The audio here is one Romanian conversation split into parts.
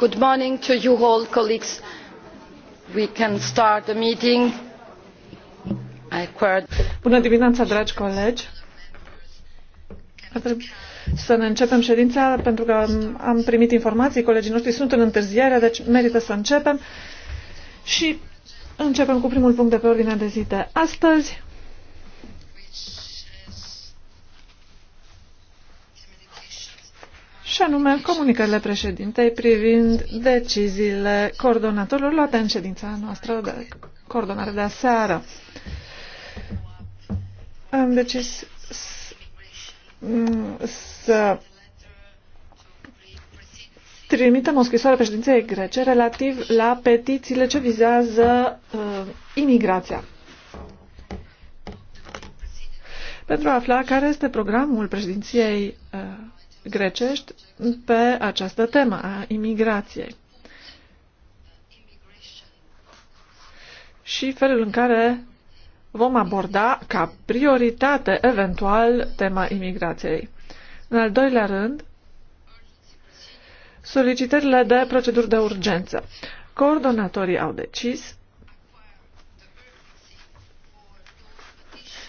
good morning to you all colleagues we can start the meeting I Bună dimineața, dragi colegi! Să ne începem ședința pentru că am primit informații, colegii noștri sunt în întârziere, deci merită să începem. Și începem cu primul punct de pe ordinea de zi de astăzi, și anume comunicările președintei privind deciziile coordonatorilor luate în ședința noastră de coordonare de aseară. Am decis să trimitem o scrisoare președinței grece relativ la petițiile ce vizează uh, imigrația. Pentru a afla care este programul președinției uh, grecești pe această temă a imigrației. Și felul în care vom aborda ca prioritate eventual tema imigrației. În al doilea rând, solicitările de proceduri de urgență. Coordonatorii au decis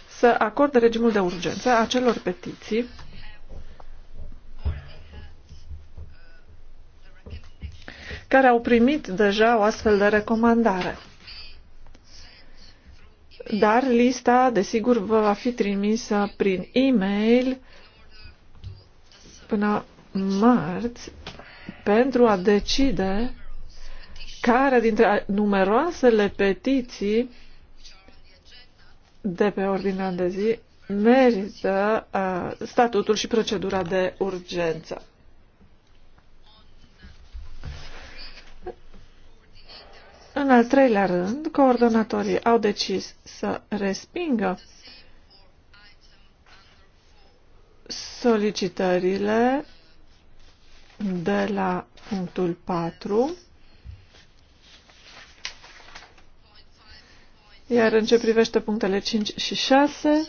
să acorde regimul de urgență acelor petiții care au primit deja o astfel de recomandare. Dar lista, desigur, vă va fi trimisă prin e-mail până marți pentru a decide care dintre numeroasele petiții de pe ordinea de zi merită uh, statutul și procedura de urgență. În al treilea rând, coordonatorii au decis să respingă solicitările de la punctul 4, iar în ce privește punctele 5 și 6,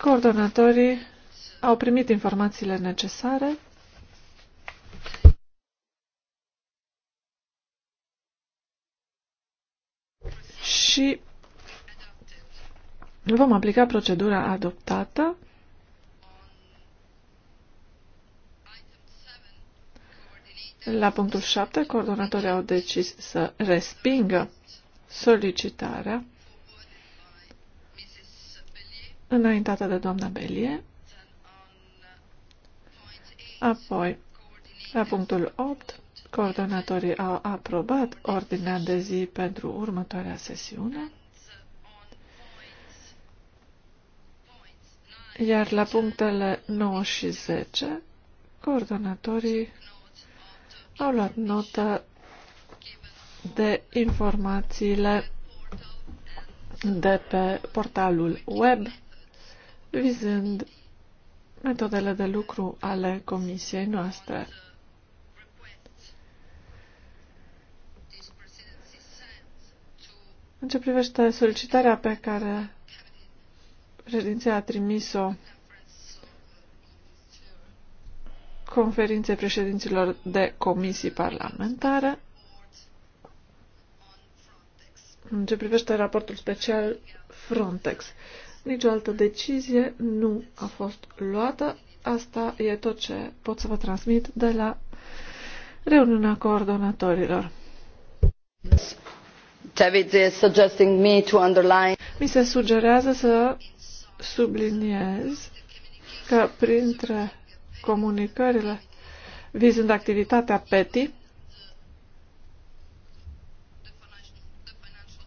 coordonatorii au primit informațiile necesare și vom aplica procedura adoptată La punctul 7, coordonatorii au decis să respingă solicitarea înaintată de doamna Belie. Apoi, la punctul 8, Coordonatorii au aprobat ordinea de zi pentru următoarea sesiune. Iar la punctele 9 și 10, coordonatorii au luat notă de informațiile de pe portalul web vizând metodele de lucru ale comisiei noastre. În ce privește solicitarea pe care președinția a trimis-o conferinței președinților de comisii parlamentare, în ce privește raportul special Frontex. Nicio altă decizie nu a fost luată. Asta e tot ce pot să vă transmit de la reuniunea coordonatorilor. Mi se sugerează să subliniez că printre comunicările vizând activitatea PETI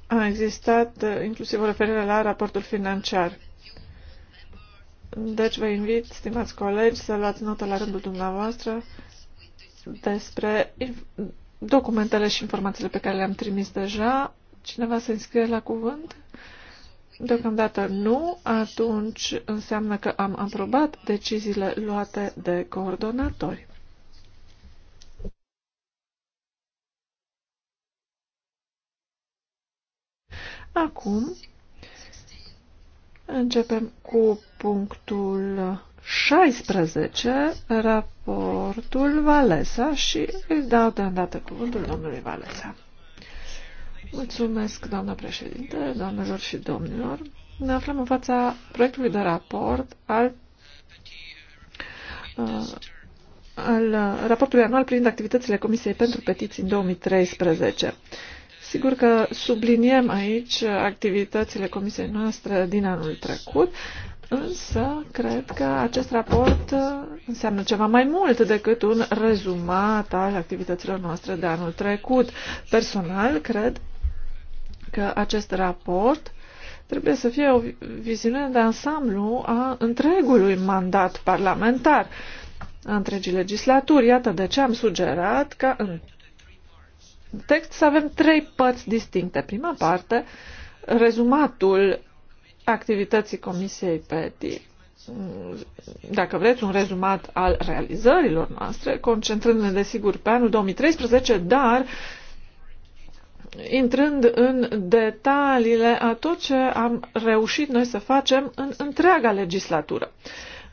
a existat inclusiv o referire la raportul financiar. Deci vă invit, stimați colegi, să luați notă la rândul dumneavoastră despre documentele și informațiile pe care le-am trimis deja Cineva se înscrie la cuvânt? Deocamdată nu, atunci înseamnă că am aprobat deciziile luate de coordonatori. Acum începem cu punctul 16, raportul Valesa și îi dau de îndată cuvântul domnului Valesa. Mulțumesc, doamna președinte, doamnelor și domnilor. Ne aflăm în fața proiectului de raport al, uh, al raportului anual privind activitățile Comisiei pentru Petiții în 2013. Sigur că subliniem aici activitățile comisiei noastre din anul trecut, însă cred că acest raport înseamnă ceva mai mult decât un rezumat al activităților noastre de anul trecut. Personal, cred că acest raport trebuie să fie o viziune de ansamblu a întregului mandat parlamentar, a întregii legislaturi. Iată de ce am sugerat ca în text să avem trei părți distincte. Prima parte, rezumatul activității Comisiei PETI, dacă vreți, un rezumat al realizărilor noastre, concentrându-ne, desigur, pe anul 2013, dar intrând în detaliile a tot ce am reușit noi să facem în întreaga legislatură.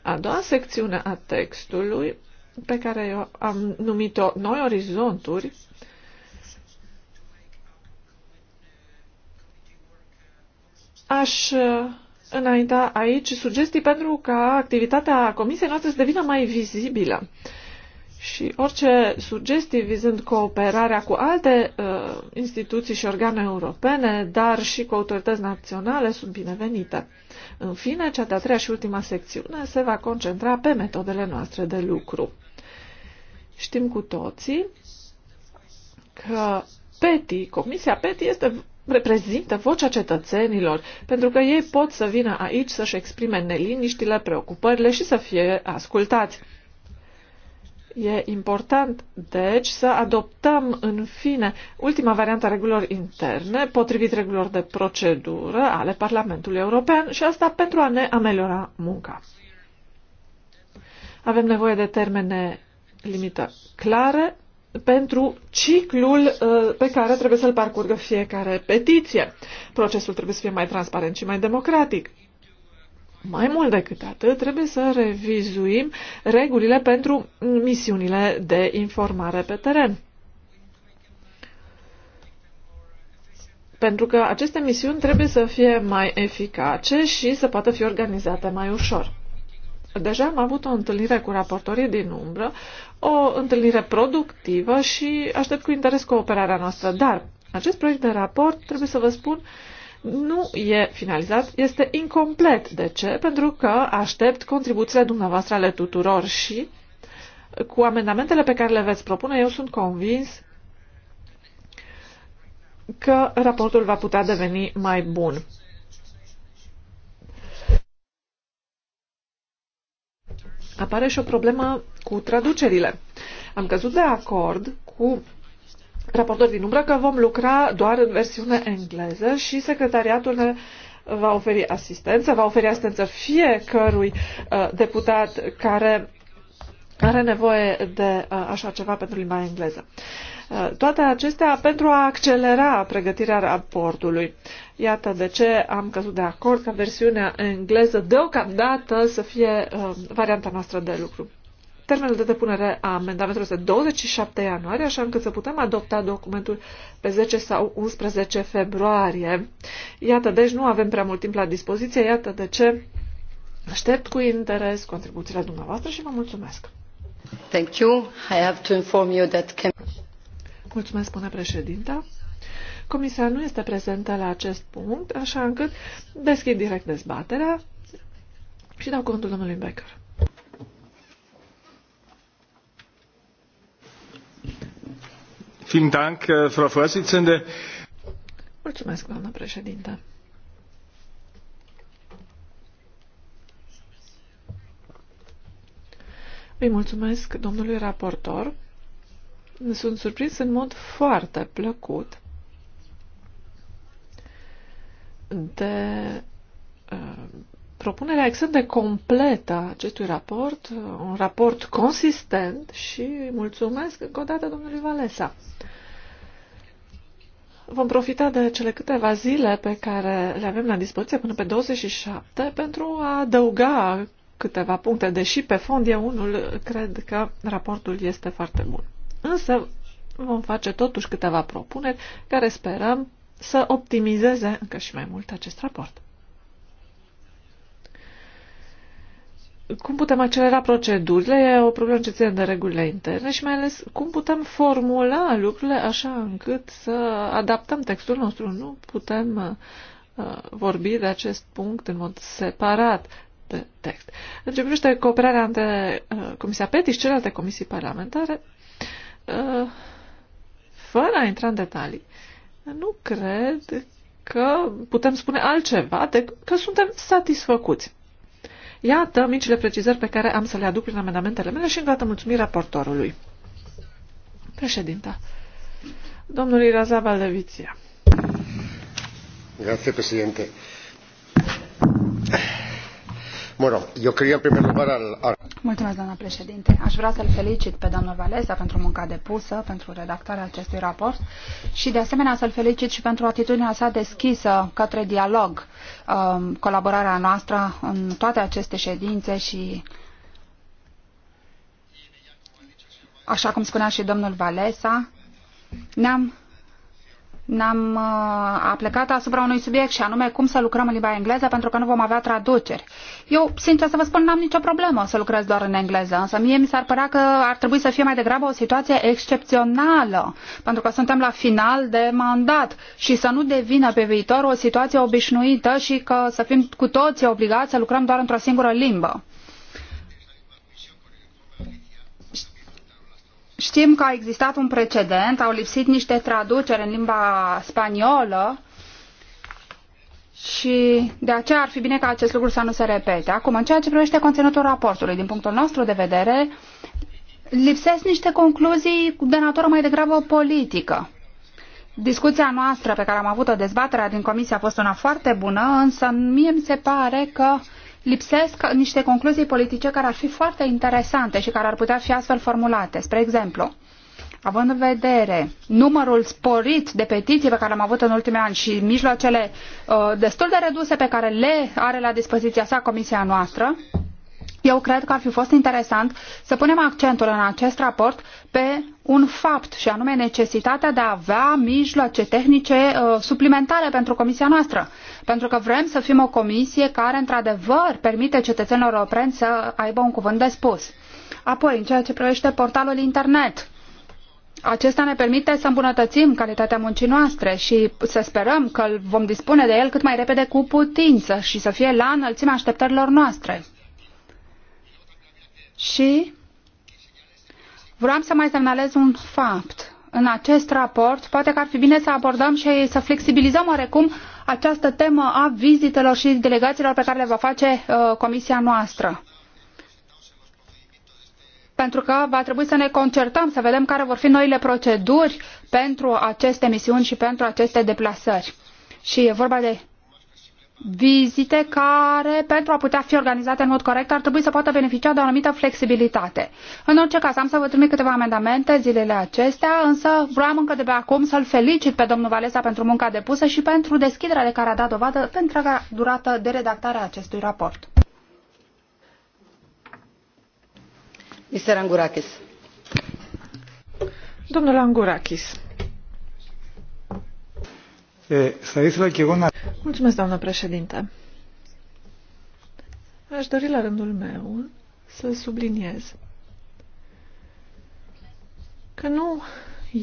A doua secțiune a textului, pe care eu am numit-o Noi Orizonturi, aș uh, înainta aici sugestii pentru ca activitatea comisiei noastre să devină mai vizibilă. Uh, și orice sugestii vizând cooperarea cu alte uh, instituții și organe europene, dar și cu autorități naționale, sunt binevenite. În fine, cea de-a treia și ultima secțiune se va concentra pe metodele noastre de lucru. Știm cu toții că PETI, Comisia PETI este reprezintă vocea cetățenilor, pentru că ei pot să vină aici să-și exprime neliniștile, preocupările și să fie ascultați. E important, deci, să adoptăm, în fine, ultima variantă a regulilor interne, potrivit regulilor de procedură ale Parlamentului European și asta pentru a ne ameliora munca. Avem nevoie de termene limită clare pentru ciclul uh, pe care trebuie să-l parcurgă fiecare petiție. Procesul trebuie să fie mai transparent și mai democratic. Mai mult decât atât, trebuie să revizuim regulile pentru misiunile de informare pe teren. Pentru că aceste misiuni trebuie să fie mai eficace și să poată fi organizate mai ușor. Deja am avut o întâlnire cu raportorii din umbră, o întâlnire productivă și aștept cu interes cooperarea noastră. Dar acest proiect de raport, trebuie să vă spun, uh, nu e finalizat, este incomplet. De ce? Pentru că aștept contribuțiile dumneavoastră ale tuturor și cu amendamentele pe care le veți propune, eu sunt convins că raportul va putea deveni mai bun. Apare și o problemă cu traducerile. Am căzut de acord cu raportor din umbră că vom lucra doar în versiune engleză și secretariatul ne va oferi asistență, va oferi asistență fiecărui uh, deputat care are nevoie de uh, așa ceva pentru limba engleză. Uh, toate acestea pentru a accelera pregătirea raportului. Iată de ce am căzut de acord ca versiunea engleză deocamdată să fie uh, varianta noastră de lucru. Termenul de depunere a amendamentelor este 27 ianuarie, așa încât să putem adopta documentul pe 10 sau 11 februarie. Iată, deci nu avem prea mult timp la dispoziție, iată de ce aștept cu interes contribuțiile dumneavoastră și vă mulțumesc. Thank you. I have to inform you that can... Mulțumesc, spune președinta. Comisia nu este prezentă la acest punct, așa încât deschid direct dezbaterea și dau contul domnului Becker. Äh, mulțumesc, doamnă președintă Îi mulțumesc domnului raportor. Sunt surprins în mod foarte plăcut de uh, propunerea extrem de completă a acestui raport, un raport consistent și mulțumesc încă o dată domnului Valesa. Vom profita de cele câteva zile pe care le avem la dispoziție până pe 27 pentru a adăuga câteva puncte, deși pe fond e unul, cred că raportul este foarte bun. Însă vom face totuși câteva propuneri care sperăm să optimizeze încă și mai mult acest raport. cum putem accelera procedurile, e o problemă ce ține de regulile interne și mai ales cum putem formula lucrurile așa încât să adaptăm textul nostru. Nu putem uh, uh, vorbi de acest punct în mod separat de text. În ce privește cooperarea între uh, Comisia PETI și celelalte comisii parlamentare, uh, fără a intra în detalii, nu cred că putem spune altceva decât că suntem satisfăcuți Iată micile precizări pe care am să le aduc prin amendamentele mele și încă dată mulțumim raportorului. Președinta. Domnului Razava Leviția. Grazie, președinte doamnă eu președinte. Aș vrea să îl felicit pe domnul wasa pentru munca depusă, pentru redactarea acestui raport și, de asemenea, să îl felicit și pentru atitudinea sa deschisă către dialog, um, colaborarea noastră în toate aceste ședințe și așa cum spunea și domnul wasa ne-am ne-am uh, aplicat asupra unui subiect și anume cum să lucrăm în limba engleză pentru că nu vom avea traduceri. Eu, sincer să vă spun, n-am nicio problemă să lucrez doar în engleză, însă mie mi s-ar părea că ar trebui să fie mai degrabă o situație excepțională, pentru că suntem la final de mandat și să nu devină pe viitor o situație obișnuită și că să fim cu toții obligați să lucrăm doar într-o singură limbă. Știm că a existat un precedent, au lipsit niște traduceri în limba spaniolă și de aceea ar fi bine ca acest lucru să nu se repete. Acum, în ceea ce privește conținutul raportului, din punctul nostru de vedere, lipsesc niște concluzii de natură mai degrabă politică. Discuția noastră pe care am avut-o, dezbaterea din comisie a fost una foarte bună, însă mie mi se pare că uh, lipsesc niște concluzii politice care ar fi foarte interesante și care ar putea fi astfel formulate. Spre exemplu, având în vedere numărul sporit de petiții pe care am avut în ultimii ani și mijloacele uh, destul de reduse pe care le are la dispoziția sa comisia noastră, eu cred că ar fi fost interesant să punem accentul în acest raport pe un fapt și anume necesitatea de a avea mijloace tehnice uh, suplimentare pentru comisia noastră pentru că vrem să fim o comisie care, într-adevăr, permite cetățenilor europeni să aibă un cuvânt de spus. Apoi, în ceea ce privește portalul internet, acesta ne permite să îmbunătățim calitatea muncii noastre și să sperăm că vom dispune de el cât mai repede cu putință și să fie la înălțimea așteptărilor noastre. Și vreau să mai semnalez un fapt. În acest raport, poate că ar fi bine să abordăm și să flexibilizăm oarecum această temă a vizitelor și delegațiilor pe care le va face uh, comisia noastră pentru că va trebui să ne concertăm, să vedem care vor fi noile proceduri pentru aceste misiuni și pentru aceste deplasări. Și e vorba de vizite care, pentru a putea fi organizate în mod corect, ar trebui să poată beneficia de o anumită flexibilitate. În orice caz, am să vă trimit câteva amendamente zilele acestea, însă vreau încă de pe acum să-l felicit pe domnul Valesa pentru munca depusă și pentru deschiderea de care a dat dovadă pentru întreaga durată de redactare a acestui raport. Mr. Angurakis. Domnul Angurakis. Să θα ήθελα Mulțumesc, doamnă președinte. Aș dori la rândul meu să subliniez că nu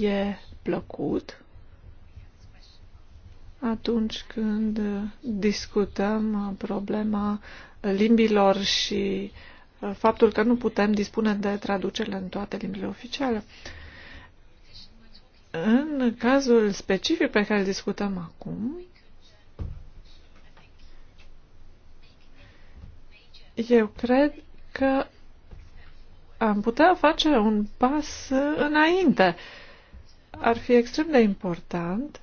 e plăcut atunci când discutăm problema limbilor și faptul că nu putem dispune de traducere în toate limbile oficiale. În cazul specific pe care îl discutăm acum, Eu cred că am putea face un pas înainte. Ar fi extrem de important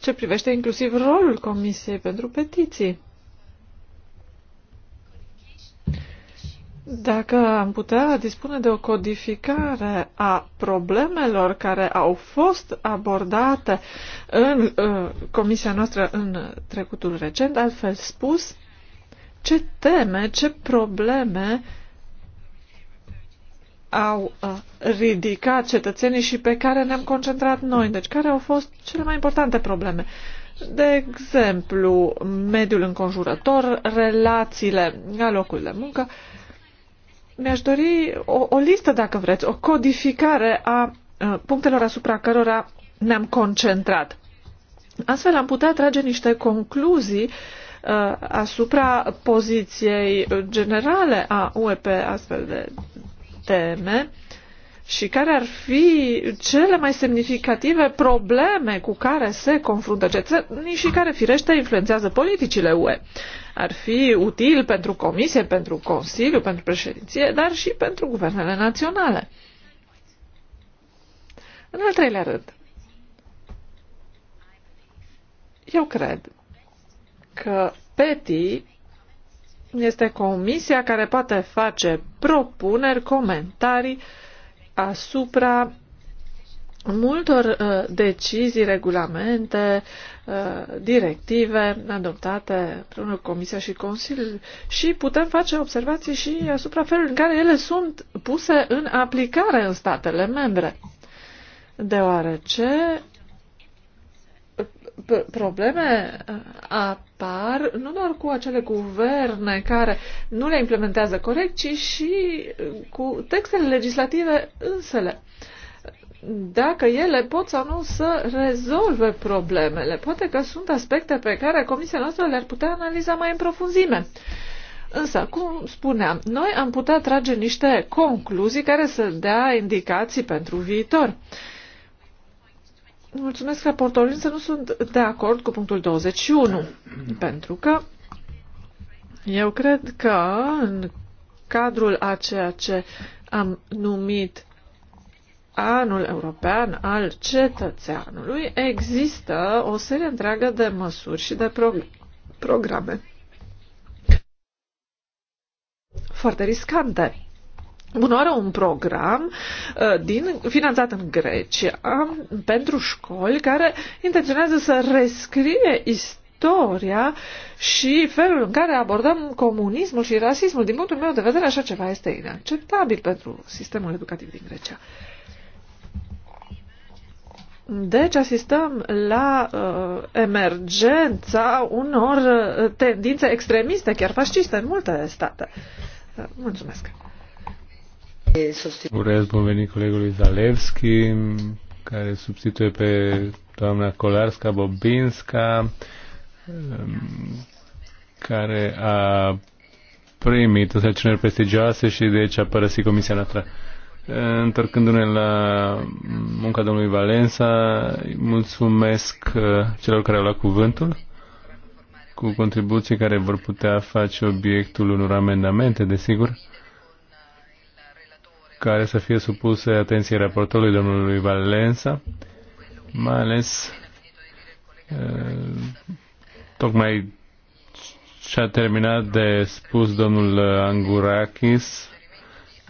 ce privește inclusiv rolul Comisiei pentru Petiții. Dacă am putea dispune de o codificare a problemelor care au fost abordate în uh, comisia noastră în trecutul recent, altfel spus, ce teme, ce probleme au uh, ridicat cetățenii și pe care ne-am concentrat noi. Deci, care au fost cele mai importante probleme? De exemplu, mediul înconjurător, relațiile la locul de muncă, uh, mi-aș dori o, o listă, dacă vreți, o codificare a punctelor asupra cărora ne-am concentrat. Astfel am putea trage niște concluzii asupra poziției generale a UE pe astfel de teme și care ar fi cele mai semnificative probleme cu care se confruntă cetățenii și care, firește, influențează politicile UE. Ar fi util pentru Comisie, pentru Consiliu, pentru președinție, dar și pentru guvernele naționale. În al treilea rând, eu cred că PETI este comisia care poate face propuneri, comentarii uh, asupra multor uh, decizii, regulamente, uh, directive adoptate împreună cu Comisia și Consiliul și putem face observații și asupra felului în care ele sunt puse în aplicare în statele membre. Deoarece probleme uh, apar nu doar cu acele guverne care nu le implementează corect, ci și uh, cu textele legislative însele. Dacă ele pot sau nu să rezolve problemele. Poate că sunt aspecte pe care Comisia noastră le-ar putea analiza mai în profunzime. Însă, cum spuneam, noi am putea trage niște concluzii care să dea indicații pentru viitor. Uh, Mulțumesc raportorul, însă nu sunt de acord cu punctul 21, pentru că eu cred că în cadrul a ceea ce am numit anul european al cetățeanului, există o serie întreagă de măsuri și de pro programe foarte riscante are un program uh, din, finanțat în Grecia pentru școli care intenționează să rescrie istoria și felul în care abordăm comunismul și rasismul. Din punctul meu de vedere, așa ceva este inacceptabil pentru sistemul educativ din Grecia. Deci asistăm la uh, emergența unor uh, tendințe extremiste, chiar fasciste, în multe state. Uh, mulțumesc! Urez bun venit colegului Zalewski, care substituie pe doamna Kolarska Bobinska, um, care a primit o cercetări prestigioase și deci a părăsit comisia noastră. Întorcându-ne la munca domnului Valensa, mulțumesc uh, celor care au luat cuvântul cu contribuții care vor putea face obiectul unor amendamente, desigur care să fie supuse atenției raportorului domnului Valensa, mai ales uh, tocmai și-a terminat de spus domnul Angurakis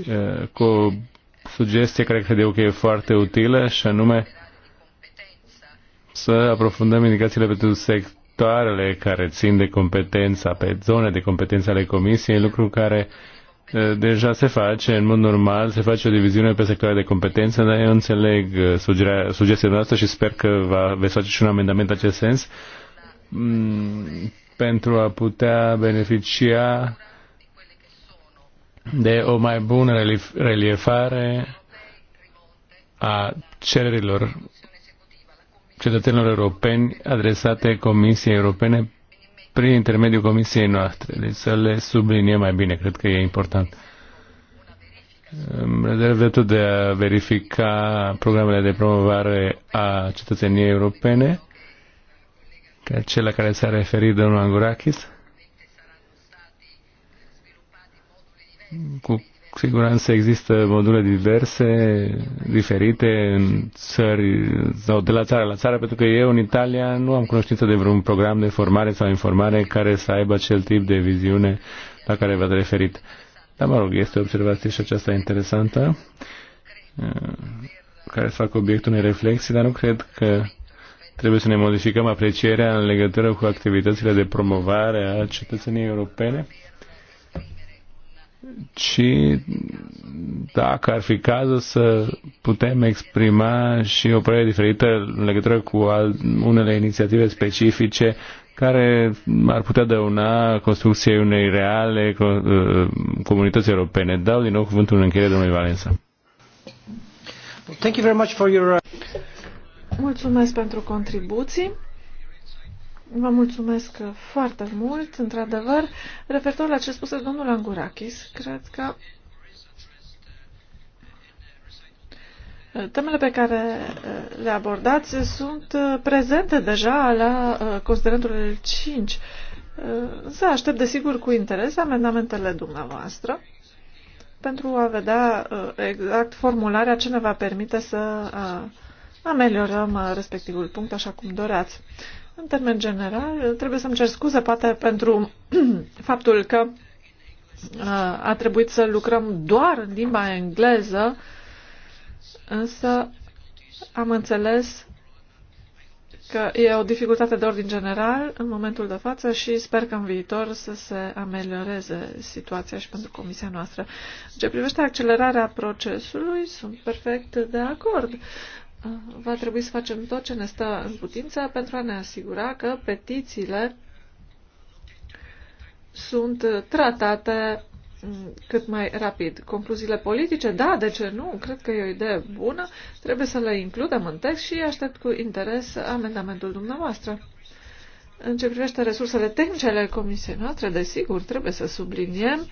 uh, cu o sugestie care cred eu că e foarte utilă și anume să aprofundăm indicațiile pentru sectoarele care țin de competența, pe zone de competență ale Comisiei, lucru care uh, Eh, deja se face, în mod normal, se face o diviziune pe sectoare de competență, dar eu înțeleg eh, sugestia noastră și sper că va, veți face și un amendament în acest sens mm, pentru a putea beneficia de o mai bună reliefare a cererilor cetățenilor europeni adresate Comisiei Europene prin intermediul comisiei noastre. Deci să le subliniem mai bine, cred că e important. rezerv dreptul de a verifica programele de promovare a cetățeniei europene, ca cel la care s-a referit domnul Angurakis, cu siguranță există module diverse, diferite în țări sau de la țară la țară, pentru că eu în Italia nu am cunoștință de vreun program de formare sau informare care să aibă acel tip de viziune la care v-ați referit. Dar mă rog, este o observație și aceasta interesantă eh, care să facă obiectul unei reflexii, dar nu cred că trebuie să ne modificăm aprecierea în legătură cu activitățile de promovare a cetățeniei europene ci dacă ar fi cazul să putem exprima și o părere diferită în legătură cu unele inițiative specifice care ar putea dăuna construcției unei reale uh, comunități europene. Dau din nou cuvântul în încheiere domnului Valensa. Thank you very much for your... Uh, Mulțumesc pentru contribuții. Vă mulțumesc foarte mult, într-adevăr. Referitor la ce spuse domnul Angurakis, cred că temele pe care eh, le abordați sunt eh, prezente deja la eh, considerentul 5. Să aștept desigur cu interes amendamentele dumneavoastră pentru a vedea exact formularea ce ne va permite să ameliorăm respectivul punct așa cum doreați. În termen general, trebuie să-mi cer scuze poate pentru faptul că uh, a trebuit să lucrăm doar în limba engleză, însă am înțeles că e o dificultate de ordin general în momentul de față și sper că în viitor să se amelioreze situația și pentru comisia noastră. Ce privește accelerarea procesului, sunt perfect de acord va trebui să facem tot ce ne stă în putință pentru a ne asigura că petițiile sunt tratate mm, cât mai rapid. Concluziile politice, da, de ce nu? Cred că e o idee bună. Trebuie să le includem în text și aștept cu interes amendamentul dumneavoastră. În ce privește resursele tehnice ale comisiei noastre, desigur, trebuie să subliniem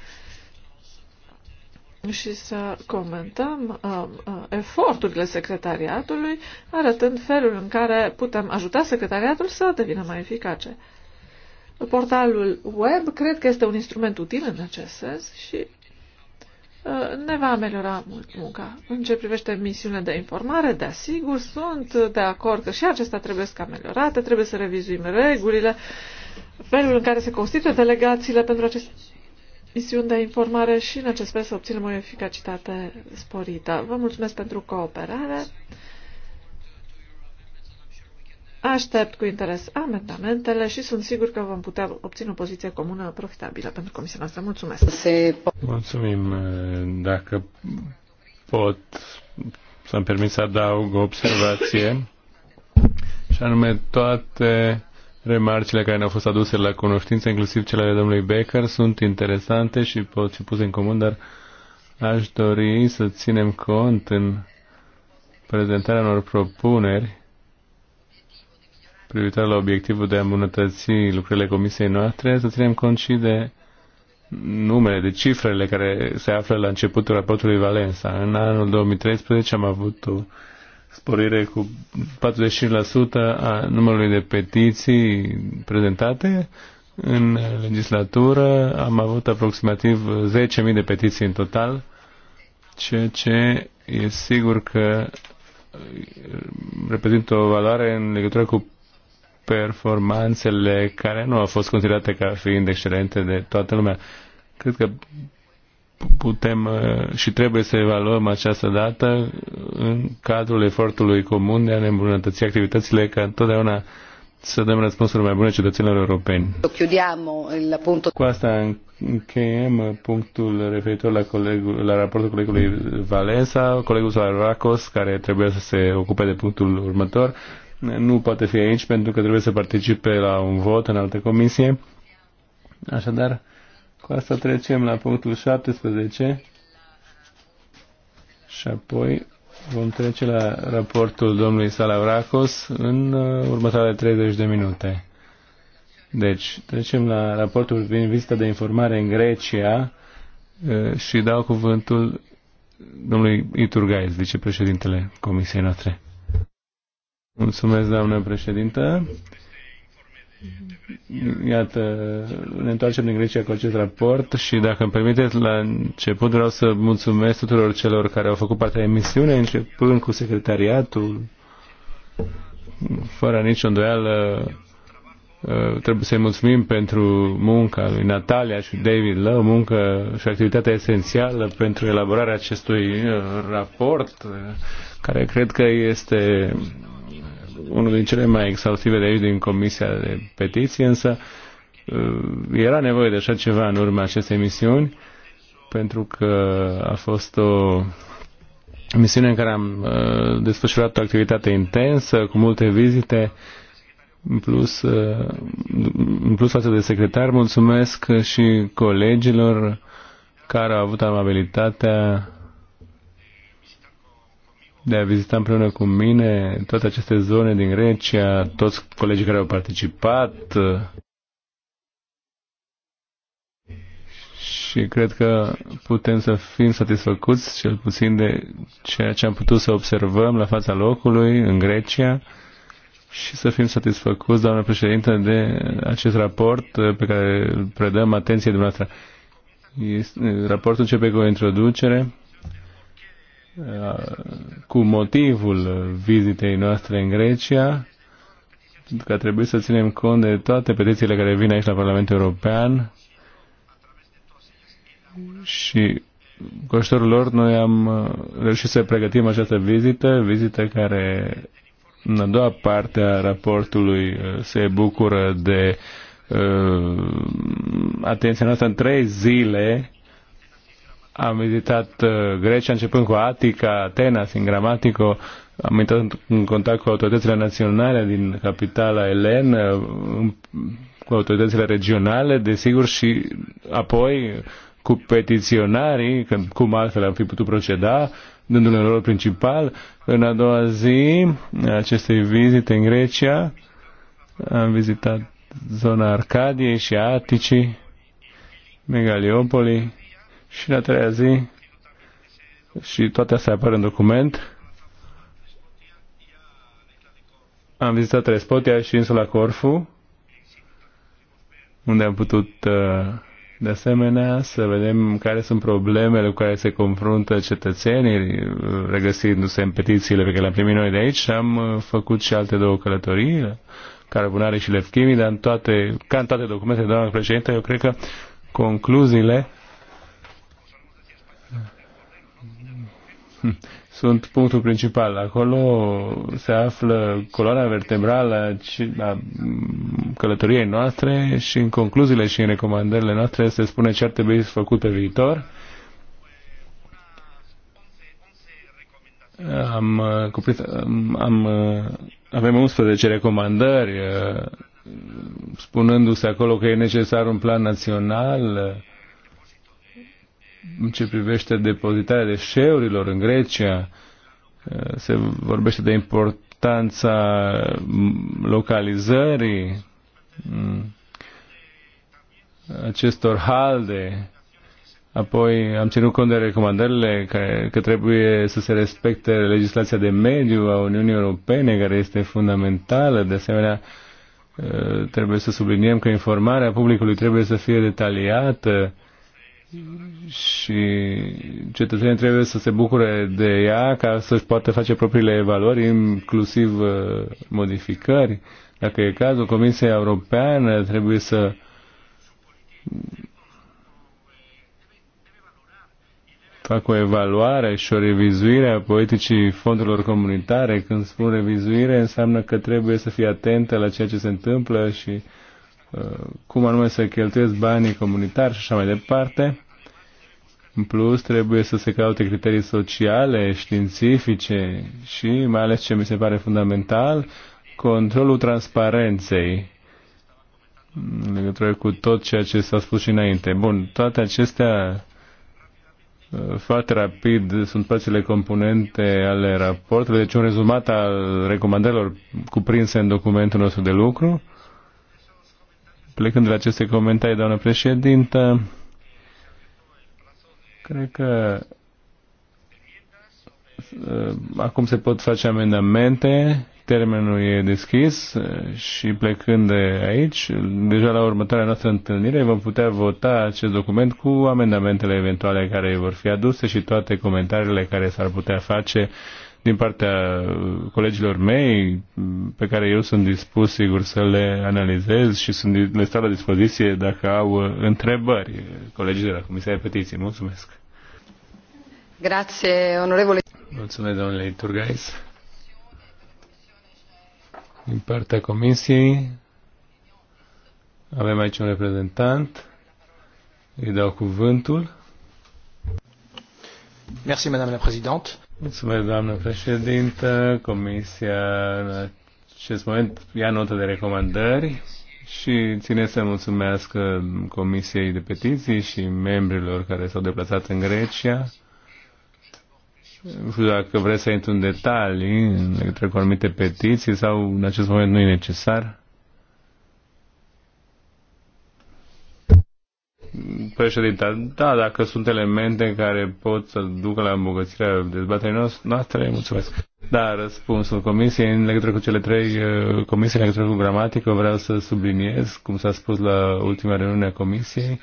și să comentăm uh, uh, eforturile secretariatului, arătând felul în care putem ajuta secretariatul să devină mai eficace. Portalul web cred că este un instrument util în acest sens și uh, ne va ameliora mult munca. În ce privește misiunea de informare, de asigur, sunt de acord că și acestea trebuie să ameliorate, trebuie să revizuim regulile, felul în care se constituie delegațiile pentru aceste misiuni de informare și în acest fel să obținem o eficacitate sporită. Vă mulțumesc pentru cooperare. Aștept cu interes amendamentele și sunt sigur că vom putea obține o poziție comună profitabilă pentru Comisia noastră. Mulțumesc! Mulțumim! Dacă pot să-mi permit să adaug o observație, și anume toate Remarcile care ne-au fost aduse la cunoștință, inclusiv cele ale domnului Becker, sunt interesante și pot fi puse în comun, dar aș dori să ținem cont în prezentarea unor propuneri privitoare la obiectivul de a îmbunătăți lucrurile comisiei noastre, să ținem cont și de numele, de cifrele care se află la începutul raportului Valensa. În anul 2013 am avut o sporire cu 45% a numărului de petiții prezentate. În legislatură am avut aproximativ 10.000 de petiții în total, ceea ce e sigur că reprezintă o valoare în legătură cu performanțele care nu au fost considerate ca fiind excelente de toată lumea. Cred că putem uh, și trebuie să evaluăm această dată în cadrul efortului comun de a ne îmbunătăți activitățile ca întotdeauna să dăm răspunsuri mai bune cetățenilor europeni. Cu asta încheiem punctul referitor la, colegul, la raportul colegului Valensa, colegul Salaracos, care trebuie să se ocupe de punctul următor. Nu poate fi aici pentru că trebuie să participe la un vot în altă comisie. Așadar, cu asta trecem la punctul 17 și apoi vom trece la raportul domnului Salavracos în uh, următoarele 30 de minute. Deci, trecem la raportul din vizita de informare în Grecia uh, și dau cuvântul domnului Iturgaiz, vicepreședintele Comisiei noastre. Mulțumesc, doamnă președintă. Mm-hmm. Iată, ne întoarcem din Grecia cu acest raport și dacă îmi permiteți, la început vreau să mulțumesc tuturor celor care au făcut partea emisiune, începând cu secretariatul, fără nicio îndoială, uh, trebuie să-i mulțumim pentru munca lui Natalia și David o muncă și activitatea esențială pentru elaborarea acestui uh, raport, uh, care cred că este unul din cele mai exhaustive de aici din Comisia de Petiții, însă uh, era nevoie de așa ceva în urma acestei misiuni, pentru că a fost o misiune în care am uh, desfășurat o activitate intensă, cu multe vizite, în plus, uh, în plus față de secretar, mulțumesc și colegilor care au avut amabilitatea de a vizita împreună cu mine toate aceste zone din Grecia, toți colegii care au participat. Și cred că putem să fim satisfăcuți, cel puțin de ceea ce am putut să observăm la fața locului în Grecia și să fim satisfăcuți, doamnă președintă, de acest raport pe care îl predăm atenție dumneavoastră. Raportul începe cu o introducere Uh, cu motivul vizitei noastre în Grecia, că trebuie să ținem cont de toate petițiile care vin aici la Parlamentul European și cu ajutorul lor noi am uh, reușit să pregătim această vizită, vizită care în a doua parte a raportului uh, se bucură de uh, atenția noastră în trei zile am vizitat uh, Grecia începând cu Atica, Atena, Singramatico, am intrat în contact cu autoritățile naționale din capitala Elen, uh, cu autoritățile regionale, desigur, și apoi cu petiționarii, cum altfel am fi putut proceda, dându-le rol principal. În a doua zi acestei vizite în Grecia, am vizitat zona Arcadiei și Aticii, Megaliopoli, și în a treia zi, și toate astea apar în document, am vizitat Respotia și insula Corfu, unde am putut uh, de asemenea să vedem care sunt problemele cu care se confruntă cetățenii, uh, regăsindu-se în petițiile pe care le-am primit noi de aici. Am uh, făcut și alte două călătorii, Carbunare și Lefchimi, dar în toate, ca în toate documentele, doamna președinte, eu cred că concluziile sunt punctul principal. Acolo se află coloana vertebrală a călătoriei noastre și în concluziile și în recomandările noastre se spune ce ar trebui făcut pe viitor. Am, uh, cuprit, am, uh, avem 11 recomandări, uh, spunându-se acolo că e necesar un plan național, în ce privește depozitarea deșeurilor în Grecia, eh, se vorbește de importanța mm, localizării mm, acestor halde. Apoi am ținut cont de recomandările că, că trebuie să se respecte legislația de mediu a Uniunii Europene, care este fundamentală. De asemenea, eh, trebuie să subliniem că informarea publicului trebuie să fie detaliată și cetățenii trebuie să se bucure de ea ca să-și poată face propriile evaluări, inclusiv uh, modificări. Dacă e cazul, Comisia Europeană trebuie să fac o evaluare și o revizuire a politicii fondurilor comunitare. Când spun revizuire, înseamnă că trebuie să fie atentă la ceea ce se întâmplă și uh, Uh, cum anume să cheltuiesc banii comunitari și așa mai departe. În plus, trebuie să se caute criterii sociale, științifice și, mai ales ce mi se pare fundamental, controlul transparenței în legătură cu tot ceea ce s-a spus și înainte. Bun, toate acestea uh, foarte rapid sunt părțile componente ale raportului, deci un rezumat al recomandărilor cuprinse în documentul nostru de lucru. Plecând de la aceste comentarii, doamnă președintă, cred că uh, acum se pot face amendamente, termenul e deschis uh, și plecând de aici, deja la următoarea noastră întâlnire vom putea vota acest document cu amendamentele eventuale care vor fi aduse și toate comentariile care s-ar putea face din partea colegilor mei, pe care eu sunt dispus, sigur, să le analizez și sunt, le stau la dispoziție dacă au uh, întrebări colegii de la Comisia de Petiții. Mulțumesc! Grazie, onorevole. Mulțumesc, domnule Iturgais. Din partea Comisiei avem aici un reprezentant. Îi dau cuvântul. Merci, Madame la Présidente. Mulțumesc, doamnă președintă. Comisia în acest moment ia notă de recomandări și ține să mulțumesc Comisiei de Petiții și membrilor care s-au deplasat în Grecia. Nu știu dacă vreți să intru în detalii în legătură cu anumite petiții sau în acest moment nu e necesar. Președinte, da, dacă sunt elemente care pot să ducă la îmbogățirea dezbaterii noastre, mulțumesc. Da, răspunsul comisiei în legătură cu cele trei uh, comisii, în legătură cu gramatică, vreau să subliniez, cum s-a spus la ultima reuniune a comisiei,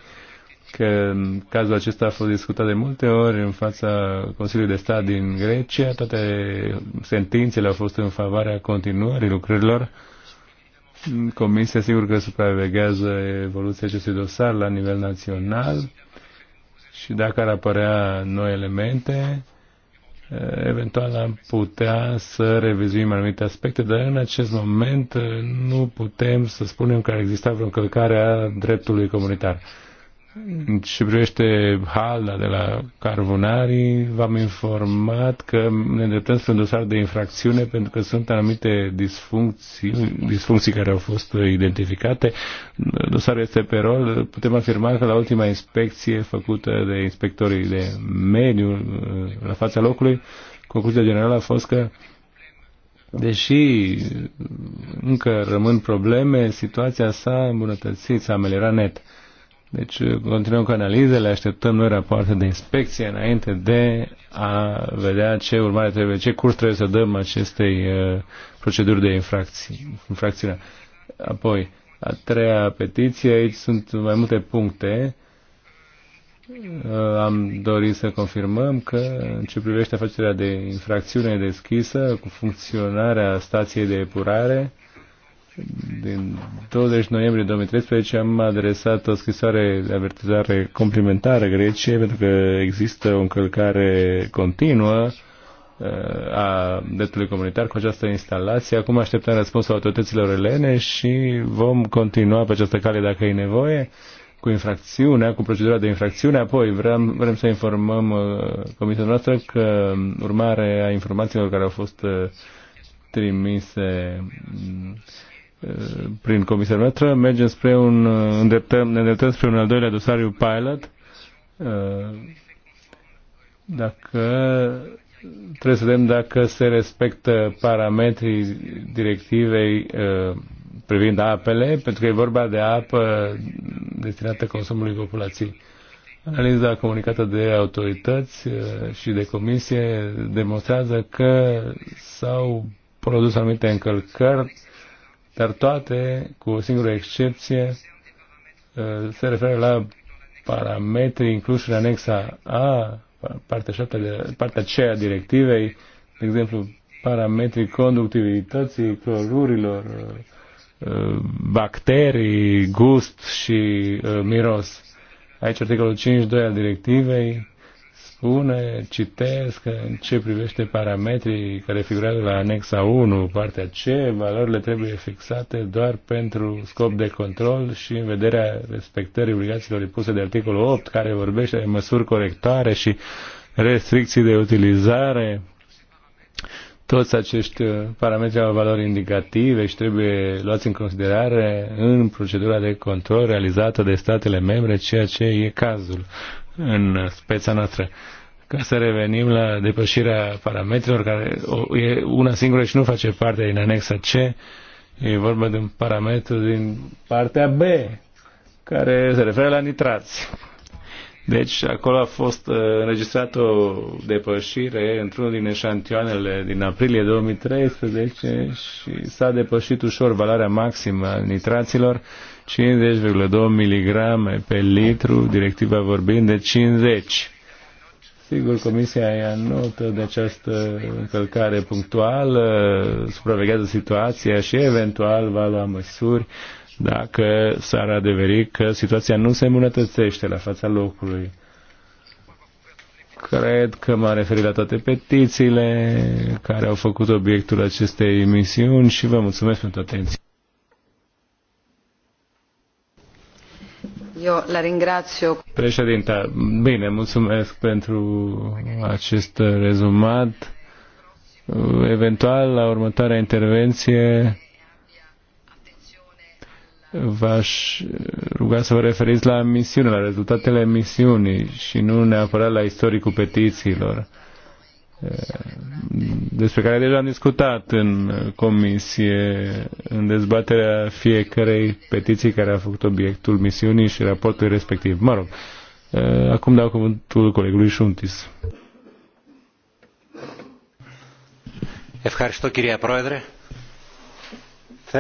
că cazul acesta a fost discutat de multe ori în fața Consiliului de Stat din Grecia, toate sentințele au fost în favoarea continuării lucrărilor Comisia sigur că supraveghează evoluția acestui dosar la nivel național și dacă ar apărea noi elemente, eh, eventual am putea să revizuim anumite aspecte, dar în acest moment eh, nu putem să spunem că ar exista vreo încălcare a dreptului comunitar și privește halda de la Carvunari, v-am informat că ne îndreptăm spre un dosar de infracțiune pentru că sunt anumite disfuncții, disfuncții care au fost identificate. Dosarul este pe rol. Putem afirma că la ultima inspecție făcută de inspectorii de mediu la fața locului, concluzia generală a fost că Deși încă rămân probleme, situația s-a îmbunătățit, s-a ameliorat net. Deci eh, continuăm cu analizele, așteptăm noi rapoarte de inspecție înainte de a vedea ce urmare trebuie, ce curs trebuie să dăm acestei eh, proceduri de infracții, infracțiune. Apoi, a treia petiție, aici sunt mai multe puncte. Eh, am dorit să confirmăm că în ce privește afacerea de infracțiune deschisă cu funcționarea stației de epurare, din 20 noiembrie 2013 am adresat o scrisoare de avertizare complimentară Greciei pentru că există o încălcare continuă uh, a dreptului comunitar cu această instalație. Acum așteptăm răspunsul autorităților elene și vom continua pe această cale dacă e nevoie cu infracțiunea, cu procedura de infracțiune. Apoi vrem, vrem să informăm uh, comisia noastră că urmare a informațiilor care au fost uh, trimise prin comisia noastră, mergem spre un, îndreptăm, ne îndreptăm spre un al doilea dosariu pilot. Uh, dacă trebuie să vedem dacă se respectă parametrii directivei uh, privind apele, pentru că e vorba de apă destinată consumului populației. Analiza comunicată de autorități uh, și de comisie demonstrează că s-au produs anumite încălcări dar toate, cu o singură excepție, uh, se referă la parametri incluși în anexa A, partea, 7 de, partea C a directivei, de exemplu, parametrii conductivității clorurilor, uh, uh, bacterii, gust și miros. Aici articolul 5.2 al directivei spune, citesc, că în ce privește parametrii care figurează la anexa 1, partea C, valorile trebuie fixate doar pentru scop de control și în vederea respectării obligațiilor impuse de articolul 8, care vorbește de măsuri corectoare și restricții de utilizare. Toți acești uh, parametri au valori indicative și trebuie luați în considerare în procedura de control realizată de statele membre, ceea ce e cazul în speța noastră. Ca să revenim la depășirea parametrilor, care e una singură și nu face parte din anexa C, e vorba de un parametru din partea B, care se referă la nitrați. Deci acolo a fost uh, înregistrat o depășire într-unul din eșantioanele din aprilie 2013 și s-a depășit ușor valoarea maximă a nitraților 50,2 miligrame pe litru, directiva vorbind de 50. Sigur, Comisia ia notă de această încălcare punctuală, supraveghează situația și eventual va lua măsuri dacă s-ar adeveri că situația nu se îmbunătățește la fața locului. Cred că m a referit la toate petițiile care au făcut obiectul acestei emisiuni și vă mulțumesc pentru atenție. Eu la ringrazio. bine, mulțumesc pentru acest rezumat. Eventual, la următoarea intervenție, v-aș ruga să vă referiți la misiune, la rezultatele misiunii și nu neapărat la istoricul petițiilor despre care deja am discutat în comisie, în dezbaterea fiecarei petiții care a făcut obiectul misiunii și raportului respectiv. Mă rog, eh, acum dau cuvântul colegului Șuntis.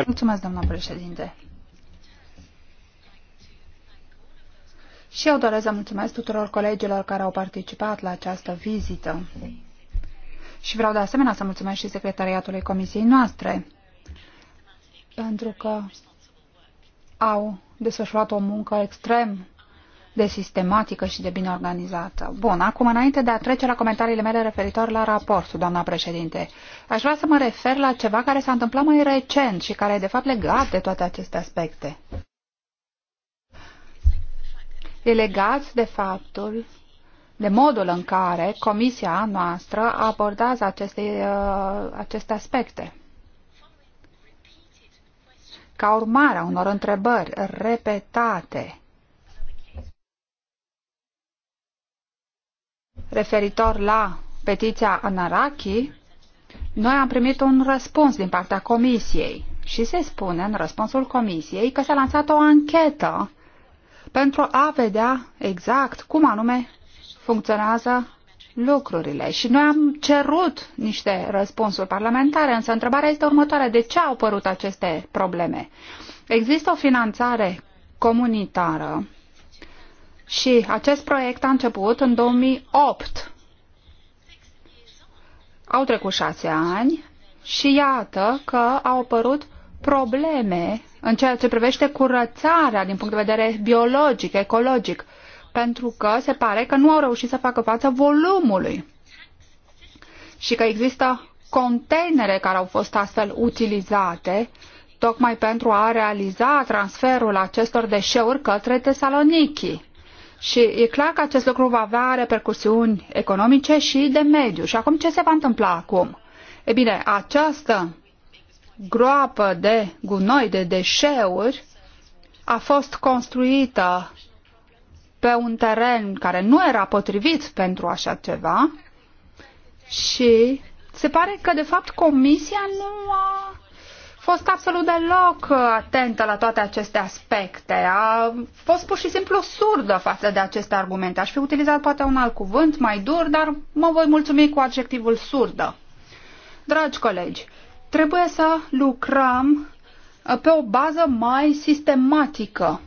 Mulțumesc, doamna președinte. Și eu doresc să mulțumesc tuturor colegilor care au participat la această vizită. Și vreau de asemenea să mulțumesc și secretariatului comisiei noastre, pentru că au desfășurat o muncă extrem de sistematică și de bine organizată. Bun, acum înainte de a trece la comentariile mele referitor la raportul, doamna președinte, aș vrea să mă refer la ceva care s-a întâmplat mai recent și care e de fapt legat de toate aceste aspecte. E legat de faptul de modul în care comisia noastră abordează aceste, uh, aceste aspecte. Ca urmare a unor întrebări repetate referitor la petiția Anaraki, noi am primit un răspuns din partea comisiei și se spune în răspunsul comisiei că s-a lansat o anchetă pentru a vedea exact cum anume funcționează lucrurile. Și noi am cerut niște răspunsuri parlamentare, însă întrebarea este următoarea. De ce au apărut aceste probleme? Există o finanțare comunitară și acest proiect a început în 2008. Au trecut șase ani și iată că au apărut probleme în ceea ce privește curățarea din punct de vedere biologic, ecologic pentru că se pare că nu au reușit să facă față volumului și că există containere care au fost astfel utilizate tocmai pentru a realiza transferul acestor deșeuri către Tesaloniki. Și e clar că acest lucru va avea repercusiuni economice și de mediu. Și acum ce se va întâmpla acum? E bine, această groapă de gunoi, de deșeuri, a fost construită pe un teren care nu era potrivit pentru așa ceva și se pare că, de fapt, Comisia nu a fost absolut deloc atentă la toate aceste aspecte. A fost pur și simplu surdă față de aceste argumente. Aș fi utilizat poate un alt cuvânt mai dur, dar mă voi mulțumi cu adjectivul surdă. Dragi colegi, trebuie să lucrăm pe o bază mai sistematică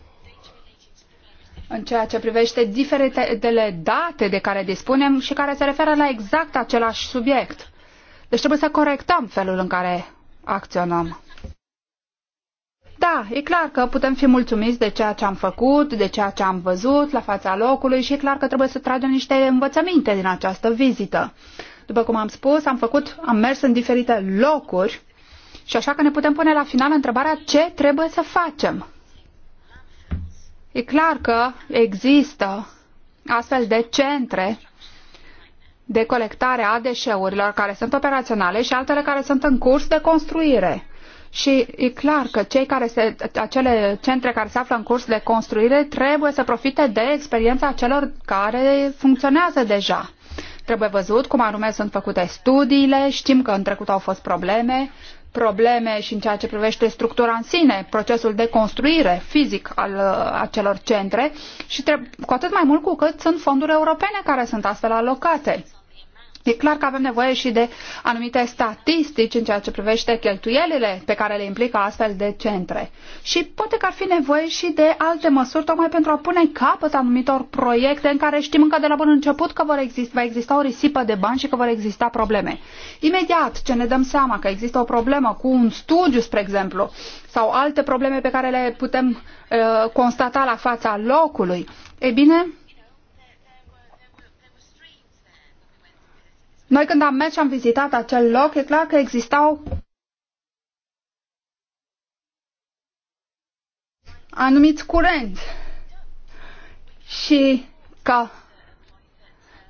în ceea ce privește diferitele date de care dispunem și care se referă la exact același subiect. Deci trebuie să corectăm felul în care acționăm. Da, e clar că putem fi mulțumiți de ceea ce am făcut, de ceea ce am văzut la fața locului și e clar că trebuie să tragem niște învățăminte din această vizită. După cum am spus, am făcut, am mers în diferite locuri și așa că ne putem pune la final întrebarea ce trebuie să facem. E clar că există astfel de centre de colectare a deșeurilor care sunt operaționale și altele care sunt în curs de construire. Și e clar că cei care se, acele centre care se află în curs de construire trebuie să profite de experiența celor care funcționează deja. Trebuie văzut cum anume sunt făcute studiile, știm că în trecut au fost probleme probleme și în ceea ce privește structura în sine, procesul de construire fizic al uh, acelor centre și cu atât mai mult cu cât sunt fonduri europene care sunt astfel alocate. E clar că avem nevoie și de anumite statistici în ceea ce privește cheltuielile pe care le implică astfel de centre. Și poate că ar fi nevoie și de alte măsuri tocmai pentru a pune capăt anumitor proiecte în care știm încă de la bun început că vor exista, va exista o risipă de bani și că vor exista probleme. Imediat ce ne dăm seama că există o problemă cu un studiu, spre exemplu, sau alte probleme pe care le putem uh, constata la fața locului, e bine, Noi când am mers și am vizitat acel loc, e clar că existau anumiți curenți și că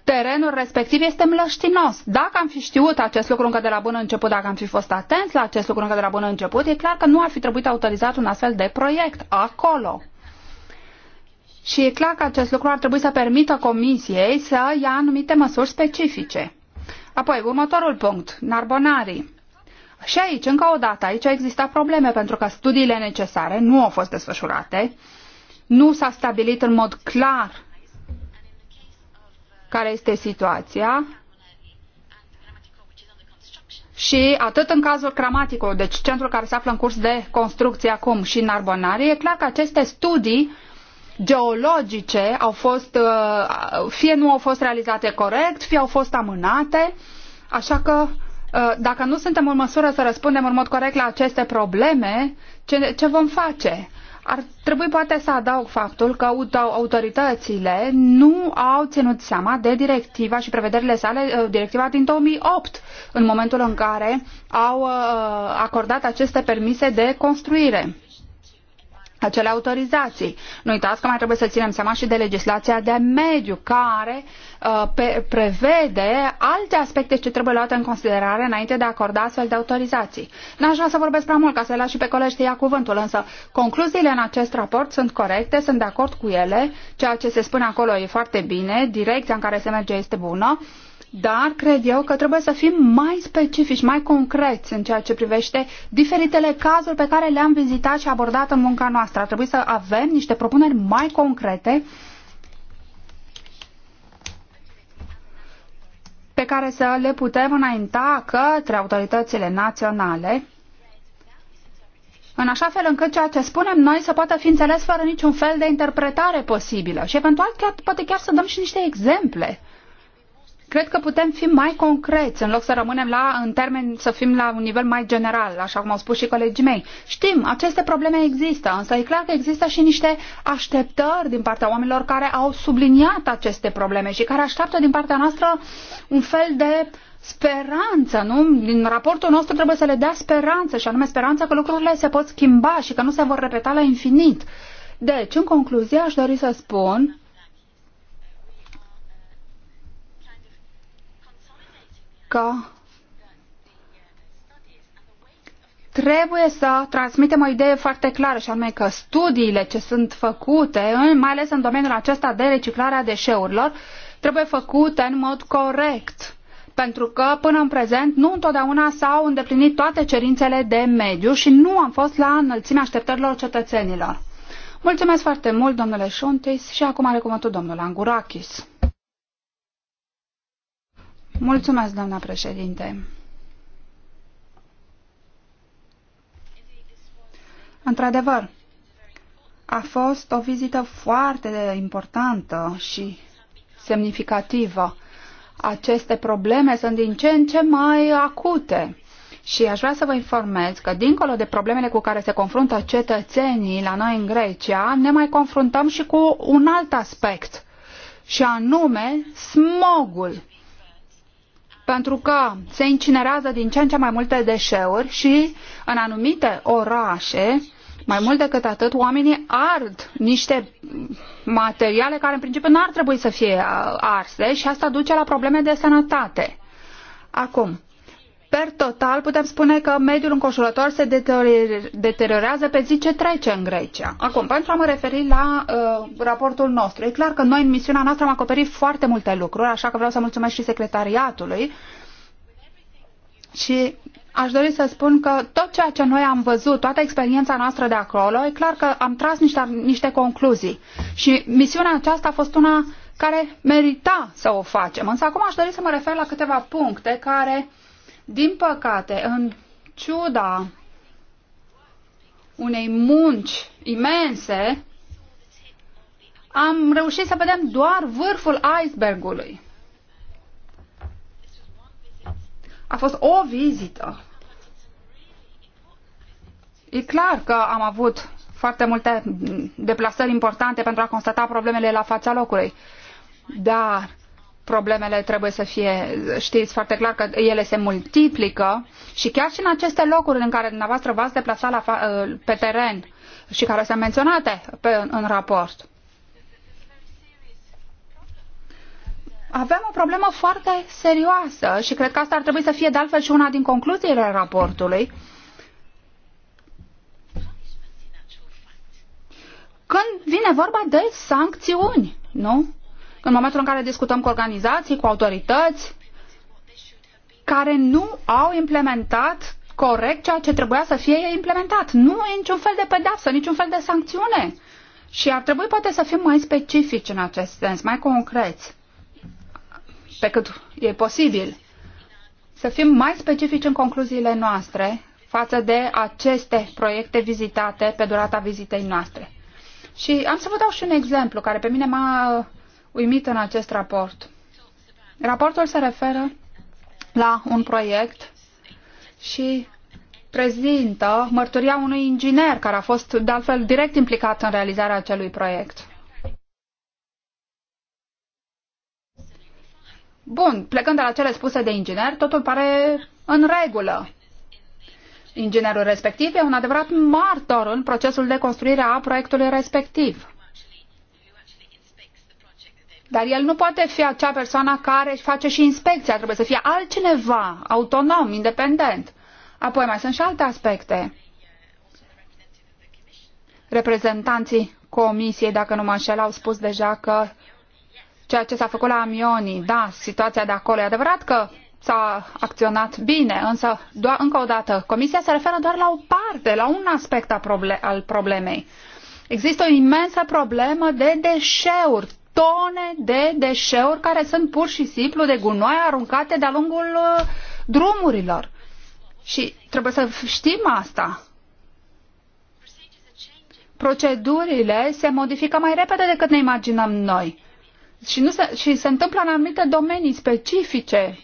terenul respectiv este mlăștinos. Dacă am fi știut acest lucru încă de la bun început, dacă am fi fost atenți la acest lucru încă de la bun început, e clar că nu ar fi trebuit autorizat un astfel de proiect acolo. Și e clar că acest lucru ar trebui să permită comisiei să ia anumite măsuri specifice. Apoi, următorul punct, Narbonari. Și aici, încă o dată, aici au existat probleme pentru că studiile necesare nu au fost desfășurate, nu s-a stabilit în mod clar care este situația și atât în cazul cramaticului, deci centrul care se află în curs de construcție acum și în Arbonari, e clar că aceste studii geologice au fost, uh, fie nu au fost realizate corect, fie au fost amânate, așa că uh, dacă nu suntem în măsură să răspundem în mod corect la aceste probleme, ce, ce vom face? Ar trebui poate să adaug faptul că autoritățile nu au ținut seama de directiva și prevederile sale, uh, directiva din 2008, în momentul în care au acordat aceste permise de construire acele autorizații. Nu uitați că mai trebuie să ținem seama și de legislația de mediu, care uh, pe, prevede alte aspecte ce trebuie luate în considerare înainte de a acorda astfel de autorizații. N-aș vrea să vorbesc prea mult ca să las și pe colegi să ia cuvântul, însă concluziile în acest raport sunt corecte, sunt de acord cu ele, ceea ce se spune acolo e foarte bine, direcția în care se merge este bună dar cred eu că trebuie să fim mai specifici, mai concreți în ceea ce privește diferitele cazuri pe care le-am vizitat și abordat în munca noastră. Ar trebui să avem niște propuneri mai concrete pe care să le putem înainta către autoritățile naționale în așa fel încât ceea ce spunem noi să poată fi înțeles fără niciun fel de interpretare posibilă și eventual chiar, poate chiar să dăm și niște exemple Cred că putem fi mai concreți în loc să rămânem la, în termen, să fim la un nivel mai general, așa cum au spus și colegii mei. Știm, aceste probleme există, însă e clar că există și niște așteptări din partea oamenilor care au subliniat aceste probleme și care așteaptă din partea noastră un fel de speranță, nu? Din raportul nostru trebuie să le dea speranță și anume speranța că lucrurile se pot schimba și că nu se vor repeta la infinit. Deci, în concluzie, aș dori să spun că trebuie să transmitem o idee foarte clară și anume că studiile ce sunt făcute, mai ales în domeniul acesta de reciclare a deșeurilor, trebuie făcute în mod corect pentru că până în prezent nu întotdeauna s-au îndeplinit toate cerințele de mediu și nu am fost la înălțimea așteptărilor cetățenilor. Mulțumesc foarte mult, domnule Șuntis, și acum are cuvântul domnul Angurakis. Mulțumesc, doamna președinte. Într-adevăr, a fost o vizită foarte importantă și semnificativă. Aceste probleme sunt din ce în ce mai acute. Și aș vrea să vă informez că, dincolo de problemele cu care se confruntă cetățenii la noi în Grecia, ne mai confruntăm și cu un alt aspect, și anume smogul pentru că se incinerează din ce în ce mai multe deșeuri și în anumite orașe, mai mult decât atât, oamenii ard niște materiale care în principiu nu ar trebui să fie uh, arse și asta duce la probleme de sănătate. Acum, per total, putem spune că mediul înconjurător se deteriorează pe zi ce trece în Grecia. Acum, pentru a mă referi la uh, raportul nostru, e clar că noi în misiunea noastră am acoperit foarte multe lucruri, așa că vreau să mulțumesc și secretariatului. Și aș dori să spun că tot ceea ce noi am văzut, toată experiența noastră de acolo, e clar că am tras niște, niște concluzii. Și misiunea aceasta a fost una care merita să o facem. Însă acum aș dori să mă refer la câteva puncte care din păcate, în ciuda unei munci imense, am reușit să vedem doar vârful icebergului. A fost o vizită. E clar că am avut foarte multe deplasări importante pentru a constata problemele la fața locului. Dar problemele trebuie să fie, știți foarte clar că ele se multiplică și chiar și în aceste locuri în care dumneavoastră v-ați deplasat la, uh, pe teren și care sunt menționate pe, în raport. Avem o problemă foarte serioasă și cred că asta ar trebui să fie de altfel și una din concluziile raportului. Când vine vorba de sancțiuni, nu? în momentul în care discutăm cu organizații, cu autorități, care nu au implementat corect ceea ce trebuia să fie implementat. Nu e niciun fel de pedeapsă, niciun fel de sancțiune. Și ar trebui poate să fim mai specifici în acest sens, mai concreți, pe cât e posibil. Să fim mai specifici în concluziile noastre față de aceste proiecte vizitate pe durata vizitei noastre. Și am să vă dau și un exemplu care pe mine m-a uimit în acest raport. Raportul se referă la un proiect și prezintă mărturia unui inginer care a fost de altfel direct implicat în realizarea acelui proiect. Bun, plecând de la cele spuse de inginer, totul pare în regulă. Inginerul respectiv e un adevărat martor în procesul de construire a proiectului respectiv. Dar el nu poate fi acea persoană care face și inspecția, trebuie să fie altcineva, autonom, independent. Apoi mai sunt și alte aspecte. Reprezentanții comisiei, dacă nu mă înșel, au spus deja că ceea ce s-a făcut la Amioni, da, situația de acolo e adevărat că s-a acționat bine, însă, doar, încă o dată, comisia se referă doar la o parte, la un aspect al problemei. Există o imensă problemă de deșeuri tone de deșeuri care sunt pur și simplu de gunoi aruncate de-a lungul uh, drumurilor. Și trebuie să știm asta. Procedurile se modifică mai repede decât ne imaginăm noi. Și, nu se, și se întâmplă în anumite domenii specifice.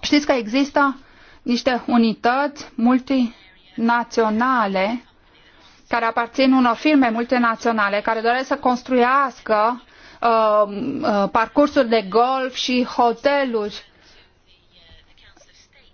Știți că există niște unități multinaționale care aparțin unor firme multinaționale care doresc să construiască Um, uh, parcursuri de golf și hoteluri.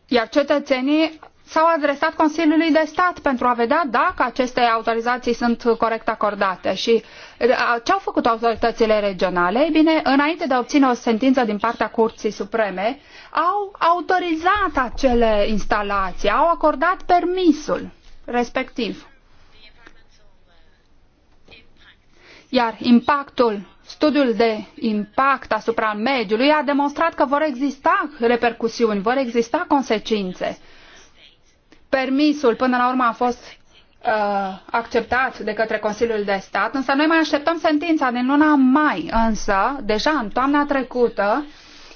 Iar cetățenii s-au adresat Consiliului de Stat pentru a vedea dacă aceste autorizații sunt corect acordate. Și uh, ce au făcut autoritățile regionale? Ei bine, înainte de a obține o sentință din partea Curții Supreme, au autorizat acele instalații, au acordat permisul respectiv. Iar impactul studiul de impact asupra mediului a demonstrat că vor exista repercusiuni, vor exista consecințe. Permisul până la urmă a fost uh, acceptat de către Consiliul de Stat, însă noi mai așteptăm sentința din luna mai, însă deja în toamna trecută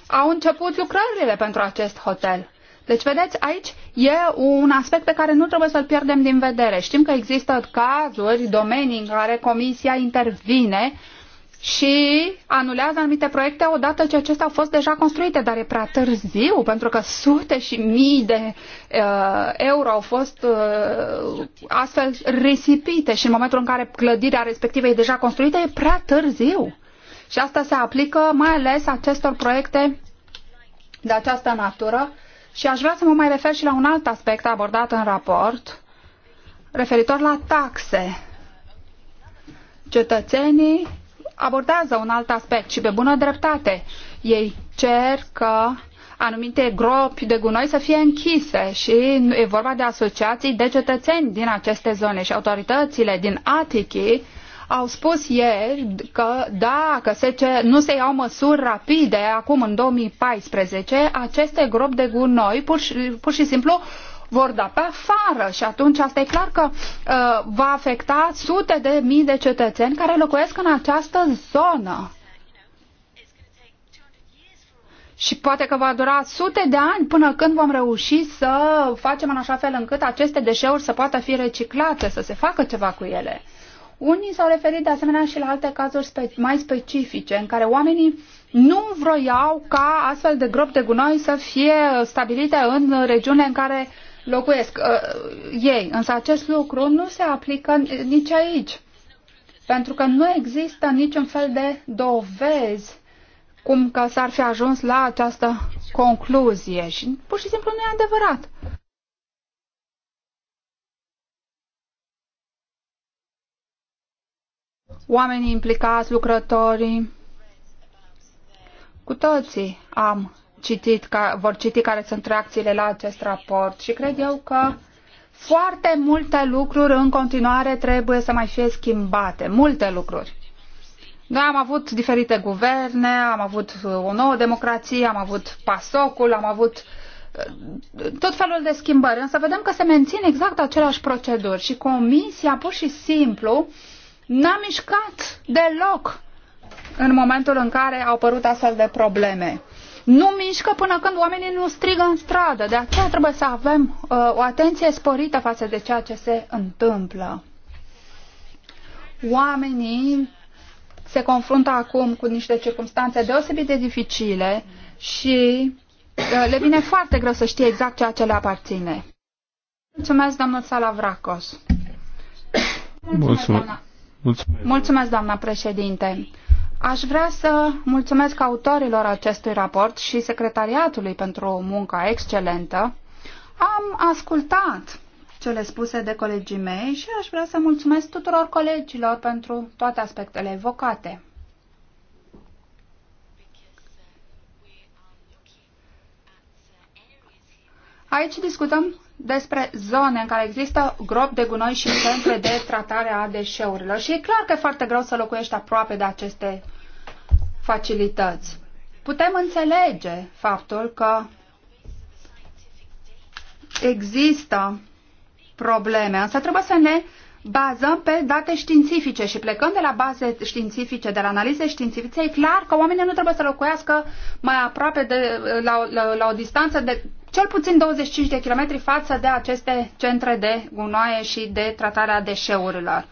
au început lucrările pentru acest hotel. Deci, vedeți, aici e un aspect pe care nu trebuie să-l pierdem din vedere. Știm că există cazuri, domenii în care comisia intervine uh, și anulează anumite proiecte odată ce acestea au fost deja construite, dar e prea târziu pentru că sute și mii de uh, euro au fost uh, astfel risipite și în momentul în care clădirea respectivă e deja construită e prea târziu. Și asta se aplică mai ales acestor proiecte de această natură și aș vrea să mă mai refer și la un alt aspect abordat în raport referitor la taxe. Cetățenii abordează un alt aspect și pe bună dreptate. Ei cer că anumite gropi de gunoi să fie închise și e vorba de asociații de cetățeni din aceste zone și autoritățile din Atiki au spus ieri că dacă se ce, nu se iau măsuri rapide acum în 2014, aceste gropi de gunoi pur și, pur și simplu uh, vor da pe afară și atunci asta e clar că uh, va afecta sute de mii de cetățeni care locuiesc în această zonă. Și poate că va dura sute de ani până când vom reuși să facem în așa fel încât aceste deșeuri să poată fi reciclate, să se facă ceva cu ele. Unii s-au referit de asemenea și la alte cazuri spe- mai specifice în care oamenii nu vroiau ca astfel de gropi de gunoi să fie stabilite în regiune în care uh, locuiesc uh, ei. Însă acest lucru nu se aplică nici aici, pentru că nu există niciun fel de dovezi cum că s-ar fi ajuns la această concluzie și pur și simplu nu e adevărat. Oamenii implicați, lucrătorii, cu toții am citit, ca, vor citi care sunt reacțiile la acest raport și cred eu că foarte multe lucruri în continuare trebuie să mai fie schimbate, multe lucruri. Noi am avut diferite guverne, am avut uh, o nouă democrație, am avut pasocul, am avut uh, tot felul de schimbări, însă vedem că se mențin exact aceleași proceduri și comisia pur și simplu n-a mișcat deloc în momentul în care au apărut astfel de probleme nu mișcă până când oamenii nu strigă în stradă. De aceea trebuie să avem uh, o atenție sporită față de ceea ce se întâmplă. Oamenii se confruntă acum cu niște circunstanțe deosebit de dificile și uh, le vine foarte greu să știe exact ceea ce le aparține. Mulțumesc, domnul Salavracos. Mulțumesc, Mulțumesc. Doamna. Mulțumesc. Mulțumesc, doamna președinte. Aș vrea să mulțumesc autorilor acestui raport și secretariatului pentru munca excelentă. Am ascultat cele spuse de colegii mei și aș vrea să mulțumesc tuturor colegilor pentru toate aspectele evocate. Aici discutăm despre zone în care există gropi de gunoi și centre de tratare a deșeurilor. Și e clar că e foarte greu să locuiești aproape de aceste facilități. Putem înțelege faptul că există probleme, însă trebuie să ne bazăm pe date științifice și plecând de la baze științifice, de la analize științifice, e clar că oamenii nu trebuie să locuiască mai aproape de, la, la, la o distanță de cel puțin 25 de kilometri față de aceste centre de gunoaie și de tratarea deșeurilor.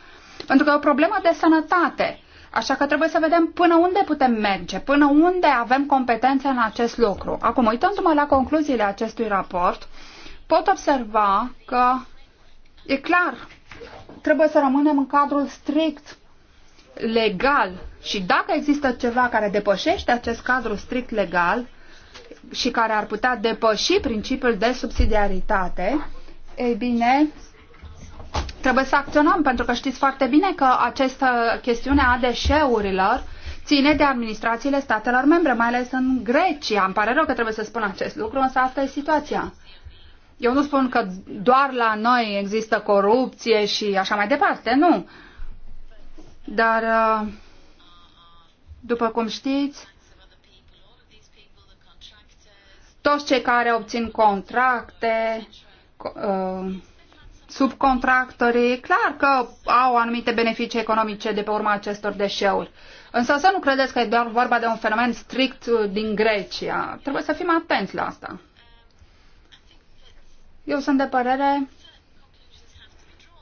Pentru că e o problemă de sănătate. Așa că trebuie să vedem până unde putem merge, până unde avem competențe în acest lucru. Acum, uitându-mă la concluziile acestui raport, pot observa că e clar, trebuie să rămânem în cadrul strict legal și dacă există ceva care depășește acest cadru strict legal, și care ar putea depăși principiul de subsidiaritate, ei bine, trebuie să acționăm, pentru că știți foarte bine că această chestiune a deșeurilor ține de administrațiile statelor membre, mai ales în Grecia. Îmi pare rău că trebuie să spun acest lucru, însă asta e situația. Eu nu spun că doar la noi există corupție și așa mai departe, nu. Dar, uh, după cum știți, toți cei care obțin contracte, uh, subcontractorii, clar că au anumite beneficii economice de pe urma acestor deșeuri. Însă să nu credeți că e doar vorba de un fenomen strict uh, din Grecia. Trebuie să fim atenți la asta. Eu sunt de părere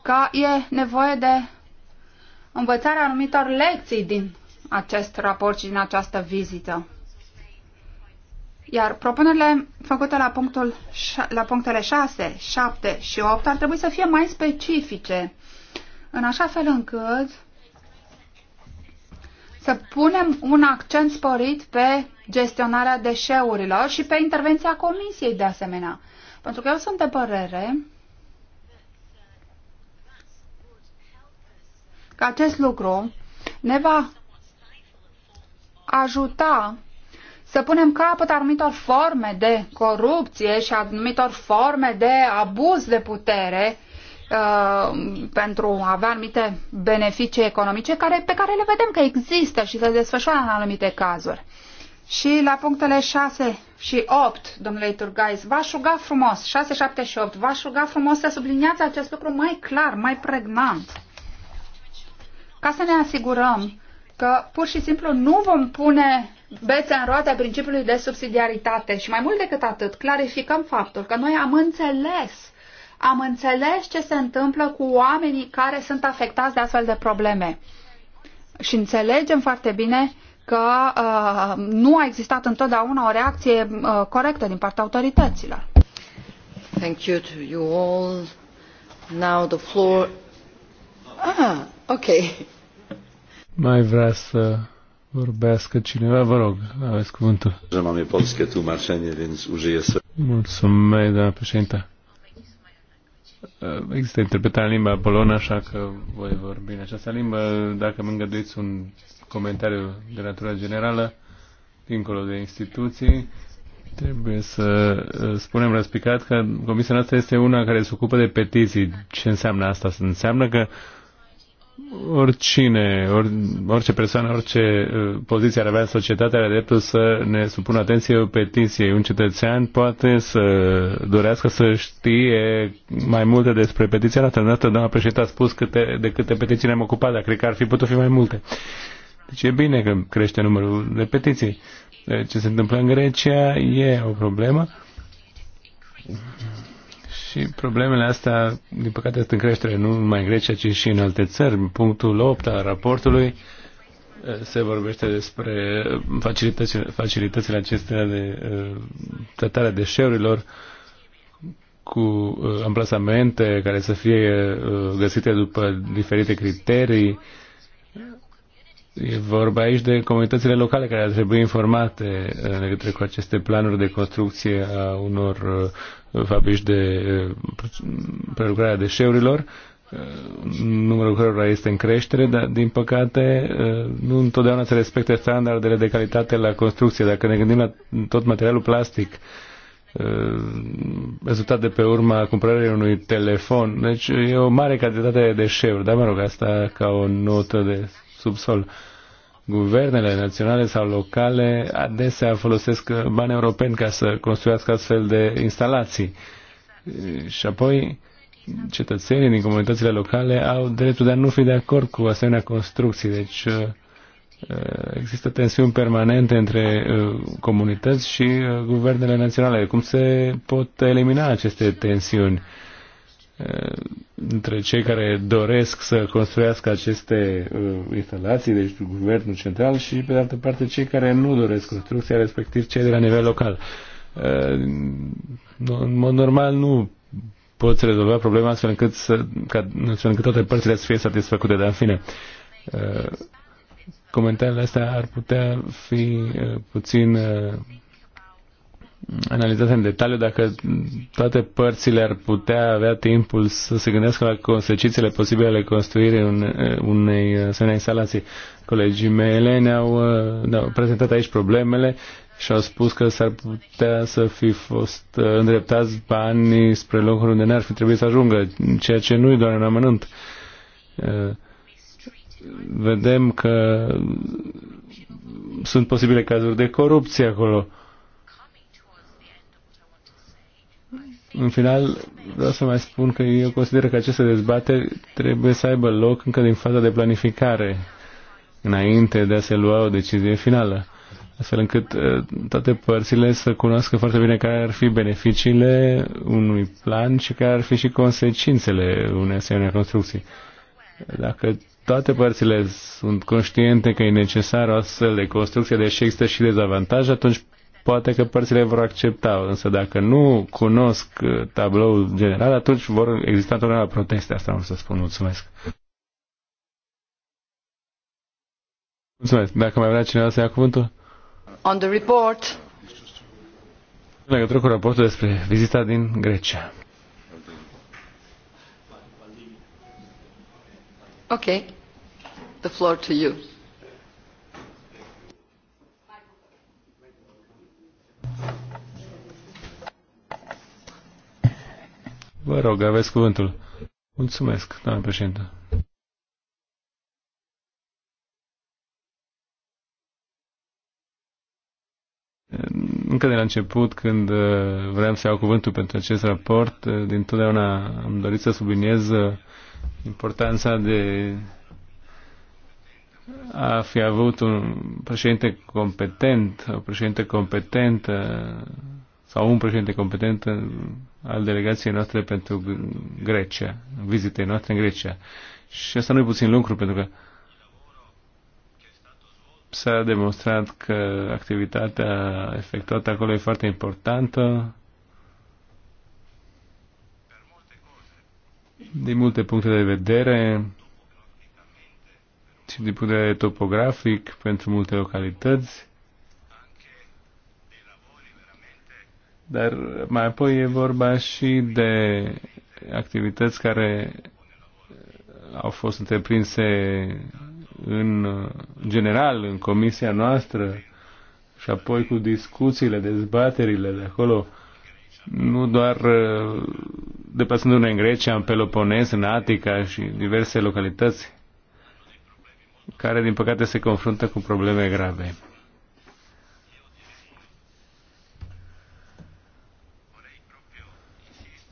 că e nevoie de învățarea anumitor lecții din acest raport și din această vizită. Iar propunerile făcute la, punctul, la punctele 6, 7 și 8 ar trebui să fie mai specifice, în așa fel încât să punem un accent sporit pe gestionarea deșeurilor și pe intervenția comisiei de asemenea. Pentru că eu sunt de părere că acest lucru ne va ajuta să punem capăt anumitor forme de corupție și anumitor forme de abuz de putere uh, pentru a avea anumite beneficii economice care, pe care le vedem că există și se desfășoară în anumite cazuri. Și la punctele 6 și 8, domnule Turgais, v-aș ruga frumos, 6, 7 și 8, v-aș ruga frumos să subliniați acest lucru mai clar, mai pregnant, ca să ne asigurăm că pur și simplu nu vom pune bețe în roate principiului de subsidiaritate și mai mult decât atât, clarificăm faptul că noi am înțeles am înțeles ce se întâmplă cu oamenii care sunt afectați de astfel de probleme. Și înțelegem foarte bine că uh, nu a existat întotdeauna o reacție uh, corectă din partea autorităților. Thank you to you all. Now the floor. Ah, okay. Mai vrea să vorbească cineva, vă rog, aveți cuvântul. Że mamy polskie tłumaczenie, więc użyję sobie. Mulțumesc, doamna președinte. Există interpretarea în limba polonă, așa că voi vorbi în această limbă. Dacă mă îngăduiți un comentariu de natură generală, dincolo de instituții, Trebuie să uh, spunem răspicat că comisia noastră este una care se ocupă de petiții. Ce înseamnă asta? Înseamnă că uh, oricine, or, orice persoană, orice uh, poziție ar avea în societate are dreptul să ne supună atenție petiției. Un cetățean poate să dorească să știe mai multe despre petiția noastră. Noastră, doamna președinte, a spus câte, de câte petiții ne-am ocupat, dar cred că ar fi putut fi mai multe. Deci e bine că crește numărul de petiții. Deci ce se întâmplă în Grecia e o problemă și problemele astea, din păcate, sunt în creștere, nu numai în Grecia, ci și în alte țări. Punctul 8 al raportului eh, se vorbește despre eh, facilitățile, facilitățile acestea de eh, tratarea deșeurilor cu amplasamente care să fie găsite după diferite criterii E vorba aici de comunitățile locale care ar trebui informate uh, în legătură cu aceste planuri de construcție a unor uh, fabrici de uh, prelucrare a deșeurilor, numărul cărora este în creștere, dar din păcate nu întotdeauna se respectă standardele de calitate la construcție. Dacă ne gândim la tot materialul plastic, rezultat de pe urma cumpărării unui telefon. Deci e o mare cantitate de deșeuri, dar mă rog, asta ca o notă de subsol. Guvernele naționale sau locale adesea folosesc bani europeni ca să construiască astfel de instalații. Și apoi cetățenii din comunitățile locale au dreptul de a nu fi de acord cu asemenea construcții. Deci uh, există tensiuni permanente între uh, comunități și uh, guvernele naționale. Cum se pot elimina aceste tensiuni? între cei care doresc să construiască aceste uh, instalații, deci guvernul central, și pe de altă parte cei care nu doresc construcția, respectiv cei de la nivel local. Uh, în mod normal nu poți rezolva problema astfel încât, să, ca, astfel încât toate părțile să fie satisfăcute, dar în fine. Uh, comentariile astea ar putea fi uh, puțin uh, analizat în detaliu dacă toate părțile ar putea avea timpul să se gândească la consecințele posibile ale construirii uh, unei asemenea instalații. Colegii mele ne-au uh, ne -au prezentat aici problemele și au spus că s-ar putea să fi fost uh, îndreptați banii spre locuri unde n-ar fi trebuit să ajungă, ceea ce nu-i doar în amănânt. Vedem că sunt posibile cazuri de corupție acolo. Uh, În final, vreau să mai spun că eu consider că aceste dezbateri trebuie să aibă loc încă din faza de planificare, înainte de a se lua o decizie finală, astfel încât eh, toate părțile să cunoască foarte bine care ar fi beneficiile unui plan și care ar fi și consecințele unei asemenea construcții. Dacă toate părțile sunt conștiente că e necesară o astfel de construcție, deși există și dezavantaje, atunci poate că părțile vor accepta, însă dacă nu cunosc uh, tabloul general, atunci vor exista întotdeauna proteste, asta vreau să spun, mulțumesc. Mulțumesc. Dacă mai vrea cineva să ia cuvântul? On the report. În legătură cu raportul despre vizita din Grecia. Ok. The floor to you. Vă rog, aveți cuvântul. Mulțumesc, doamne președinte. Încă de la început, când uh, vreau să iau cuvântul pentru acest raport, uh, din totdeauna am dorit să subliniez uh, importanța de a fi avut un președinte competent, o președinte competentă sau un președinte competent al delegației noastre pentru Grecia, vizitei noastre în Grecia. Și asta nu e puțin lucru, pentru că s-a demonstrat că activitatea efectuată acolo e foarte importantă din multe puncte de vedere și din punct de vedere topografic pentru multe localități Dar mai apoi e vorba și de activități care au fost întreprinse în general în comisia noastră și apoi cu discuțiile, dezbaterile de acolo, nu doar uh, deplasându-ne în Grecia, în Peloponez, în Atica și diverse localități care, din păcate, se confruntă cu probleme grave.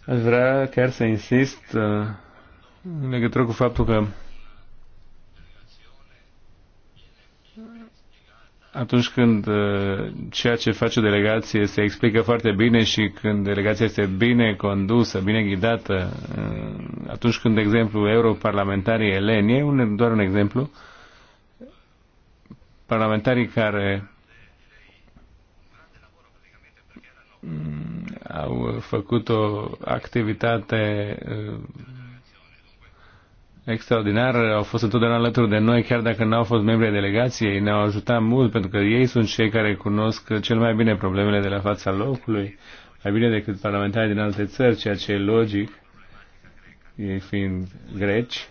Aș vrea chiar să insist uh, în legătură cu faptul că atunci când uh, ceea ce face delegație se explică foarte bine și când delegația este bine condusă, bine ghidată, uh, atunci când, de exemplu, europarlamentarii eleni, e un, doar un exemplu, parlamentarii care au făcut o activitate uh, extraordinară, au fost întotdeauna alături de noi, chiar dacă nu au fost membri ai delegației, ne-au ajutat mult, pentru că ei sunt cei care cunosc cel mai bine problemele de la fața locului, mai bine decât parlamentarii din alte țări, ceea ce e logic, ei fiind greci.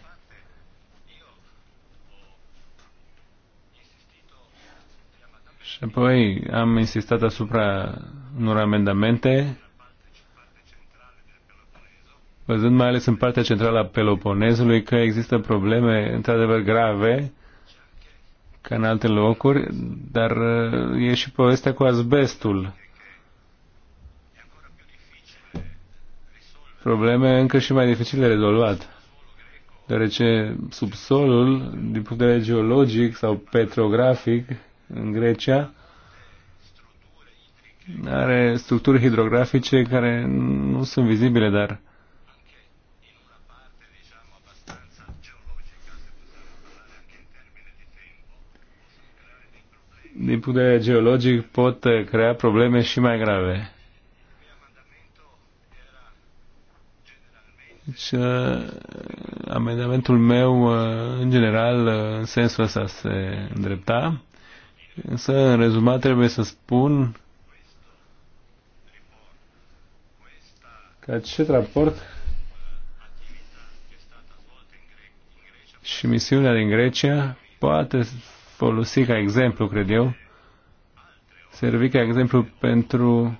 Și apoi am insistat asupra unor amendamente, văzând mai ales în partea centrală a Peloponezului că există probleme într-adevăr grave ca în alte locuri, dar uh, e și povestea cu azbestul. Probleme încă și mai dificile de rezolvat, deoarece subsolul, din punct de vedere geologic sau petrografic, în Grecia, are structuri hidrografice care nu sunt vizibile, dar din punct de vedere geologic pot eh, crea probleme și mai grave. Deci, eh, amendamentul meu, eh, în general, în sensul ăsta se îndrepta. Însă, în rezumat, trebuie să spun că acest raport și misiunea din Grecia poate folosi ca exemplu, cred eu, servi ca exemplu pentru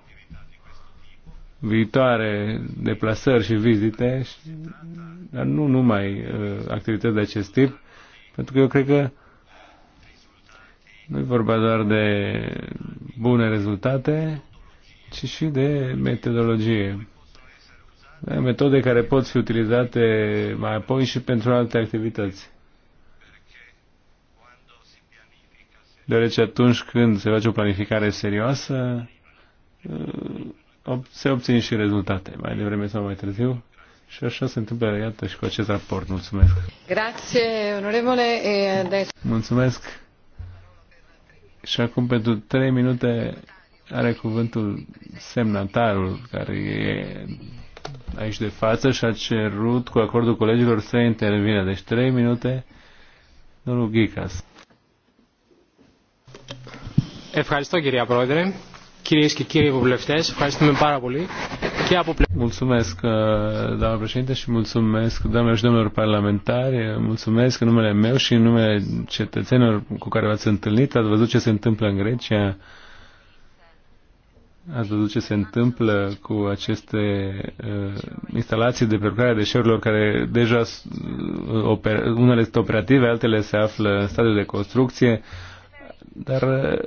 viitoare deplasări și vizite, dar nu numai uh, activități de acest tip, pentru că eu cred că nu e vorba doar de bune rezultate, ci și de metodologie. Da, metode care pot fi utilizate mai apoi și pentru alte activități. Deoarece atunci când se face o planificare serioasă, ă, se obțin și rezultate, mai devreme sau mai târziu. Și așa se întâmplă, iată, și cu acest raport. Mulțumesc. Grazie, onorevole. Mulțumesc. Și acum pentru trei minute are cuvântul semnatarul care e aici de față și a cerut cu acordul colegilor să intervină. Deci trei minute, domnul Ghicas. Ευχαριστώ κυρία Πρόεδρε κυρίες και κύριοι βουλευτές. Ευχαριστούμε πάρα πολύ. Και από Mulțumesc, uh, doamnă președinte, și mulțumesc doamnelor și domnilor parlamentari. Mulțumesc în numele meu și în numele cetățenilor cu care v-ați întâlnit. Ați văzut ce se întâmplă în Grecia. Ați văzut ce se întâmplă cu aceste uh, instalații de prelucrare a deșeurilor care deja uh, oper- unele sunt operative, altele se află în stadiu de construcție, dar uh,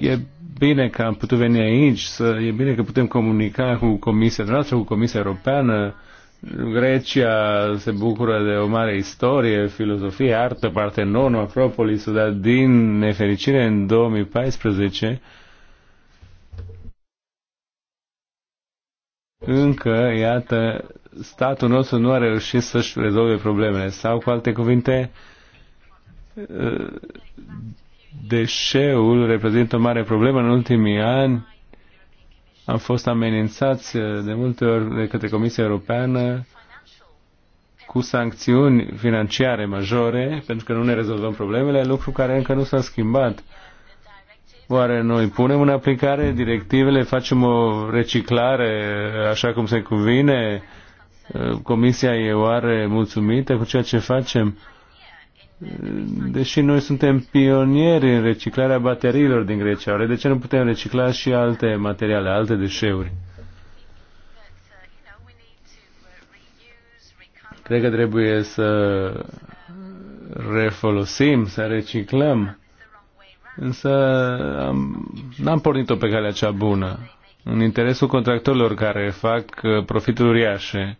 e bine că am putut veni aici, să, e bine că putem comunica cu Comisia noastră, cu Comisia Europeană. Grecia se bucură de o mare istorie, filozofie, artă, Partenon, Acropolis, dar din nefericire în 2014 încă, iată, statul nostru nu a reușit să-și rezolve problemele. Sau, cu alte cuvinte, deșeul reprezintă o mare problemă. În ultimii ani am fost amenințați uh, de multe ori de către Comisia Europeană cu sancțiuni financiare majore pentru că nu ne rezolvăm problemele, lucru care încă nu s-a schimbat. Oare noi punem în aplicare directivele, facem o reciclare uh, așa cum se cuvine? Uh, Comisia e oare mulțumită cu ceea ce facem? deși noi suntem pionieri în reciclarea bateriilor din Grecia, de ce nu putem recicla și alte materiale, alte deșeuri? Cred că trebuie să refolosim, să reciclăm. Însă n-am pornit-o pe calea cea bună, în interesul contractorilor care fac uh, profituri uriașe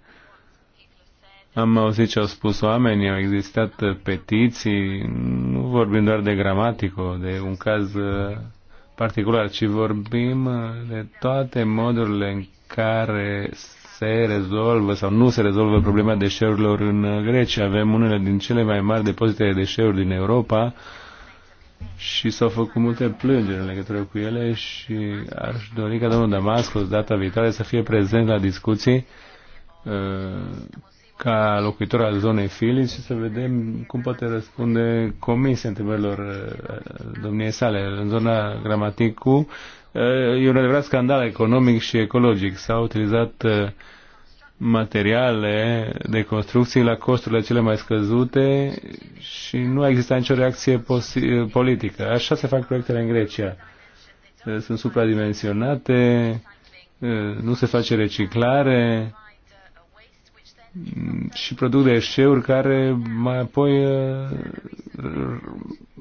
am auzit ce au spus oamenii, au existat uh, petiții, nu vorbim doar de gramatico, de un caz uh, particular, ci vorbim uh, de toate modurile în care se rezolvă sau nu se rezolvă problema deșeurilor în Grecia. Avem unele din cele mai mari depozite de deșeuri din Europa și s-au făcut multe plângeri în legătură cu ele și aș dori ca domnul Damascus data viitoare să fie prezent la discuții ca locuitor al zonei Filii și să vedem cum poate răspunde comisia întrebărilor uh, domniei sale. În zona Gramaticu uh, e un adevărat scandal economic și ecologic. S-au utilizat uh, materiale de construcții la costurile cele mai scăzute și nu a existat nicio reacție politică. Așa se fac proiectele în Grecia. Sunt supradimensionate, nu se face reciclare, și produc deșeuri care mai apoi uh,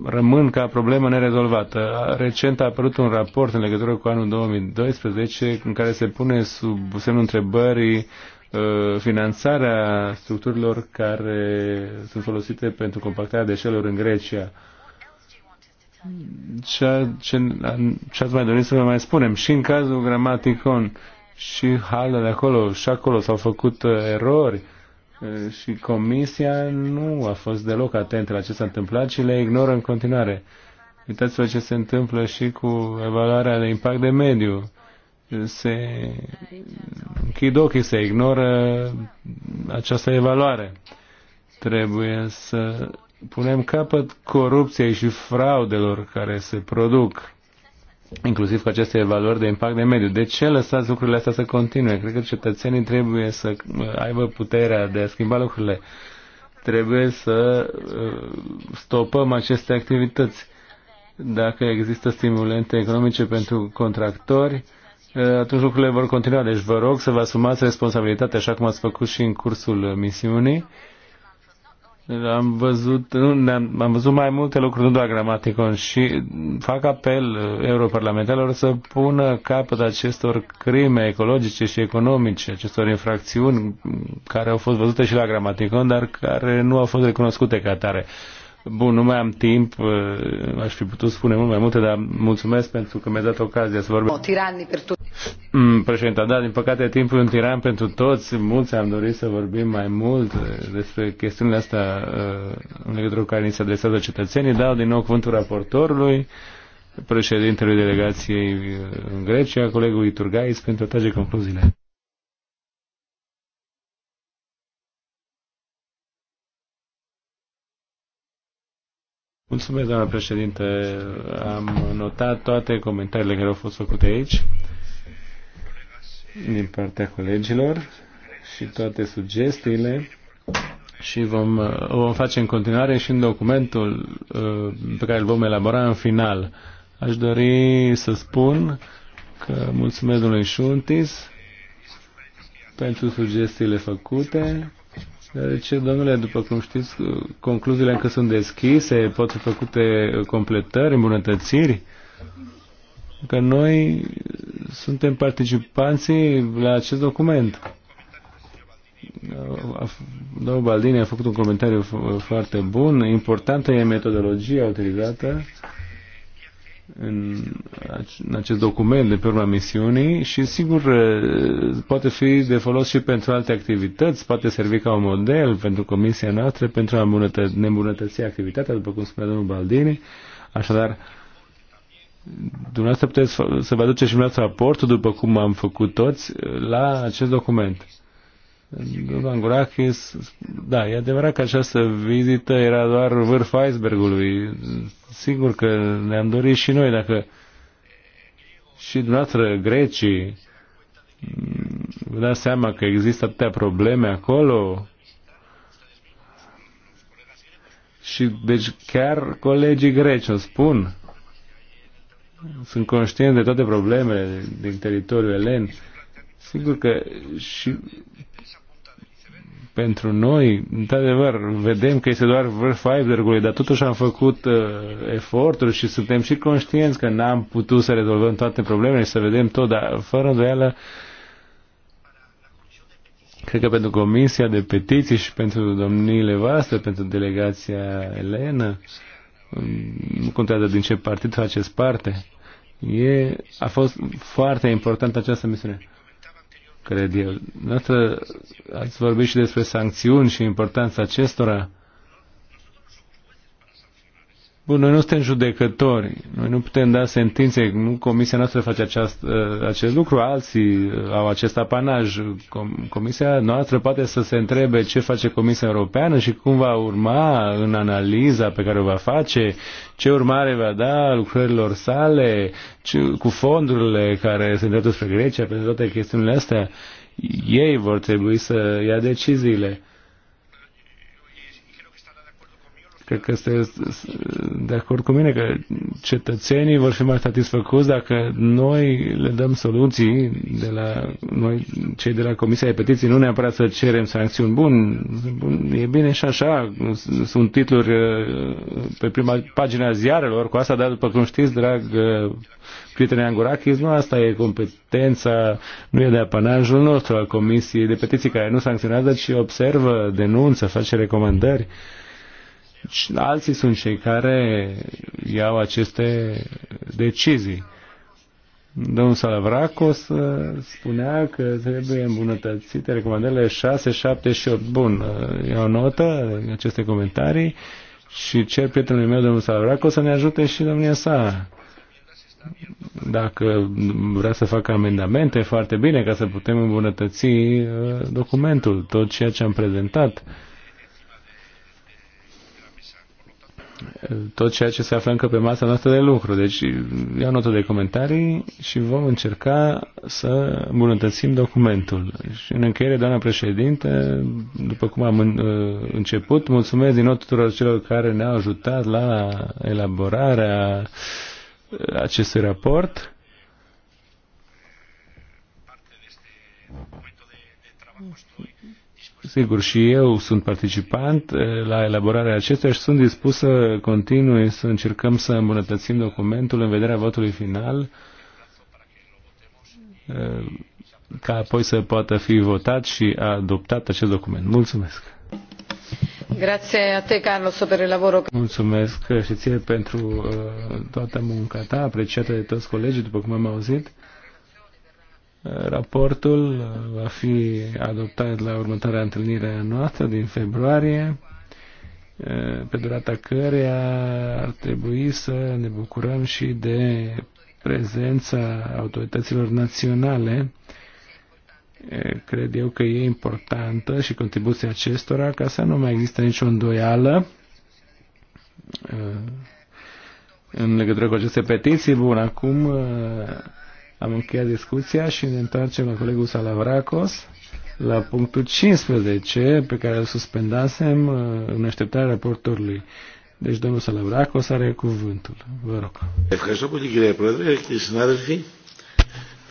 rămân ca problemă nerezolvată. Recent a apărut un raport în legătură cu anul 2012 în care se pune sub semnul întrebării uh, finanțarea structurilor care sunt folosite pentru compactarea deșeurilor în Grecia. Ce, ce, ce ați mai dorit să vă mai spunem? Și în cazul gramaticon, și halele acolo și acolo s-au făcut uh, erori uh, și comisia nu a fost deloc atentă la ce s-a întâmplat și le ignoră în continuare. Uitați-vă ce se întâmplă și cu evaluarea de impact de mediu. Se închid ochii, se ignoră această evaluare. Trebuie să punem capăt corupției și fraudelor care se produc inclusiv cu aceste evaluări de impact de mediu. De ce lăsați lucrurile astea să continue? Cred că cetățenii trebuie să aibă puterea de a schimba lucrurile. Trebuie să uh, stopăm aceste activități. Dacă există stimulente economice pentru contractori, uh, atunci lucrurile vor continua. Deci vă rog să vă asumați responsabilitatea, așa cum ați făcut și în cursul misiunii am văzut, am, am văzut mai multe lucruri, nu doar gramaticon, și fac apel uh, europarlamentarilor să pună capăt acestor crime ecologice și economice, acestor infracțiuni care au fost văzute și la gramaticon, dar care nu au fost recunoscute ca atare. Uh, Bun, nu mai am timp, uh, aș fi putut spune mult mai multe, dar mulțumesc pentru că mi-a dat ocazia să vorbesc. Tirani pentru mm, Președinte, da, din păcate timpul e un tiran pentru toți. Mulți am dorit să vorbim mai mult uh, despre chestiunile astea uh, în legătură cu care ni se adresează cetățenii. Dau din nou cuvântul raportorului, președintelui delegației în Grecia, colegului Turgais, pentru a trage concluziile. Mulțumesc, doamna președinte. Am notat toate comentariile care au fost făcute aici din partea colegilor și toate sugestiile și vom, vom face în continuare și în documentul uh, pe care îl vom elabora în final. Aș dori să spun că mulțumesc domnului Șuntis pentru sugestiile făcute deci, domnule, după cum știți, concluziile încă sunt deschise, pot fi făcute completări, îmbunătățiri, că noi suntem participanții la acest document. Domnul Baldini a făcut un comentariu foarte bun. Importantă e metodologia utilizată în, în acest document de pe urma misiunii și sigur poate fi de folos și pentru alte activități, poate servi ca un model pentru comisia noastră pentru a ne îmbunătăți activitatea, după cum spunea domnul Baldini. Așadar, dumneavoastră puteți să vă aduceți și dumneavoastră raportul, după cum am făcut toți, la acest document. Domnul Angurakis, da, e adevărat că această vizită era doar vârful icebergului. Sigur că ne-am dorit și noi, dacă și dumneavoastră grecii vă dați seama că există atâtea probleme acolo, și deci chiar colegii greci o spun. Sunt conștienți de toate problemele din teritoriul elen. Sigur că și pentru noi, într-adevăr, vedem că este doar vârful iceberg-ului, dar totuși am făcut uh, eforturi și suntem și conștienți că n-am putut să rezolvăm toate problemele și să vedem tot, dar fără îndoială, cred că pentru Comisia de Petiții și pentru domniile voastre, pentru delegația Elena, nu contează din ce partid faceți parte, e, a fost foarte importantă această misiune cred eu. Noastră ați vorbit și despre sancțiuni și importanța acestora. Bun, noi nu suntem judecători, noi nu putem da sentințe, nu comisia noastră face aceast, ă, acest lucru, alții ă, au acest apanaj. Comisia noastră poate să se întrebe ce face Comisia Europeană și cum va urma în analiza pe care o va face, ce urmare va da lucrărilor sale, ce, cu fondurile care se îndreptă spre Grecia, pentru toate chestiunile astea. Ei vor trebui să ia deciziile. Cred că este de acord cu mine că cetățenii vor fi mai satisfăcuți dacă noi le dăm soluții de la noi, cei de la Comisia de Petiții, nu neapărat să cerem sancțiuni. Bun, bun e bine și așa, sunt titluri uh, pe prima pagina ziarelor cu asta, dar după cum știți, drag uh, prietene Angurachis, nu asta e competența, nu e de apanajul nostru al Comisiei de Petiții care nu sancționează, ci observă, denunță, face recomandări alții sunt cei care iau aceste decizii. Domnul Salavracos uh, spunea că trebuie îmbunătățite recomandările 6, 7 și 8. Bun, uh, iau notă aceste comentarii și cer prietenului meu, domnul Salavracos, să ne ajute și domnia sa. Dacă vrea să facă amendamente, foarte bine, ca să putem îmbunătăți uh, documentul, tot ceea ce am prezentat. tot ceea ce se află încă pe masa noastră de lucru. Deci iau notă de comentarii și vom încerca să îmbunătățim documentul. Și în încheiere, doamna președinte, după cum am uh, început, mulțumesc din nou tuturor celor care ne-au ajutat la elaborarea acestui raport Sigur, și eu sunt participant eh, la elaborarea acestuia și sunt dispus să continui să încercăm să îmbunătățim documentul în vederea votului final eh, ca apoi să poată fi votat și adoptat acest document. Mulțumesc! Grazie a te, Carlos, per il lavoro. Mulțumesc și ție pentru eh, toată munca ta, apreciată de toți colegii, după cum am auzit. Raportul uh, va fi adoptat la următoarea întâlnire noastră din februarie, uh, pe durata căreia ar trebui să ne bucurăm și de prezența autorităților naționale. Uh, cred eu că e importantă și contribuția acestora ca să nu mai există nicio îndoială în legătură cu aceste petiții. Bun, acum am încheiat discuția și ne întoarcem la colegul Salavracos la punctul 15 pe care îl suspendasem uh, în așteptarea raportorului. Deci domnul Salavracos are cuvântul. Vă rog. Ευχαριστώ πολύ κύριε Πρόεδρε, κύριοι συνάδελφοι.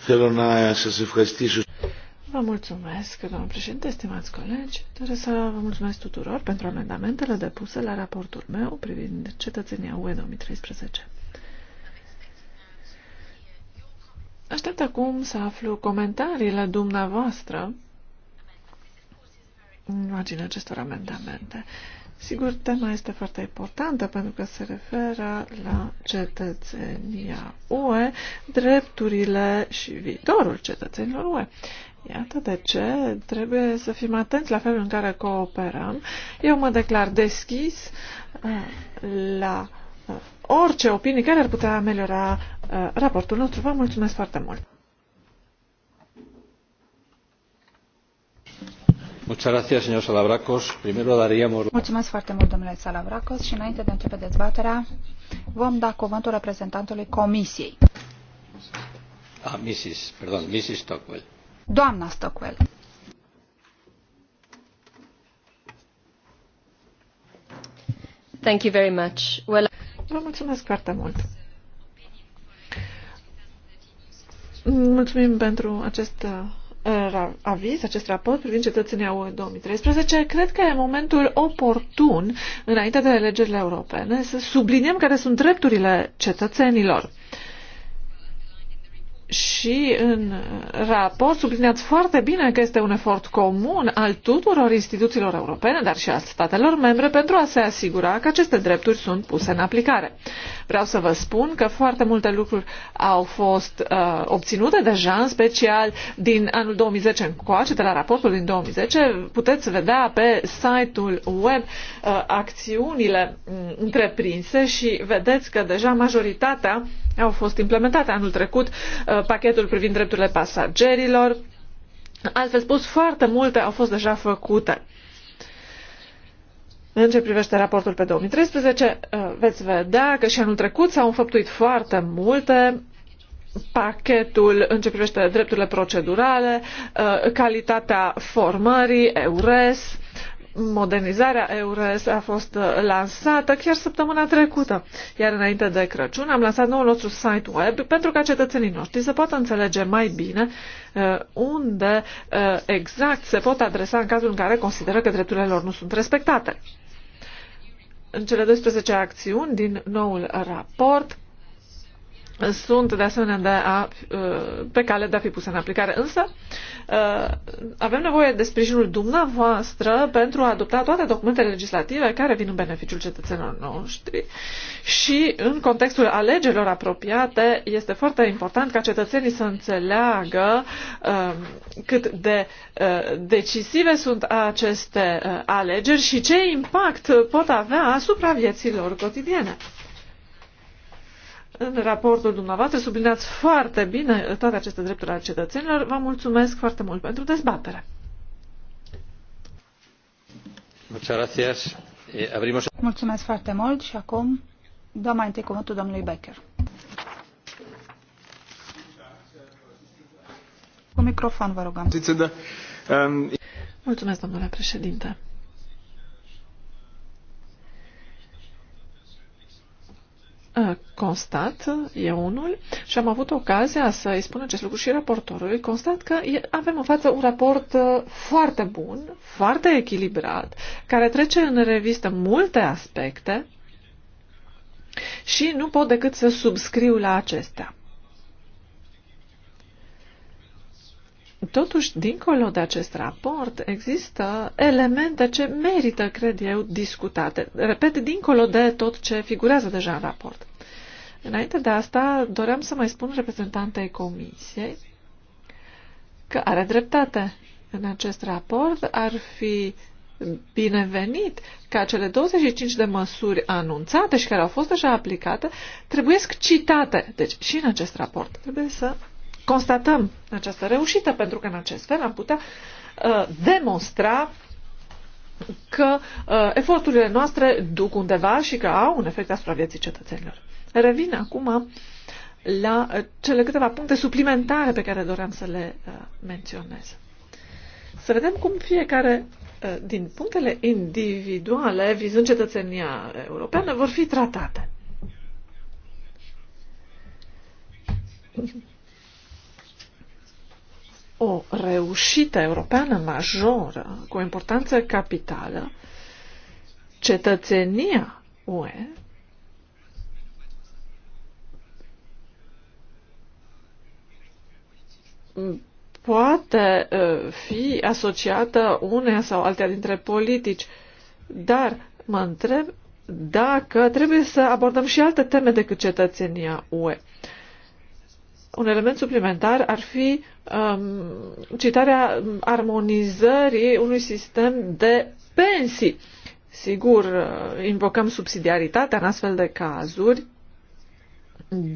Θέλω να σας ευχαριστήσω. Vă mulțumesc, domnul președinte, estimați colegi. Doresc să vă mulțumesc tuturor pentru amendamentele depuse la raportul meu privind cetățenia UE 2013. Aștept acum să aflu comentariile dumneavoastră în imaginea acestor amendamente. Sigur, tema este foarte importantă pentru că se referă la cetățenia UE, drepturile și viitorul cetățenilor UE. Iată de ce trebuie să fim atenți la felul în care cooperăm. Eu mă declar deschis uh, la uh, orice opinie care ar putea ameliora uh, raportul nostru. Vă mulțumesc foarte mult! Mulțumesc foarte mult, domnule Salavracos, și înainte de a începe dezbaterea, vom da cuvântul reprezentantului Comisiei. Ah, Mrs. Pardon, Mrs. Stockwell. Doamna Stockwell. Thank you very much. Well... Vă mulțumesc foarte mult! Mulțumim pentru acest uh, aviz, acest raport privind cetățenia UE 2013, cred că e momentul oportun, înainte de alegerile europene, să subliniem care sunt drepturile cetățenilor și în raport subliniați foarte bine că este un efort comun al tuturor instituțiilor europene, dar și al statelor membre, pentru a se asigura că aceste drepturi sunt puse în aplicare. Vreau să vă spun că foarte multe lucruri au fost uh, obținute deja, în special din anul 2010 încoace, de la raportul din 2010. Puteți vedea pe site-ul web uh, acțiunile mm, întreprinse și vedeți că deja majoritatea au fost implementate anul trecut uh, pachetul privind drepturile pasagerilor. Altfel spus, foarte multe au fost deja făcute. În ce privește raportul pe 2013, uh, veți vedea că și anul trecut s-au înfăptuit foarte multe pachetul în ce privește drepturile procedurale, uh, calitatea formării, EURES, modernizarea EURES a fost uh, lansată chiar săptămâna trecută, iar înainte de Crăciun am lansat noul nostru site web pentru ca cetățenii noștri să poată înțelege mai bine uh, unde uh, exact se pot adresa în cazul în care consideră că drepturile lor nu sunt respectate. În cele 12 acțiuni din noul raport, sunt de asemenea de a, uh, pe cale de a fi puse în aplicare. Însă uh, avem nevoie de sprijinul dumneavoastră pentru a adopta toate documentele legislative care vin în beneficiul cetățenilor noștri și în contextul alegerilor apropiate este foarte important ca cetățenii să înțeleagă uh, cât de decisive sunt aceste alegeri și ce impact pot avea asupra vieților cotidiene. În raportul dumneavoastră subliniați foarte bine toate aceste drepturi ale cetățenilor. Vă mulțumesc foarte mult pentru dezbatere. Eh, mulțumesc foarte mult și acum dăm mai întâi cuvântul domnului Becker. Cu microfon, vă rugăm. Mulțumesc, domnule președinte. constat, e unul, și am avut ocazia să îi spun acest lucru și raportorului, constat că avem în față un raport uh, foarte bun, foarte echilibrat, care trece în revistă multe aspecte și nu pot decât să subscriu la acestea. Totuși, dincolo de acest raport, există elemente ce merită, cred eu, discutate. Repet, dincolo de tot ce figurează deja în raport. Înainte de asta, doream să mai spun reprezentantei Comisiei că are dreptate. În acest raport ar fi binevenit ca cele 25 de măsuri anunțate și care au fost deja aplicate trebuie citate. Deci și în acest raport trebuie să constatăm această reușită, pentru că în acest fel am putea uh, demonstra că uh, eforturile noastre duc undeva și că au un efect asupra vieții cetățenilor. Revin acum la uh, cele câteva puncte suplimentare pe care doream să le uh, menționez. Să vedem cum fiecare uh, din punctele individuale vizând cetățenia europeană vor fi tratate o reușită europeană majoră cu o importanță capitală, cetățenia UE poate uh, fi asociată unea sau altea dintre politici, dar mă întreb dacă trebuie să abordăm și alte teme decât cetățenia UE. Un element suplimentar ar fi um, citarea armonizării unui sistem de pensii. Sigur, uh, invocăm subsidiaritatea în astfel de cazuri,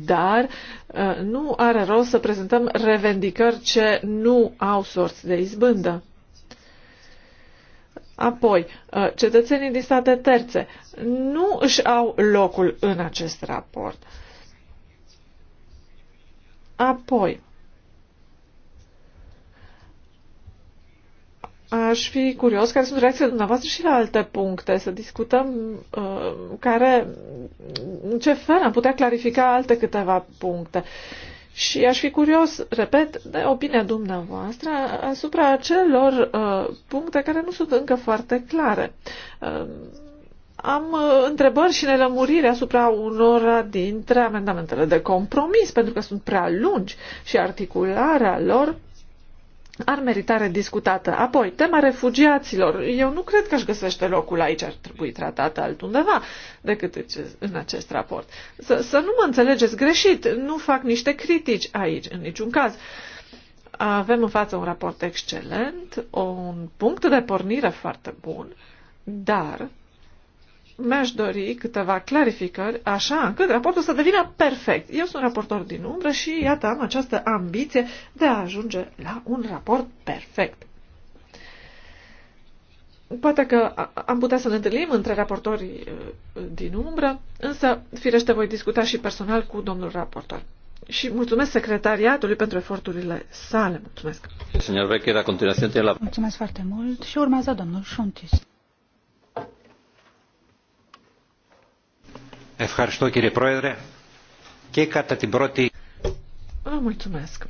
dar uh, nu are rost să prezentăm revendicări ce nu au sorți de izbândă. Apoi, uh, cetățenii din state terțe nu își au locul în acest raport. Apoi, Aș fi curios care sunt reacțiile dumneavoastră și la alte puncte, să discutăm uh, care, în ce fel am putea clarifica alte câteva puncte. Și aș fi curios, repet, de opinia dumneavoastră asupra acelor uh, puncte care nu sunt încă foarte clare. Uh, am uh, întrebări și nelămuriri asupra unora dintre amendamentele de compromis, pentru că sunt prea lungi și articularea lor ar merita rediscutată. Apoi, tema refugiaților. Eu nu cred că își găsește locul aici, ar trebui tratată altundeva decât în acest raport. Să, să nu mă înțelegeți greșit, nu fac niște critici aici, în niciun caz. Avem în față un raport excelent, un punct de pornire foarte bun, dar mi-aș dori câteva clarificări, așa încât raportul să devină perfect. Eu sunt raportor din umbră și iată am această ambiție de a ajunge la un raport perfect. Poate că am putea să ne întâlnim între raportorii uh, din umbră, însă firește voi discuta și personal cu domnul raportor. Și mulțumesc secretariatului pentru eforturile sale. Mulțumesc. Mulțumesc foarte mult și urmează domnul Șuntis. Ευχαριστώ κύριε Πρόεδρε. Και κατά την πρώτη... Vă mulțumesc.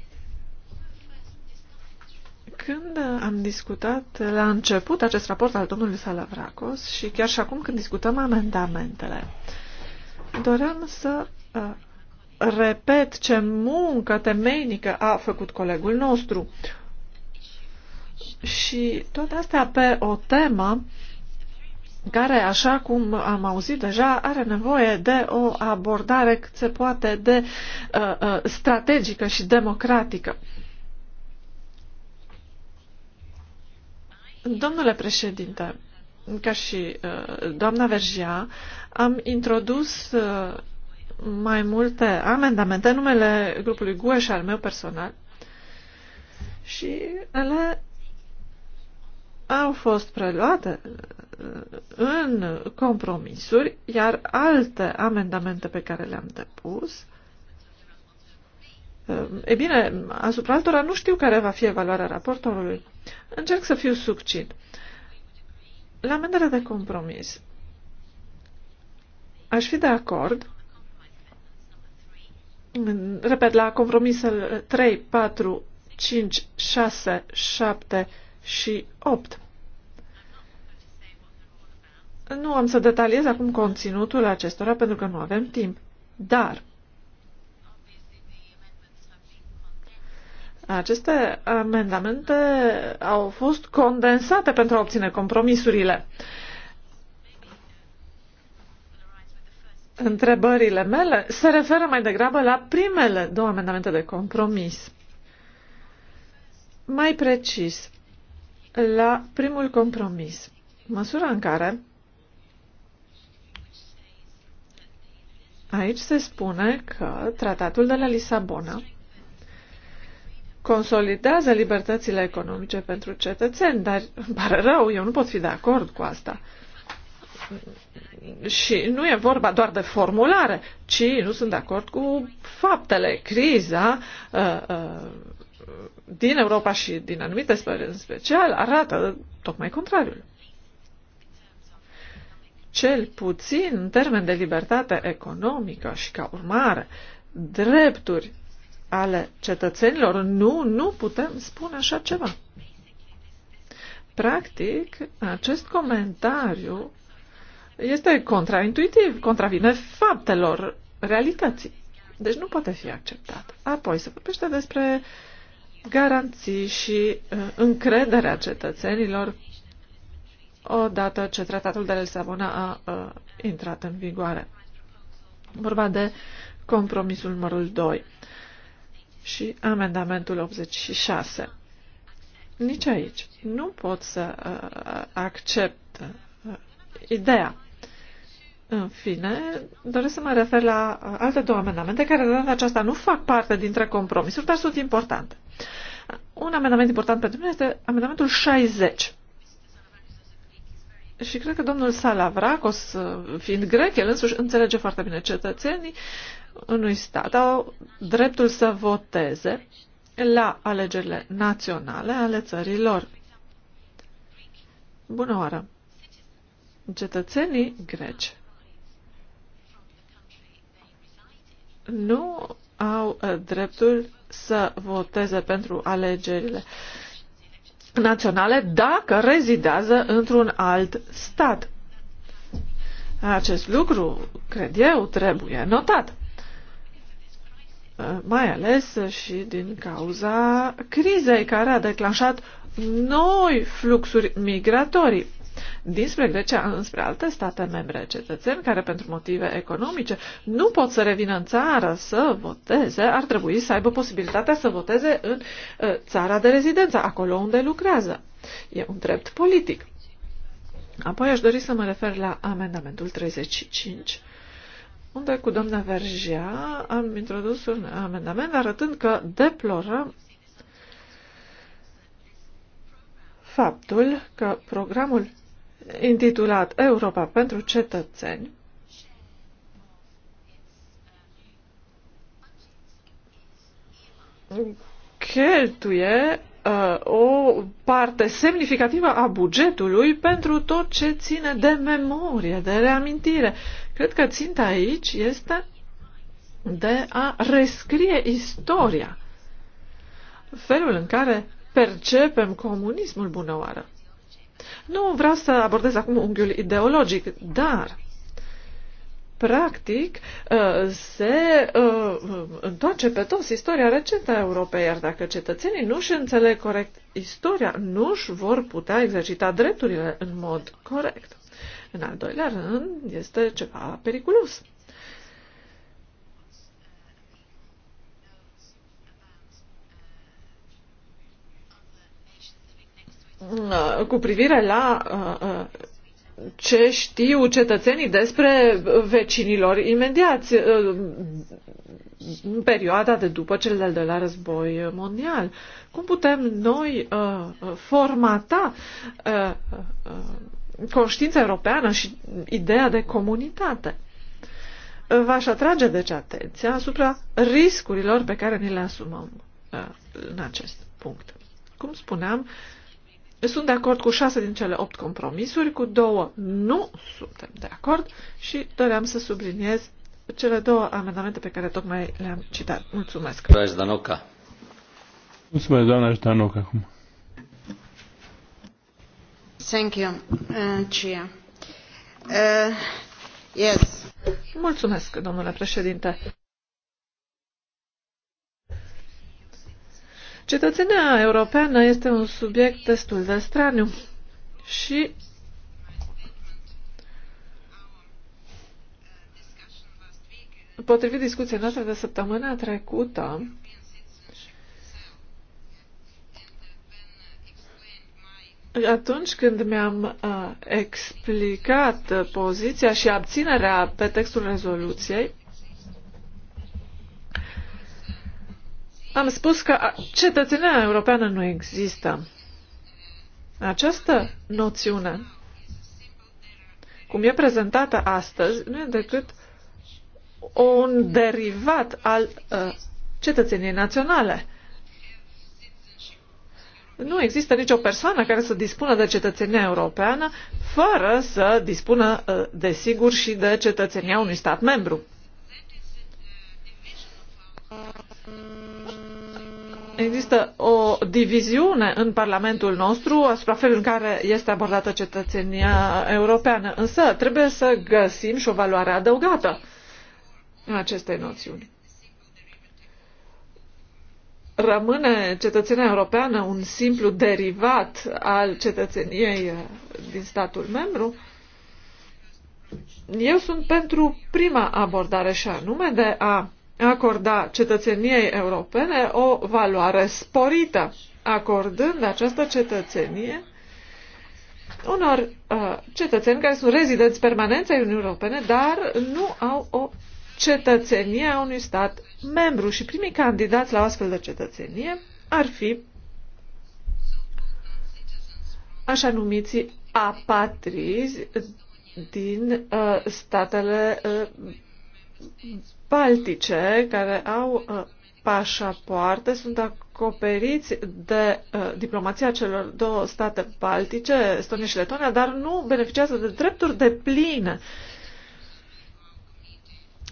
Când am discutat la început acest raport al domnului Salavracos și chiar și acum când discutăm amendamentele, doream să uh, repet ce muncă temeinică a făcut colegul nostru. Și toate astea pe o temă care, așa cum am auzit deja, are nevoie de o abordare cât se poate de uh, uh strategică și democratică. Domnule președinte, ca și uh, doamna Vergia, am introdus uh, mai multe amendamente în numele grupului GUE și al meu personal și ele au fost preluate în compromisuri, iar alte amendamente pe care le-am depus, eh, e bine, asupra altora nu știu care va fi evaluarea raportorului. Încerc să fiu succint. La amendarea de compromis, aș fi de acord, repet, la compromisele 3, 4, 5, 6, 7 și 8. Nu am să detaliez acum conținutul acestora pentru că nu avem timp, dar aceste amendamente au fost condensate pentru a obține compromisurile. Întrebările mele se referă mai degrabă la primele două amendamente de compromis. Mai precis, la primul compromis, măsura în care Aici se spune că tratatul de la Lisabona consolidează libertățile economice pentru cetățeni, dar îmi pare rău, eu nu pot fi de acord cu asta. Și nu e vorba doar de formulare, ci nu sunt de acord cu faptele. Criza uh, uh, din Europa și din anumite spări în special arată tocmai contrariul cel puțin în termen de libertate economică și ca urmare drepturi ale cetățenilor, nu, nu putem spune așa ceva. Practic, acest comentariu este contraintuitiv, contravine faptelor, realității. Deci nu poate fi acceptat. Apoi se vorbește despre garanții și uh, încrederea cetățenilor odată ce tratatul de Lisabona a, a intrat în vigoare. Vorba de compromisul numărul 2 și amendamentul 86. Nici aici nu pot să uh, accept uh, ideea. În fine, doresc să mă refer la alte două amendamente care de data aceasta nu fac parte dintre compromisuri, dar sunt importante. Un amendament important pentru mine este amendamentul 60 și cred că domnul Salavracos, fiind grec, el însuși înțelege foarte bine cetățenii unui stat au dreptul să voteze la alegerile naționale ale țărilor. Bună oară! Cetățenii greci nu au dreptul să voteze pentru alegerile uh, naționale dacă rezidează într-un alt stat. Acest lucru, cred eu, trebuie notat. Mai ales și din cauza crizei care a declanșat noi fluxuri migratorii dinspre Grecia înspre alte state membre, cetățeni care pentru motive economice nu pot să revină în țară să voteze, ar trebui să aibă posibilitatea să voteze în uh, țara de rezidență, acolo unde lucrează. E un drept politic. Apoi aș dori să mă refer la amendamentul 35 unde cu doamna Vergea am introdus un amendament arătând că deplorăm faptul că programul intitulat Europa pentru cetățeni, cheltuie uh, o parte semnificativă a bugetului pentru tot ce ține de memorie, de reamintire. Cred că ținta aici este de a rescrie istoria, felul în care percepem comunismul bunăoară. Nu vreau să abordez acum unghiul ideologic, dar practic uh, se uh, întoarce pe toți istoria recentă a Europei, iar dacă cetățenii nu își înțeleg corect istoria, nu își vor putea exercita drepturile în mod corect. În al doilea rând, este ceva periculos. Da, cu privire la uh, uh, ce știu cetățenii despre vecinilor imediați uh, în perioada de după cel de-al doilea război mondial. Cum putem noi formata conștiința europeană și ideea de comunitate? V-aș atrage deci atenția asupra riscurilor pe care ni le asumăm în acest punct. Cum spuneam, sunt de acord cu șase din cele opt compromisuri, cu două nu suntem de acord și doream să subliniez cele două amendamente pe care tocmai le-am citat. Mulțumesc. Zdanoca. Mulțumesc, doamna Zdanoca, acum. Thank you, uh, Chia. Uh, yes. Mulțumesc, domnule președinte. Cetățenia europeană este un subiect destul de straniu și potrivit discuției noastre de săptămâna trecută, Atunci când mi-am uh, explicat poziția și abținerea pe textul rezoluției, am spus că cetățenia europeană nu există. Această noțiune, cum e prezentată astăzi, nu e decât un derivat al uh, cetățeniei naționale. Nu există nicio persoană care să dispună de cetățenia europeană fără să dispună, uh, desigur, și de cetățenia unui stat membru. Există o diviziune în Parlamentul nostru asupra felului în care este abordată cetățenia europeană, însă trebuie să găsim și o valoare adăugată în aceste noțiuni. Rămâne cetățenia europeană un simplu derivat al cetățeniei din statul membru? Eu sunt pentru prima abordare și anume de a acorda cetățeniei europene o valoare sporită, acordând această cetățenie unor uh, cetățeni care sunt rezidenți permanenți ai Uniunii Europene, dar nu au o cetățenie a unui stat membru și primii candidați la o astfel de cetățenie ar fi așa numiții apatrizi din uh, statele uh, baltice care au uh, pașapoarte sunt acoperiți de uh, diplomația celor două state baltice, Estonia și Letonia, dar nu beneficiază de drepturi de plin.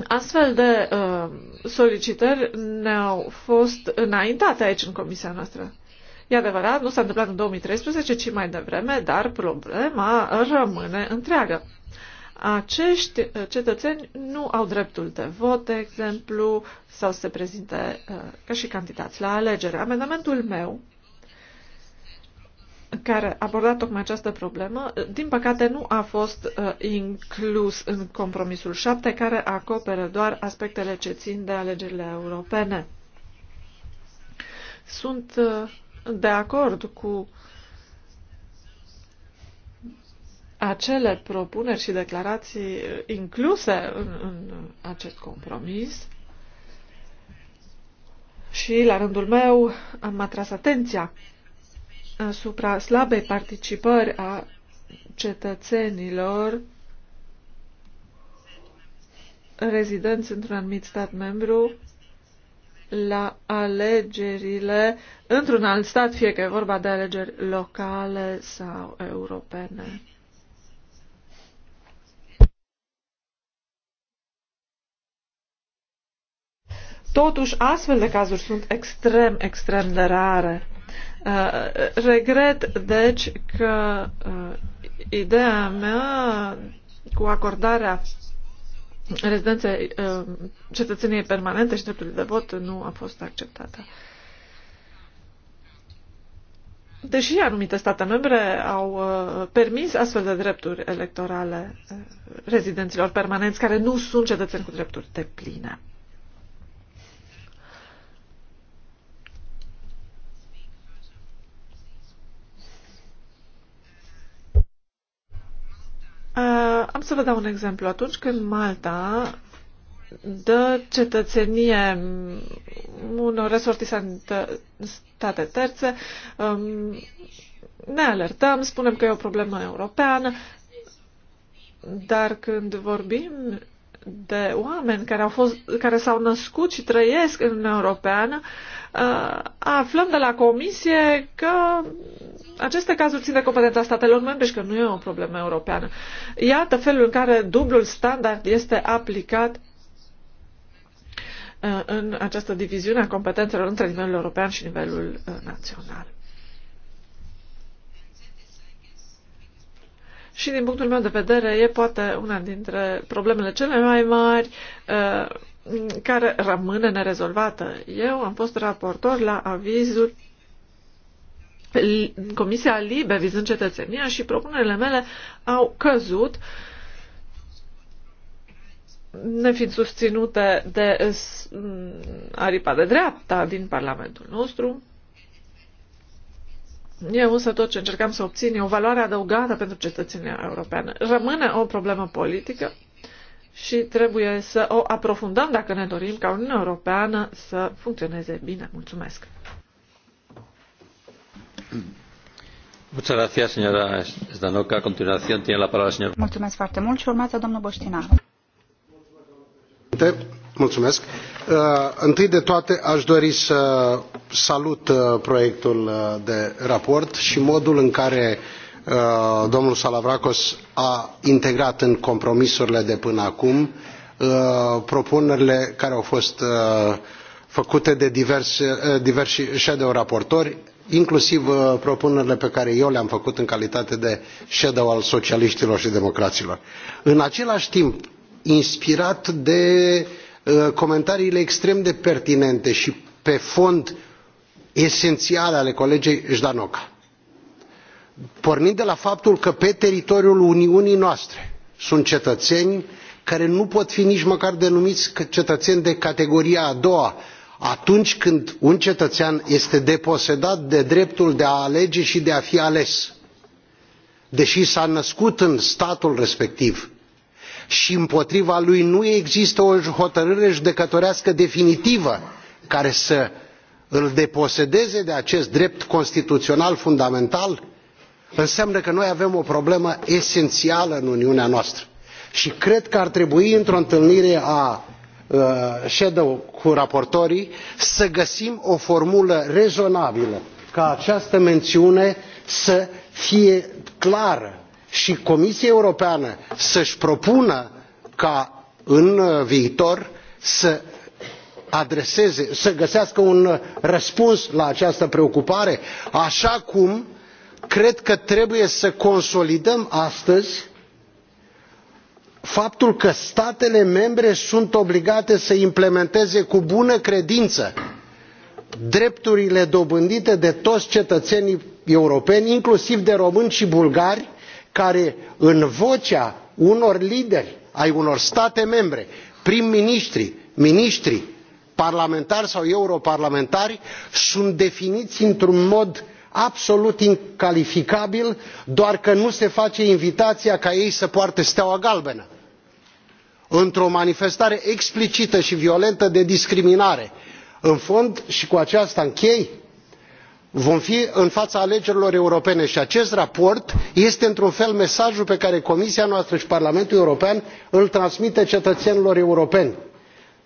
Astfel de uh, solicitări ne-au fost înaintate aici în comisia noastră. E adevărat, nu s-a întâmplat în 2013, ci mai devreme, dar problema rămâne întreagă acești uh, cetățeni nu au dreptul de vot, de exemplu, sau să se prezinte uh, ca și candidați la alegere. Amendamentul meu, care aborda tocmai această problemă, uh, din păcate nu a fost inclus în compromisul 7, care acoperă doar aspectele ce țin de alegerile europene. Sunt de acord cu uh, acele propuneri și declarații incluse în, în acest compromis și, la rândul meu, am atras atenția asupra slabei participări a cetățenilor rezidenți într-un anumit stat membru la alegerile într-un alt stat, fie că e vorba de alegeri locale sau europene. Totuși, astfel de cazuri sunt extrem, extrem de rare. Uh, regret, deci, că uh, ideea mea cu acordarea rezidenței uh, cetățeniei permanente și dreptului de vot nu a fost acceptată. Deși anumite state membre au uh, permis astfel de drepturi electorale uh, rezidenților permanenți care nu sunt cetățeni cu drepturi de pline. Uh, am să vă dau un exemplu. Atunci când Malta dă cetățenie unor resortisani state terțe, um, ne alertăm, spunem că e o problemă europeană, dar când vorbim de oameni care, au fost, care s-au născut și trăiesc în Uniunea Europeană, uh, aflăm de la Comisie că aceste cazuri țin de competența statelor membre și că nu e o problemă europeană. Iată felul în care dublul standard este aplicat uh, în această diviziune a competențelor între nivelul european și nivelul uh, național. și din punctul meu de vedere e poate una dintre problemele cele mai mari uh, care rămâne nerezolvată. Eu am fost raportor la avizul Comisia Libe vizând cetățenia și propunerile mele au căzut nefiind susținute de aripa de dreapta din Parlamentul nostru eu însă tot ce încercam să obțin e o valoare adăugată pentru cetățenia europeană. Rămâne o problemă politică și trebuie să o aprofundăm dacă ne dorim ca Uniunea Europeană să funcționeze bine. Mulțumesc! Mulțumesc foarte mult și urmează domnul Boștinaru Mulțumesc. Uh, întâi de toate aș dori să salut uh, proiectul uh, de raport și modul în care domnul Salavracos a integrat în compromisurile de până acum propunerile care au fost făcute de diverse, diversi shadow raportori, inclusiv propunerile pe care eu le-am făcut în calitate de shadow al socialiștilor și democraților. În același timp, inspirat de Uh, comentariile extrem de pertinente și pe fond esențiale ale colegei ždanoka pornind de la faptul că pe teritoriul uniunii noastre sunt cetățeni care nu pot fi nici măcar denumiți cetățeni de categoria a doua atunci când un cetățean este deposedat de dreptul de a alege și de a fi ales deși s a născut în statul respectiv și împotriva lui nu există o hotărâre judecătorească definitivă care să îl deposedeze de acest drept constituțional fundamental înseamnă că noi avem o problemă esențială în uniunea noastră și cred că ar trebui într o întâlnire a uh, shadow cu raportorii să găsim o formulă rezonabilă ca această mențiune să fie clară și comisia europeană să și propună ca în uh, viitor să adreseze să găsească un uh, răspuns la această preocupare așa cum cred că trebuie să consolidăm astăzi faptul că statele membre sunt obligate să implementeze cu bună credință drepturile dobândite de toți cetățenii europeni inclusiv de români și bulgari care în vocea unor lideri ai unor state membre prim miniștri miniștri parlamentari sau europarlamentari sunt definiți într un mod absolut incalificabil doar că nu se face invitația ca ei să poarte steaua galbenă într o manifestare explicită și violentă de discriminare. în fond și cu aceasta închei vom fi în fața alegerilor europene și acest raport este într un fel mesajul pe care comisia noastră și parlamentul european îl transmit cetățenilor europeni.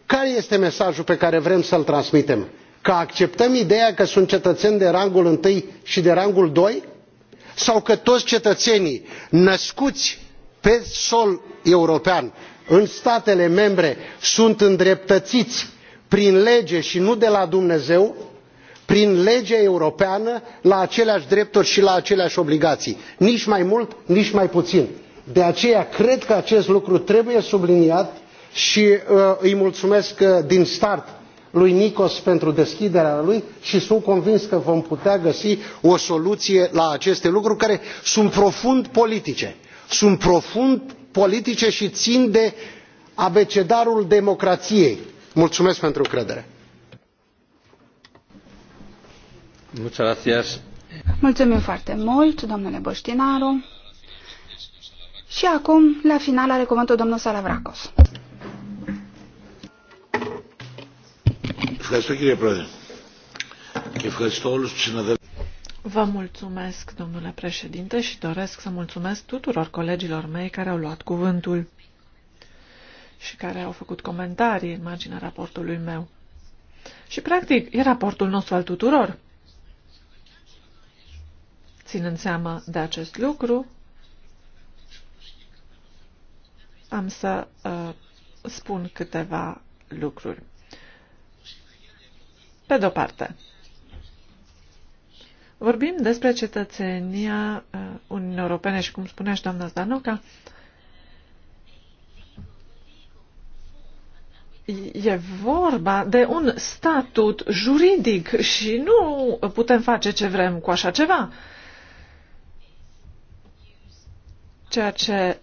care este mesajul pe care vrem să l transmitem? că acceptăm ideea că sunt cetățeni de rangul întâi și de rangul doi sau că toți cetățenii născuți pe sol european în statele membre sunt îndreptățiți prin lege și nu de la dumnezeu prin legea europeană la aceleași drepturi și la aceleași obligații nici mai mult nici mai puțin. de aceea cred că acest lucru trebuie subliniat și uh, îi mulțumesc uh, din start lui nicos pentru deschiderea lui și sunt convins că vom putea găsi o soluție la aceste lucruri care sunt profund politice sunt profund politice și țin de abecedarul democrației. mulțumesc pentru încredere. Mulțumim foarte mult, domnule Boștinaru. Și acum, la final, are cuvântul domnul Salavracos. Vă mulțumesc, domnule președinte, și doresc să mulțumesc tuturor colegilor mei care au luat cuvântul și care au făcut comentarii în marginea raportului meu. Și, practic, e raportul nostru al tuturor. Ținând seama de acest lucru, am să uh, spun câteva lucruri. Pe de-o parte, vorbim despre cetățenia uh, Uniunii Europene și, cum spunea și doamna Zdanoca, e vorba de un statut juridic și nu putem face ce vrem cu așa ceva. Uh, Ceea ce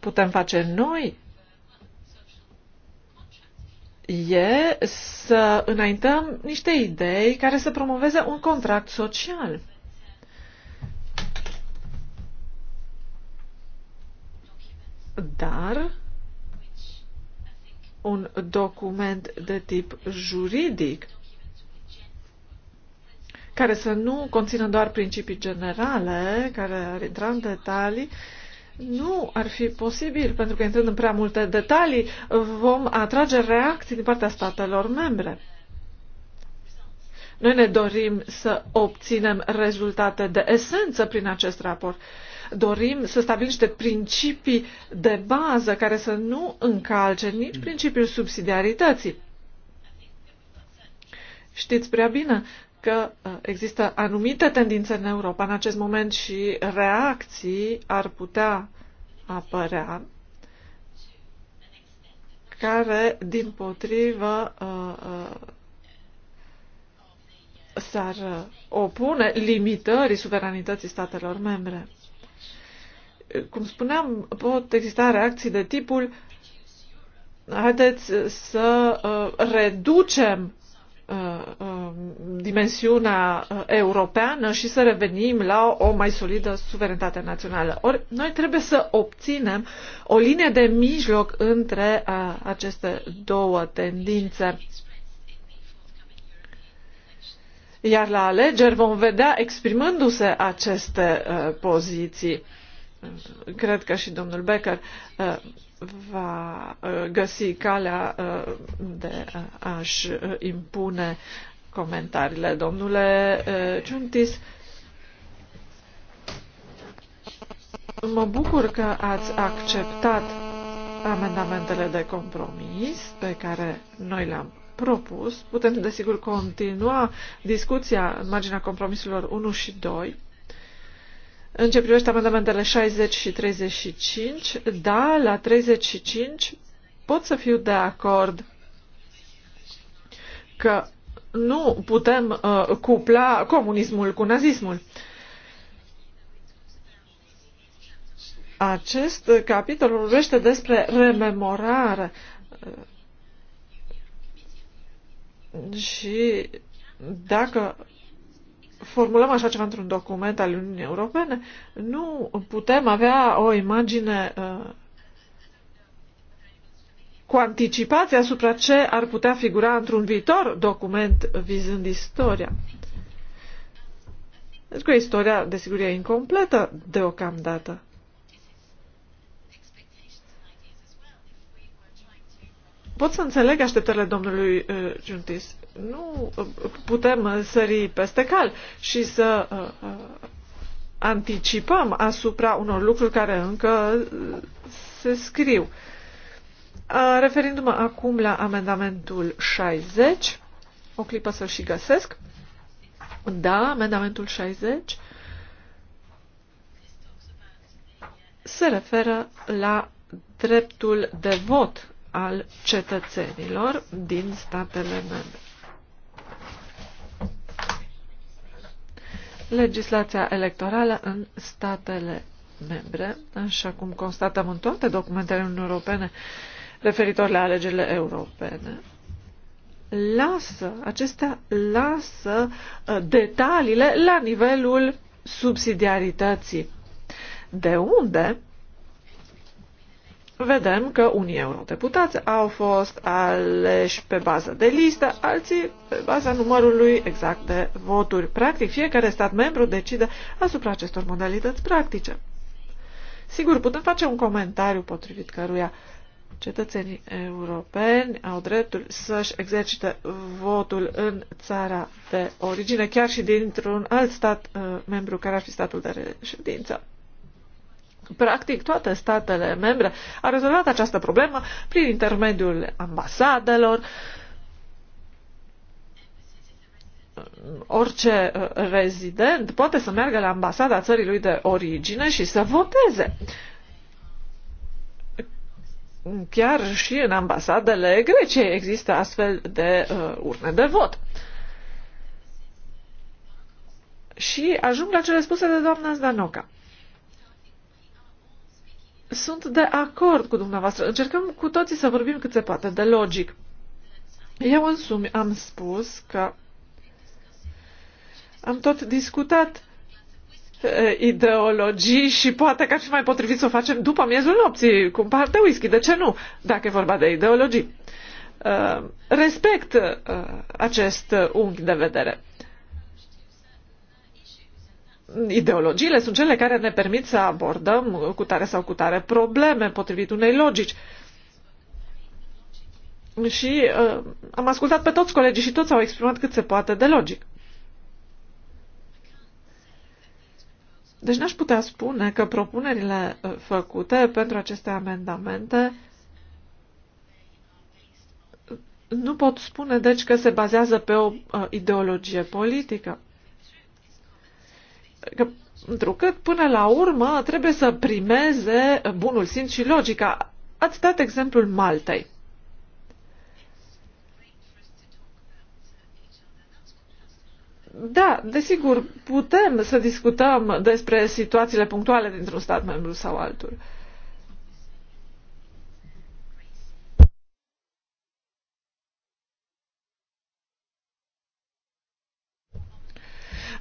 putem face noi e să înaintăm niște idei care să promoveze un contract social. Dar un document de tip juridic care să nu conțină doar principii generale, care ar intra în detalii, nu ar fi posibil, pentru că intrând în prea multe detalii, vom atrage reacții din partea statelor membre. Noi ne dorim să obținem rezultate de esență prin acest raport. Dorim să stabilim niște principii de bază care să nu încalce nici principiul subsidiarității. Știți prea bine că uh, există anumite tendințe în Europa în acest moment și reacții ar putea apărea care, din potrivă, uh, uh, s-ar opune limitării suveranității statelor membre. Cum spuneam, pot exista reacții de tipul haideți să reducem Uh, uh, dimensiunea uh, europeană și să revenim la o mai solidă suverenitate națională. Ori noi trebuie să obținem o linie de mijloc între aceste două tendințe. Iar la alegeri vom vedea exprimându-se aceste poziții. Cred că și domnul Becker va uh, găsi calea uh, de a-și uh, impune comentariile. Domnule Ciuntis, mă bucur că ați acceptat amendamentele de compromis pe care noi le-am propus. Putem, desigur, continua discuția în marginea compromisurilor 1 și 2 în ce privește amendamentele 60 și 35, da, la 35 pot să fiu de acord că nu putem uh, cupla comunismul cu nazismul. Acest capitol vorbește despre rememorare și dacă formulăm așa ceva într-un document al Uniunii Europene, nu putem avea o imagine uh, cu anticipație asupra ce ar putea figura într-un viitor document vizând istoria. Deci că istoria, desigur, e incompletă deocamdată. Pot să înțeleg așteptările domnului uh, Juntis nu putem uh, sări peste cal și să uh, uh, anticipăm asupra unor lucruri care încă se scriu. Referindu-mă acum la amendamentul 60, o clipă să-l și găsesc. Da, amendamentul 60 se referă la dreptul de vot al cetățenilor din statele membre. legislația electorală în statele membre, așa cum constatăm în toate documentele Uniunii Europene referitor la alegerile europene, lasă, acestea lasă uh, detaliile la nivelul subsidiarității. De unde vedem că unii eurodeputați au fost aleși pe bază de listă, alții pe baza numărului exact de voturi. Practic, fiecare stat membru decide asupra acestor modalități practice. Sigur, putem face un comentariu potrivit căruia cetățenii europeni au dreptul să-și exercite votul în țara de origine, chiar și dintr-un alt stat uh, membru care ar fi statul de reședință practic toate statele membre au rezolvat această problemă prin intermediul ambasadelor, orice uh, rezident poate să meargă la ambasada țării lui de origine și să voteze. Chiar și în ambasadele Greciei există astfel de uh, urne de vot. Și ajung la cele spuse de doamna Zdanoca. Sunt de acord cu dumneavoastră. Încercăm cu toții să vorbim cât se poate de logic. Eu însumi am spus că am tot discutat ideologii și poate că ar fi mai potrivit să o facem după miezul nopții, cu un pahar de whisky, de ce nu, dacă e vorba de ideologii. Respect acest unghi de vedere ideologiile sunt cele care ne permit să abordăm cu tare sau cu tare probleme potrivit unei logici. Și uh, am ascultat pe toți colegii și toți au exprimat cât se poate de logic. Deci n-aș putea spune că propunerile uh, făcute pentru aceste amendamente nu pot spune, deci, că se bazează pe o uh, ideologie politică că, întrucât până la urmă trebuie să primeze bunul simț și logica. Ați dat exemplul Maltei. Da, desigur, putem să discutăm despre situațiile punctuale dintr-un stat membru sau altul. Uh,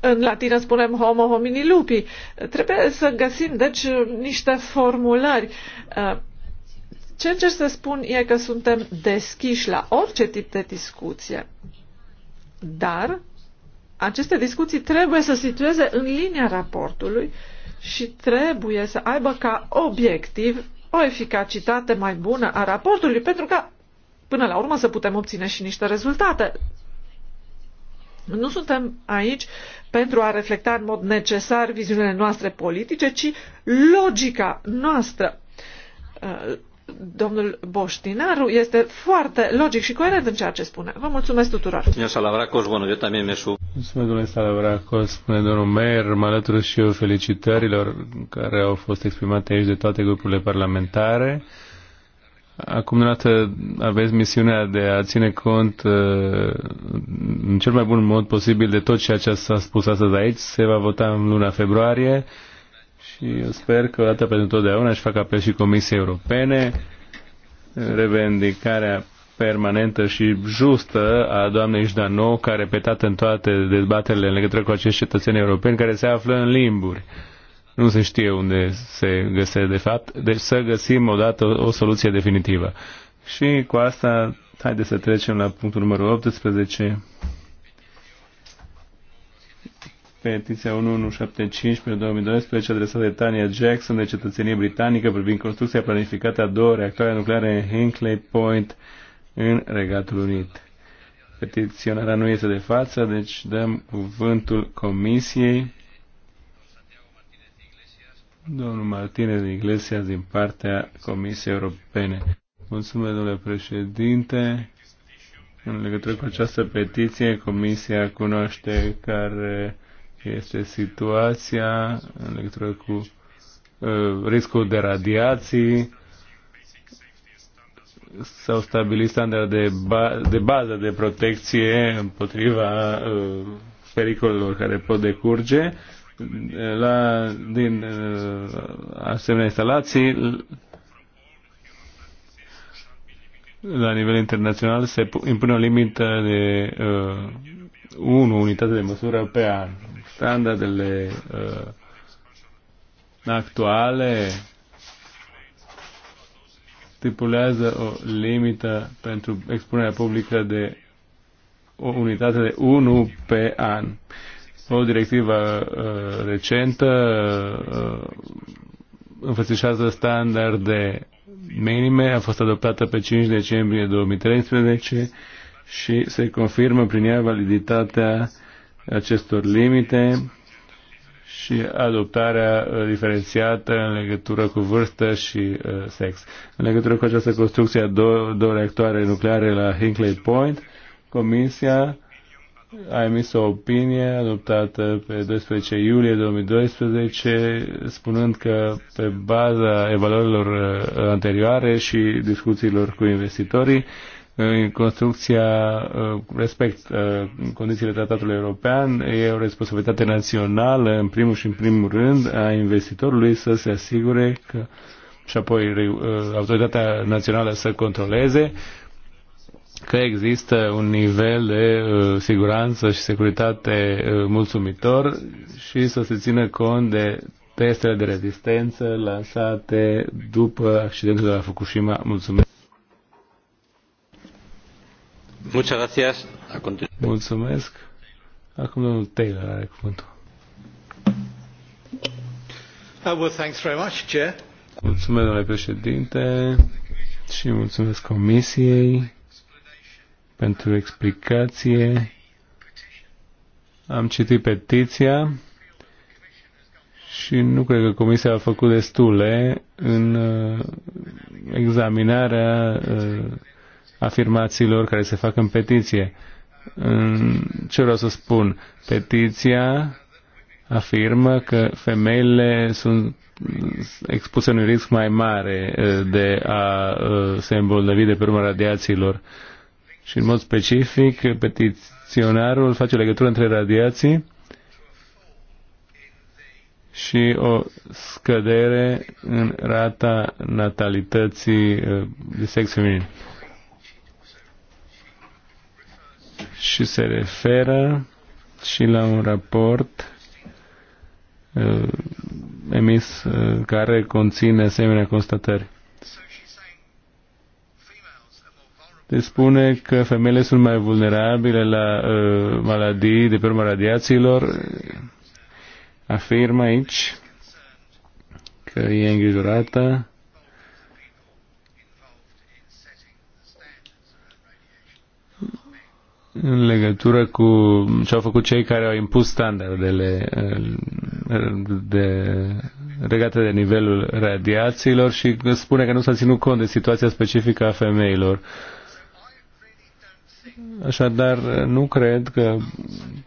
În latină spunem homo homini lupi. Trebuie să găsim, deci, niște formulări. Uh, ce încerc să spun e că suntem deschiși la orice tip de discuție. Dar aceste discuții trebuie să situeze în linia raportului și trebuie să aibă ca obiectiv o eficacitate mai bună a raportului, pentru că până la urmă să putem obține și niște rezultate nu suntem aici pentru a reflecta în mod necesar viziunile noastre politice, ci logica noastră. Uh, domnul Boștinaru este foarte logic și coerent în ceea ce spune. Vă mulțumesc tuturor. Mulțumesc, domnule Salavracos, spune domnul Meier. mă alătur și eu felicitărilor care au fost exprimate aici de toate grupurile parlamentare. Acum, dumneavoastră, aveți misiunea de a ține cont uh, în cel mai bun mod posibil de tot ceea ce s-a spus astăzi aici. Se va vota în luna februarie și eu sper că, odată pentru totdeauna, și fac apel și Comisiei Europene revendicarea permanentă și justă a doamnei Jdanou, care repetată în toate dezbaterile în legătură cu acești cetățeni europeni care se află în limburi nu se știe unde se găsește de fapt, deci să găsim odată o, soluție definitivă. Și cu asta, haideți să trecem la punctul numărul 18. Petiția 1175 pe 2012 adresată de Tania Jackson de cetățenie britanică privind construcția planificată a două reactoare nucleare în Hinkley Point în Regatul Unit. Petiționarea nu este de față, deci dăm cuvântul Comisiei Domnul Martinez Iglesia din partea Comisiei Europene. Mulțumesc, domnule președinte. În legătură cu această petiție, Comisia cunoaște care este situația în legătură cu uh, riscul de radiații. S-au stabilit standarde de, ba- de bază de protecție împotriva uh, pericolelor care pot decurge la, din uh, asemenea instalații la nivel internațional se impune o limită de uh, 1 unitate de măsură pe an. Standardele uh, actuale stipulează o limită pentru expunerea publică de o unitate de 1 pe an. Uh, o directivă uh, recentă uh, înfățișează standarde minime, a fost adoptată pe 5 decembrie 2013 și se confirmă prin ea validitatea acestor limite și adoptarea uh, diferențiată în legătură cu vârstă și sex. În legătură cu această construcție a două, două reactoare nucleare la Hinkley Point, Comisia a emis o opinie adoptată pe 12 iulie 2012, spunând că pe baza evaluărilor uh, anterioare și discuțiilor cu investitorii, uh, construcția uh, respect condițiile tratatului european e o responsabilitate națională în primul și în primul rând a investitorului să se asigure că și apoi autoritatea națională să controleze că există un nivel de uh, siguranță și securitate uh, mulțumitor și să se țină cont de testele de rezistență lansate după accidentul de la Fukushima. Mulțumesc! Muchas Mulțumesc! Acum domnul Taylor are cuvântul. Oh, well, thanks very much, Chair. Mulțumesc, domnule președinte, și mulțumesc Comisiei pentru explicație. Am citit petiția și nu cred că Comisia a făcut destule în uh, examinarea uh, afirmațiilor care se fac în petiție. Ce vreau să spun? Petiția afirmă că femeile sunt expuse unui risc mai mare uh, de a se îmbolnăvi de pe urma radiațiilor și în mod specific, petiționarul face legătură între radiații și o scădere în rata natalității uh, de sex feminin. Și se referă și la un raport uh, emis uh, care conține asemenea constatări. se spune că femeile sunt mai vulnerabile la uh, maladii de pe urma radiațiilor. Afirmă aici că e îngrijorată în legătură cu ce au făcut cei care au impus standardele uh, de regate de nivelul radiațiilor și spune că nu s-a ținut cont de situația specifică a femeilor. Uh, Așadar, nu cred că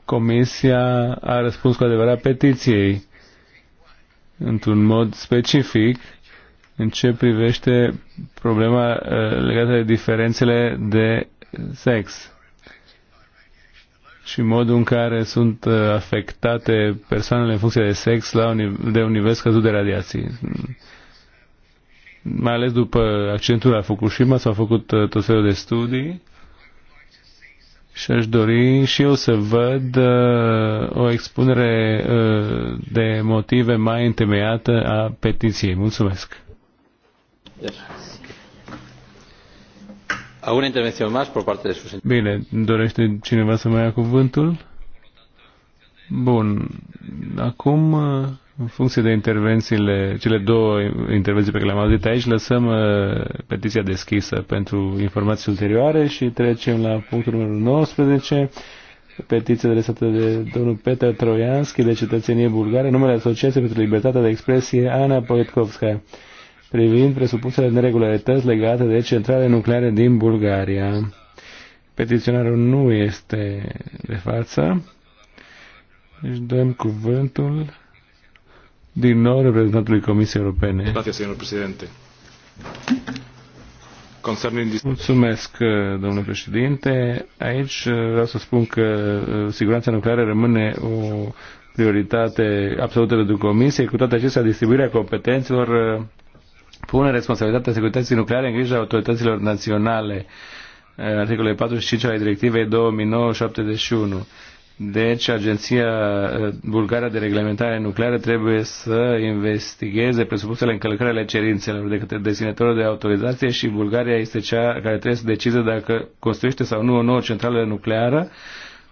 Comisia a răspuns cu adevărat petiției într-un mod specific în ce privește problema uh, legată de diferențele de sex și modul în care sunt uh, afectate persoanele în funcție de sex la un, de un nivel scăzut de radiații. Mai ales după accidentul la Fukushima s-au făcut uh, tot felul de studii și aș dori și eu să văd uh, o expunere uh, de motive mai întemeiată a petiției. Mulțumesc. Yes. ¿Alguna intervención más por de Bine, dorește cineva să mai ia cuvântul? Bun. Acum uh, în funcție de intervențiile, cele două intervenții pe care le-am auzit aici, lăsăm uh, petiția deschisă pentru informații ulterioare și trecem la punctul numărul 19, petiția adresată de domnul Peter Troianski de cetățenie bulgare, numele Asociației pentru Libertatea de Expresie Ana Poetkovska, privind presupusele neregularități legate de centrale nucleare din Bulgaria. Petiționarul nu este de față. Deci dăm cuvântul din nou reprezentantului Comisiei Europene. Mulțumesc, uh, domnule președinte. Aici uh, vreau să spun că uh, siguranța nucleară rămâne o prioritate absolută pentru Comisie. Cu toate acestea, distribuirea competențelor pune responsabilitatea securității nucleare în grija autorităților naționale. Articolul 45 al Directivei 2009 deci, Agenția uh, Bulgară de Reglementare Nucleară trebuie să investigheze presupusele încălcări ale cerințelor de către deținătorul de autorizație și Bulgaria este cea care trebuie să decide dacă construiește sau nu o nouă centrală nucleară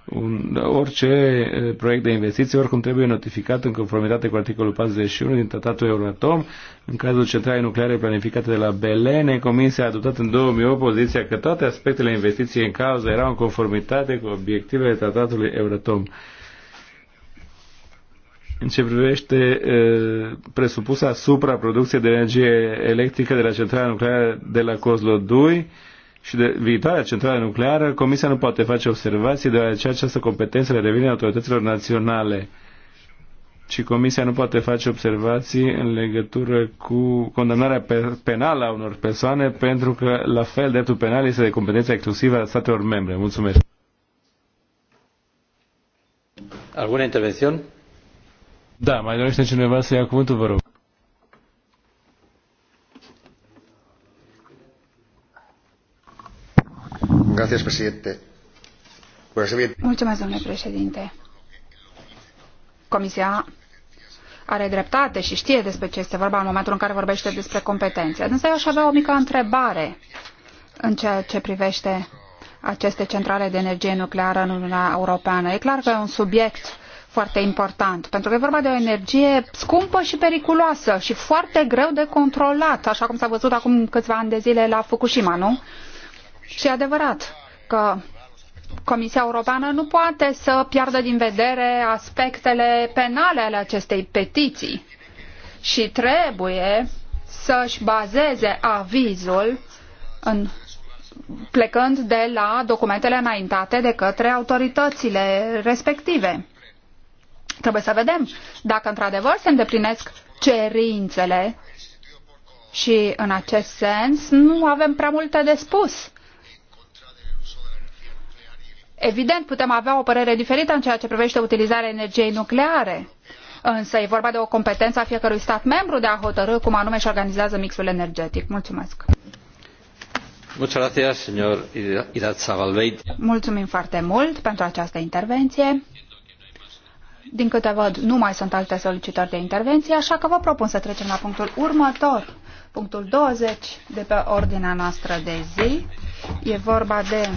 un, da, orice proiect de investiție, oricum trebuie notificat în conformitate cu articolul 41 din tratatul Euratom. În cazul centralei nucleare planificate de la Belene, Comisia a adoptat în 2008 poziția că toate aspectele investiției în cauză erau în conformitate cu obiectivele tratatului Euratom. În ce privește e, presupusa supraproducție de energie electrică de la centrala nucleară de la Kozlodui, și de viitoarea centrală nucleară, Comisia nu poate face observații, deoarece această competență le revine autorităților naționale și Comisia nu poate face observații în legătură cu condamnarea penală a unor persoane, pentru că, la fel, dreptul penal este de competență exclusivă a statelor membre. Mulțumesc. Alguna intervenție? Da, mai dorește cineva să ia cuvântul, vă rog. Mulțumesc, domnule președinte. Comisia are dreptate și știe despre ce este vorba în momentul în care vorbește despre competențe. Însă eu aș avea o mică întrebare în ceea ce privește aceste centrale de energie nucleară în Uniunea Europeană. E clar că e un subiect foarte important, pentru că e vorba de o energie scumpă și periculoasă și foarte greu de controlat, așa cum s-a văzut acum câțiva ani de zile la Fukushima, nu? Uh, și adevărat că Comisia Europeană nu poate să piardă din vedere aspectele penale ale acestei petiții și trebuie să-și bazeze avizul în, plecând de la documentele înaintate de către autoritățile respective. Trebuie să vedem dacă într-adevăr se îndeplinesc cerințele și în acest sens nu avem prea multe de spus Evident, putem avea o părere diferită în ceea ce privește utilizarea energiei nucleare, însă e vorba de o competență a fiecărui stat membru de a hotărî cum anume își organizează mixul energetic. Mulțumesc! Mulțumim foarte mult pentru această intervenție. Din câte văd, nu mai sunt alte solicitări de intervenție, așa că vă propun să trecem la punctul următor, punctul 20 de pe ordinea noastră de zi. E vorba de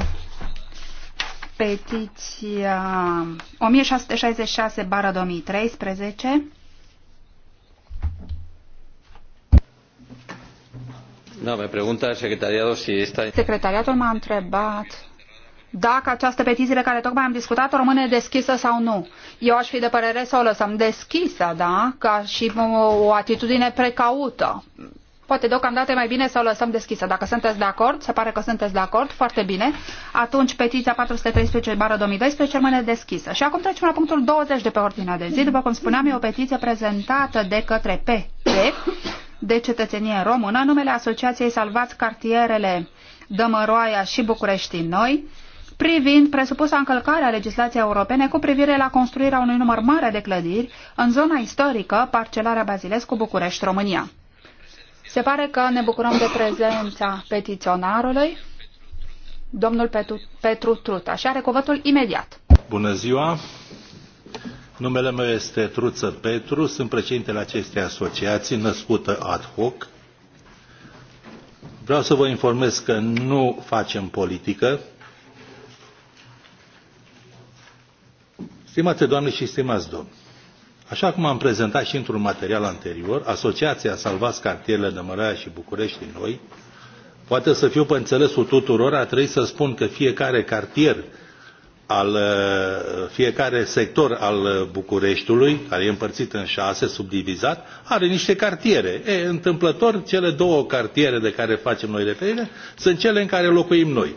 petiția 1666 bară 2013. No, me pregunta secretariado si esta... Secretariatul m-a întrebat dacă această petiție pe care tocmai am discutat-o rămâne deschisă sau nu. Eu aș fi de părere să o lăsăm deschisă, da? Ca și o atitudine precaută Poate deocamdată e mai bine să o lăsăm deschisă. Dacă sunteți de acord, se pare că sunteți de acord, foarte bine. Atunci petiția 413 2012 rămâne deschisă. Și acum trecem la punctul 20 de pe ordinea de zi. După cum spuneam, e o petiție prezentată de către PP de cetățenie română, numele Asociației Salvați Cartierele Dămăroaia și București Noi, privind presupusa încălcare a legislației europene cu privire la construirea unui număr mare de clădiri în zona istorică, parcelarea Bazilescu, București, România. Se pare că ne bucurăm de prezența petiționarului, domnul Petru, Petru Truta, și are cuvântul imediat. Bună ziua! Numele meu este Truță Petru, sunt președintele acestei asociații născută ad hoc. Vreau să vă informez că nu facem politică. Stimați doamne și stimați domni, Așa cum am prezentat și într-un material anterior, Asociația Salvați Cartierele de Măraia și București Noi, poate să fiu pe înțelesul tuturor, a trebuit să spun că fiecare cartier al fiecare sector al Bucureștiului, care e împărțit în șase, subdivizat, are niște cartiere. E, întâmplător, cele două cartiere de care facem noi referire sunt cele în care locuim noi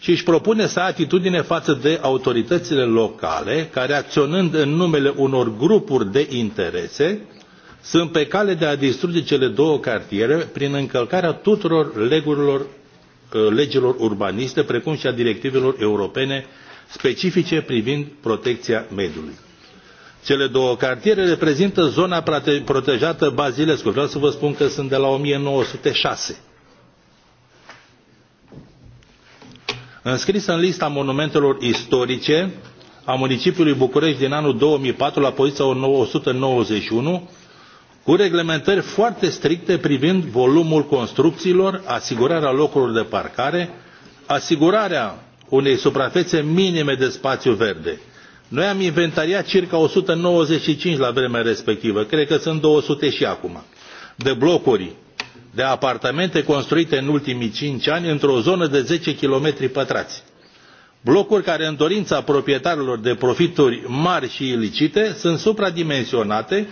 și își propune să ai atitudine față de autoritățile locale care acționând în numele unor grupuri de interese sunt pe cale de a distruge cele două cartiere prin încălcarea tuturor legurilor, ă, legilor urbaniste precum și a directivelor europene specifice privind protecția mediului. Cele două cartiere reprezintă zona protejată Bazilescu. Vreau să vă spun că sunt de la 1906 înscris în lista monumentelor istorice a municipiului București din anul 2004 la poziția 191, cu reglementări foarte stricte privind volumul construcțiilor, asigurarea locurilor de parcare, asigurarea unei suprafețe minime de spațiu verde. Noi am inventariat circa 195 la vremea respectivă, cred că sunt 200 și acum, de blocuri de apartamente construite în ultimii cinci ani într o zonă de zece km pătrați blocuri care în dorința proprietarilor de profituri mari și ilicite sunt supradimensionate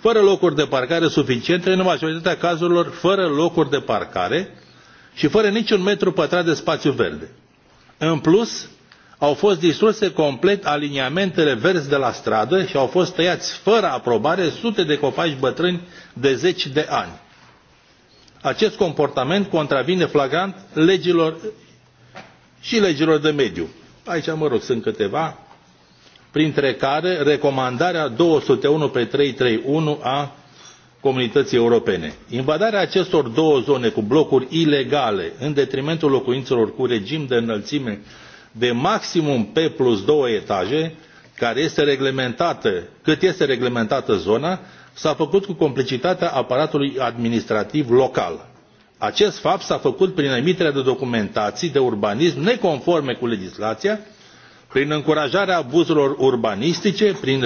fără locuri de parcare suficiente în majoritatea cazurilor fără locuri de parcare și fără niciun metru pătrat de spațiu verde. În plus, au fost distruse complet aliniamentele verzi de la stradă și au fost tăiați fără aprobare sute de copaci bătrâni de zeci de ani acest comportament contravine flagrant legilor și legilor de mediu. Aici, mă rog, sunt câteva, printre care recomandarea 201 pe 331 a comunității europene. Invadarea acestor două zone cu blocuri ilegale în detrimentul locuințelor cu regim de înălțime de maximum P plus etaje, care este reglementată, cât este reglementată zona, s a făcut cu complicitatea aparatului administrativ local. acest fapt s a făcut prin emiterea de documentații de urbanism neconforme cu legislația prin încurajarea abuzurilor urbanistice prin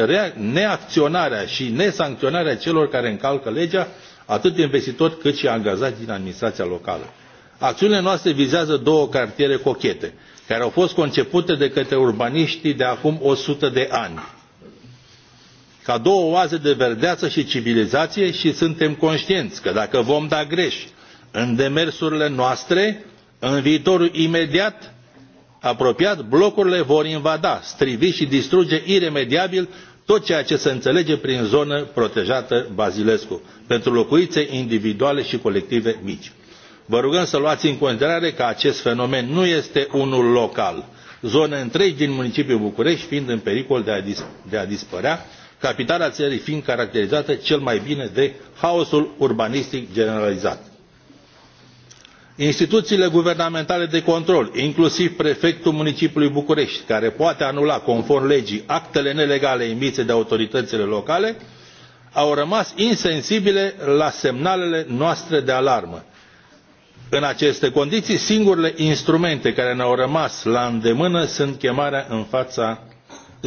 neacționarea și nesancționarea celor care încalcă legea atât investitori cât și angajați din administrația locală. acțiunile noastre vizează două cartiere cochete care au fost concepute de către urbaniștii de acum o sută de ani ca două oaze de verdeață și civilizație și suntem conștienți că dacă vom da greș în demersurile noastre, în viitorul imediat apropiat, blocurile vor invada, strivi și distruge iremediabil tot ceea ce se înțelege prin zonă protejată Bazilescu, pentru locuințe individuale și colective mici. Vă rugăm să luați în considerare că acest fenomen nu este unul local, zone întregi din municipiul București fiind în pericol de a, dis- de a dispărea capitala țării fiind caracterizată cel mai bine de haosul urbanistic generalizat. Instituțiile guvernamentale de control, inclusiv prefectul municipiului București, care poate anula conform legii actele nelegale emise de autoritățile locale, au rămas insensibile la semnalele noastre de alarmă. În aceste condiții, singurele instrumente care ne-au rămas la îndemână sunt chemarea în fața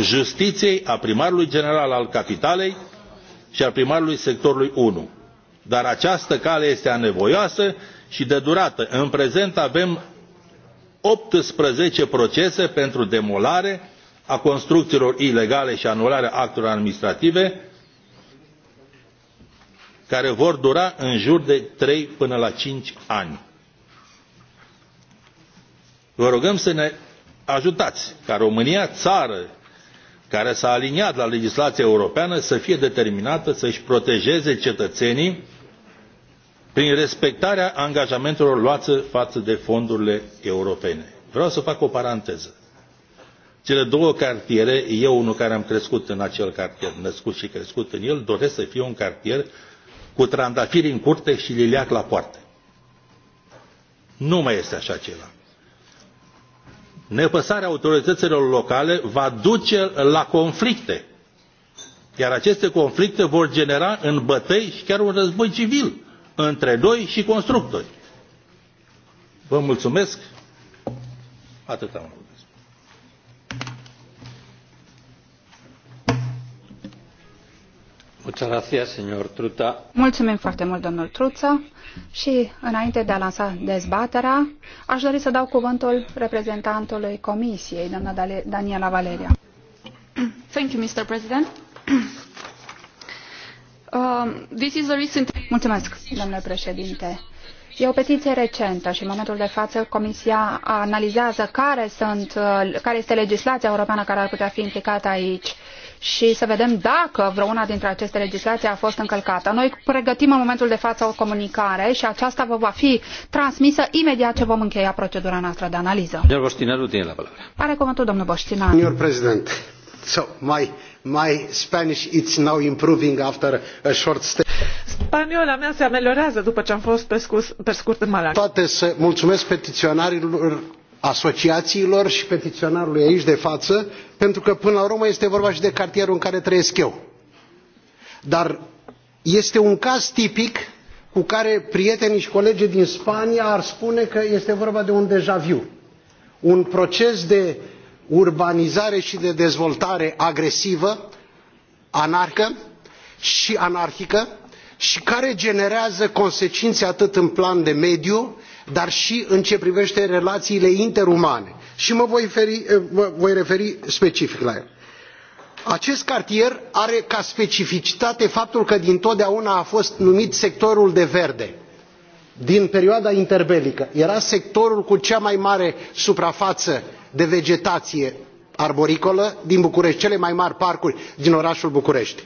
justiției, a primarului general al capitalei și a primarului sectorului 1. Dar această cale este anevoioasă și de durată. În prezent avem 18 procese pentru demolare a construcțiilor ilegale și anularea actelor administrative care vor dura în jur de 3 până la 5 ani. Vă rugăm să ne ajutați ca România, țară care s-a aliniat la legislația europeană să fie determinată să își protejeze cetățenii prin respectarea angajamentelor luate față de fondurile europene. Vreau să fac o paranteză. Cele două cartiere, eu unul care am crescut în acel cartier, născut și crescut în el, doresc să fie un cartier cu trandafiri în curte și liliac la poartă. Nu mai este așa ceva nepăsarea autorităților locale va duce la conflicte iar aceste conflicte vor genera în bătăi și chiar un război civil între noi și constructori. Vă mulțumesc. Atât am avut. Mulțumim foarte mult, domnul Truța. Și înainte de a lansa dezbaterea, aș dori să dau cuvântul reprezentantului Comisiei, doamna Daniela Valeria. Thank you, Mr. President. Um, this is a recent... Mulțumesc, domnule președinte. E o petiție recentă și în momentul de față Comisia analizează care, sunt, uh, care este legislația europeană care ar putea fi implicată aici și să vedem dacă vreuna dintre aceste legislații a fost încălcată. Noi pregătim în momentul de față o comunicare și aceasta vă va fi transmisă imediat ce vom încheia procedura noastră de analiză. Domnul Boștinaru tiene la palabra. Are cuvântul domnul Boștinaru. Domnul președinte, so, my, my Spanish is now improving after a short stay. Spaniola mea se ameliorează după ce am fost pe, scurs, pe scurt în Malaga. Toate să mulțumesc petiționarilor asociațiilor și petiționarului aici de față pentru că până la urmă este vorba și de cartierul în care trăiesc eu dar este un caz tipic cu care prietenii și colegii din spania ar spune că este vorba de un deja vu un proces de urbanizare și de dezvoltare agresivă anarhică și anarhică și care generează consecințe atât în plan de mediu dar și în ce privește relațiile interumane și mă voi, feri, eh, mă voi referi specific la el. Acest cartier are ca specificitate faptul că dintotdeauna a fost numit sectorul de verde din perioada interbelică. Era sectorul cu cea mai mare suprafață de vegetație arboricolă din București, cele mai mari parcuri din orașul București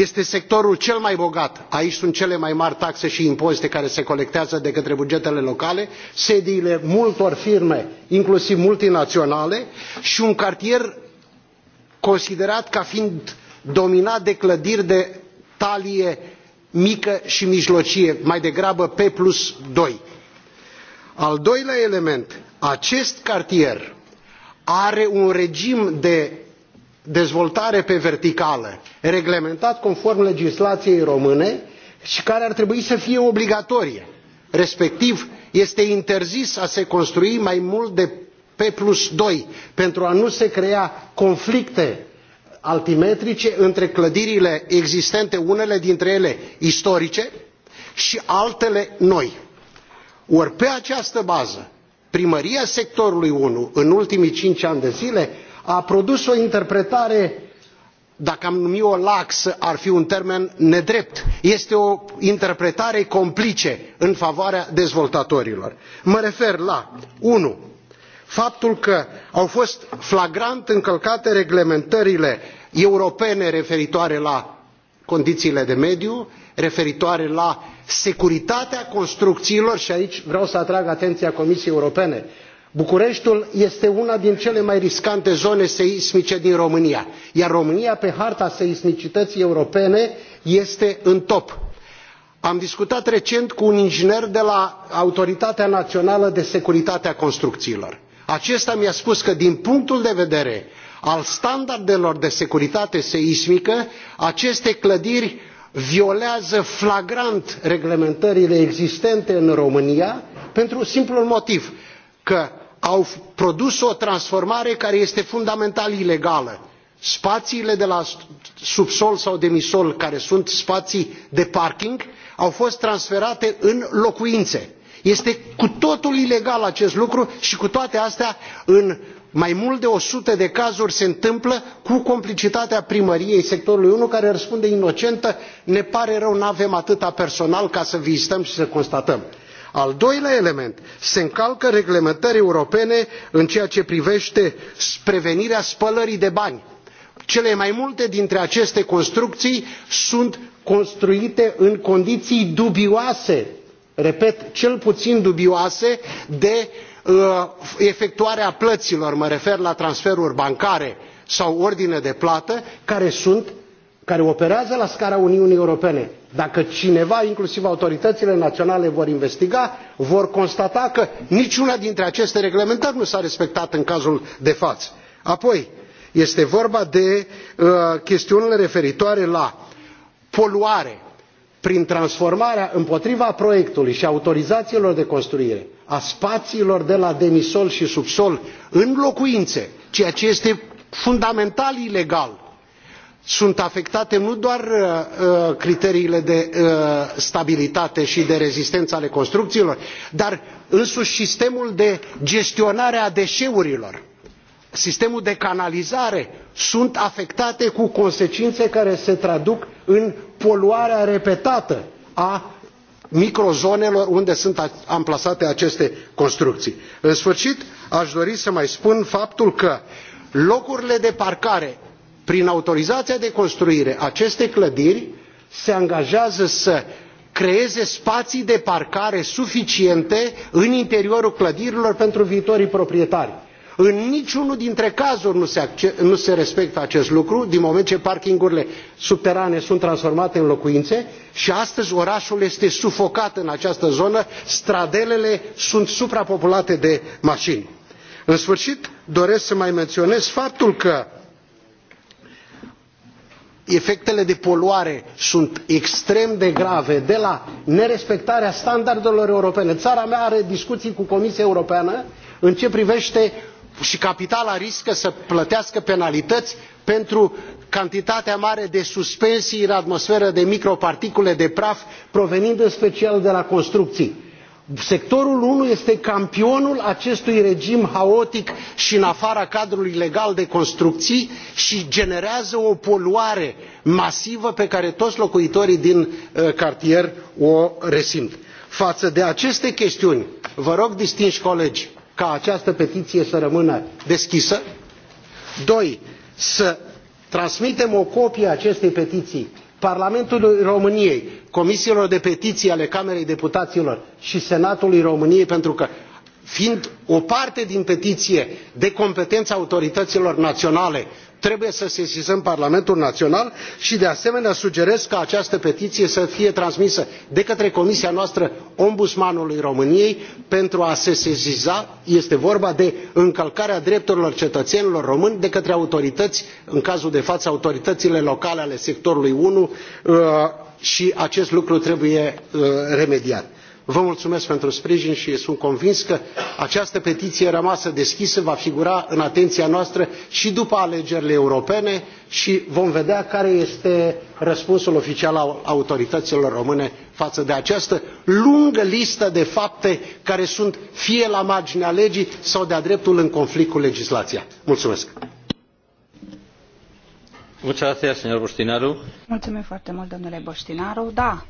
este sectorul cel mai bogat aici sunt cele mai mari taxe și impozite care se colectează de către bugetele locale sediile multor firme inclusiv multinaționale și un cartier considerat ca fiind dominat de clădiri de talie mică și mijlocie mai degrabă p doi. al doilea element acest cartier are un regim de dezvoltare pe verticală reglementat conform legislației române și care ar trebui să fie obligatorie respectiv este interzis a se construi mai mult de p doi pentru a nu se crea conflicte altimetrice între clădirile existente unele dintre ele istorice și altele noi. ori pe această bază primăria sectorului unu în ultimii cinci ani de zile a produs o interpretare dacă am numi o laxă ar fi un termen nedrept este o interpretare complice în favoarea dezvoltatorilor. mă refer la unu faptul că au fost flagrant încălcate reglementările europene referitoare la condițiile de mediu referitoare la securitatea construcțiilor și aici vreau să atrag atenția comisiei europene bucureștiul este una din cele mai riscante zone seismice din românia iar românia pe harta seismicității europene este în top. am discutat recent cu un inginer de la autoritatea națională de securitate a construcțiilor acesta mi a spus că din punctul de vedere al standardelor de securitate seismică aceste clădiri violează flagrant reglementările existente în românia pentru simplul motiv că au produs o transformare care este fundamental ilegală spațiile de la subsol sau demisol care sunt spații de parking au fost transferate în locuințe. este cu totul ilegal acest lucru și cu toate astea în mai mult de o sută de cazuri se întâmplă cu complicitatea primăriei sectorului unu care răspunde inocentă ne pare rău nu avem atât personal ca să vizităm și să constatăm al doilea element se încalcă reglementări europene în ceea ce privește prevenirea spălării de bani. cele mai multe dintre aceste construcții sunt construite în condiții dubioase repet cel puțin dubioase de uh, efectuarea plăților mă refer la transferuri bancare sau ordine de plată care sunt care operează la scara uniunii europene dacă cineva inclusiv autoritățile naționale vor investiga vor constata că niciuna dintre aceste reglementări nu s a respectat în cazul de față. apoi este vorba de uh, chestiunile referitoare la poluare prin transformarea împotriva proiectului și autorizațiilor de construire a spațiilor de la demisol și subsol în locuințe ceea ce este fundamental ilegal sunt afectate nu doar uh, uh, criteriile de uh, stabilitate și de rezistență ale construcțiilor dar însuși sistemul de gestionare a deșeurilor sistemul de canalizare sunt afectate cu consecințe care se traduc în poluarea repetată a microzonelor unde sunt amplasate aceste construcții. în sfârșit aș dori să mai spun faptul că locurile de parcare prin autorizația de construire aceste clădiri se angajează să creeze spații de parcare suficiente în interiorul clădirilor pentru viitorii proprietari. în niciunul dintre cazuri nu se, nu se respectă acest lucru din moment ce parkingurile subterane sunt transformate în locuințe și astăzi orașul este sufocat în această zonă stradelele sunt suprapopulate de mașini. în sfârșit doresc să mai menționez faptul că efectele de poluare sunt extrem de grave de la nerespectarea standardelor europene țara mea are discuții cu comisia europeană în ceea ce privește și capitala riscă să plătească penalități pentru cantitatea mare de suspensii în atmosferă de microparticule de praf provenind în special de la construcții sectorul unu este campionul acestui regim haotic și în afara cadrului legal de construcții și generează o poluare masivă pe care toți locuitorii din uh, cartier o resimt. față de aceste chestiuni vă rog distinși colegi ca această petiție să rămână deschisă doi să transmitem o copie a acestei petiții parlamentului româniei comisiilor de petiții ale camerei deputaților și senatului româniei pentru că fiind o parte din petiție de competența autorităților naționale trebuie să sesizăm parlamentul național și de asemenea sugerez ca această petiție să fie transmisă de către comisia noastră ombudsmanului româniei pentru a se sesiza este vorba de încălcarea drepturilor cetățenilor români de către autorități în cazul de față autoritățile locale ale sectorului unu uh, și acest lucru trebuie uh, remediat vă mulțumesc pentru sprijin și sunt convins că această petiție rămasă deschisă va figura în atenția noastră și după alegerile europene și vom vedea care este răspunsul oficial al autorităților române față de această lungă listă de fapte care sunt fie la marginea legii sau de a dreptul în conflict cu legislația. mulțumesc. Mulțumesc foarte mult, domnule Boștinaru. Da,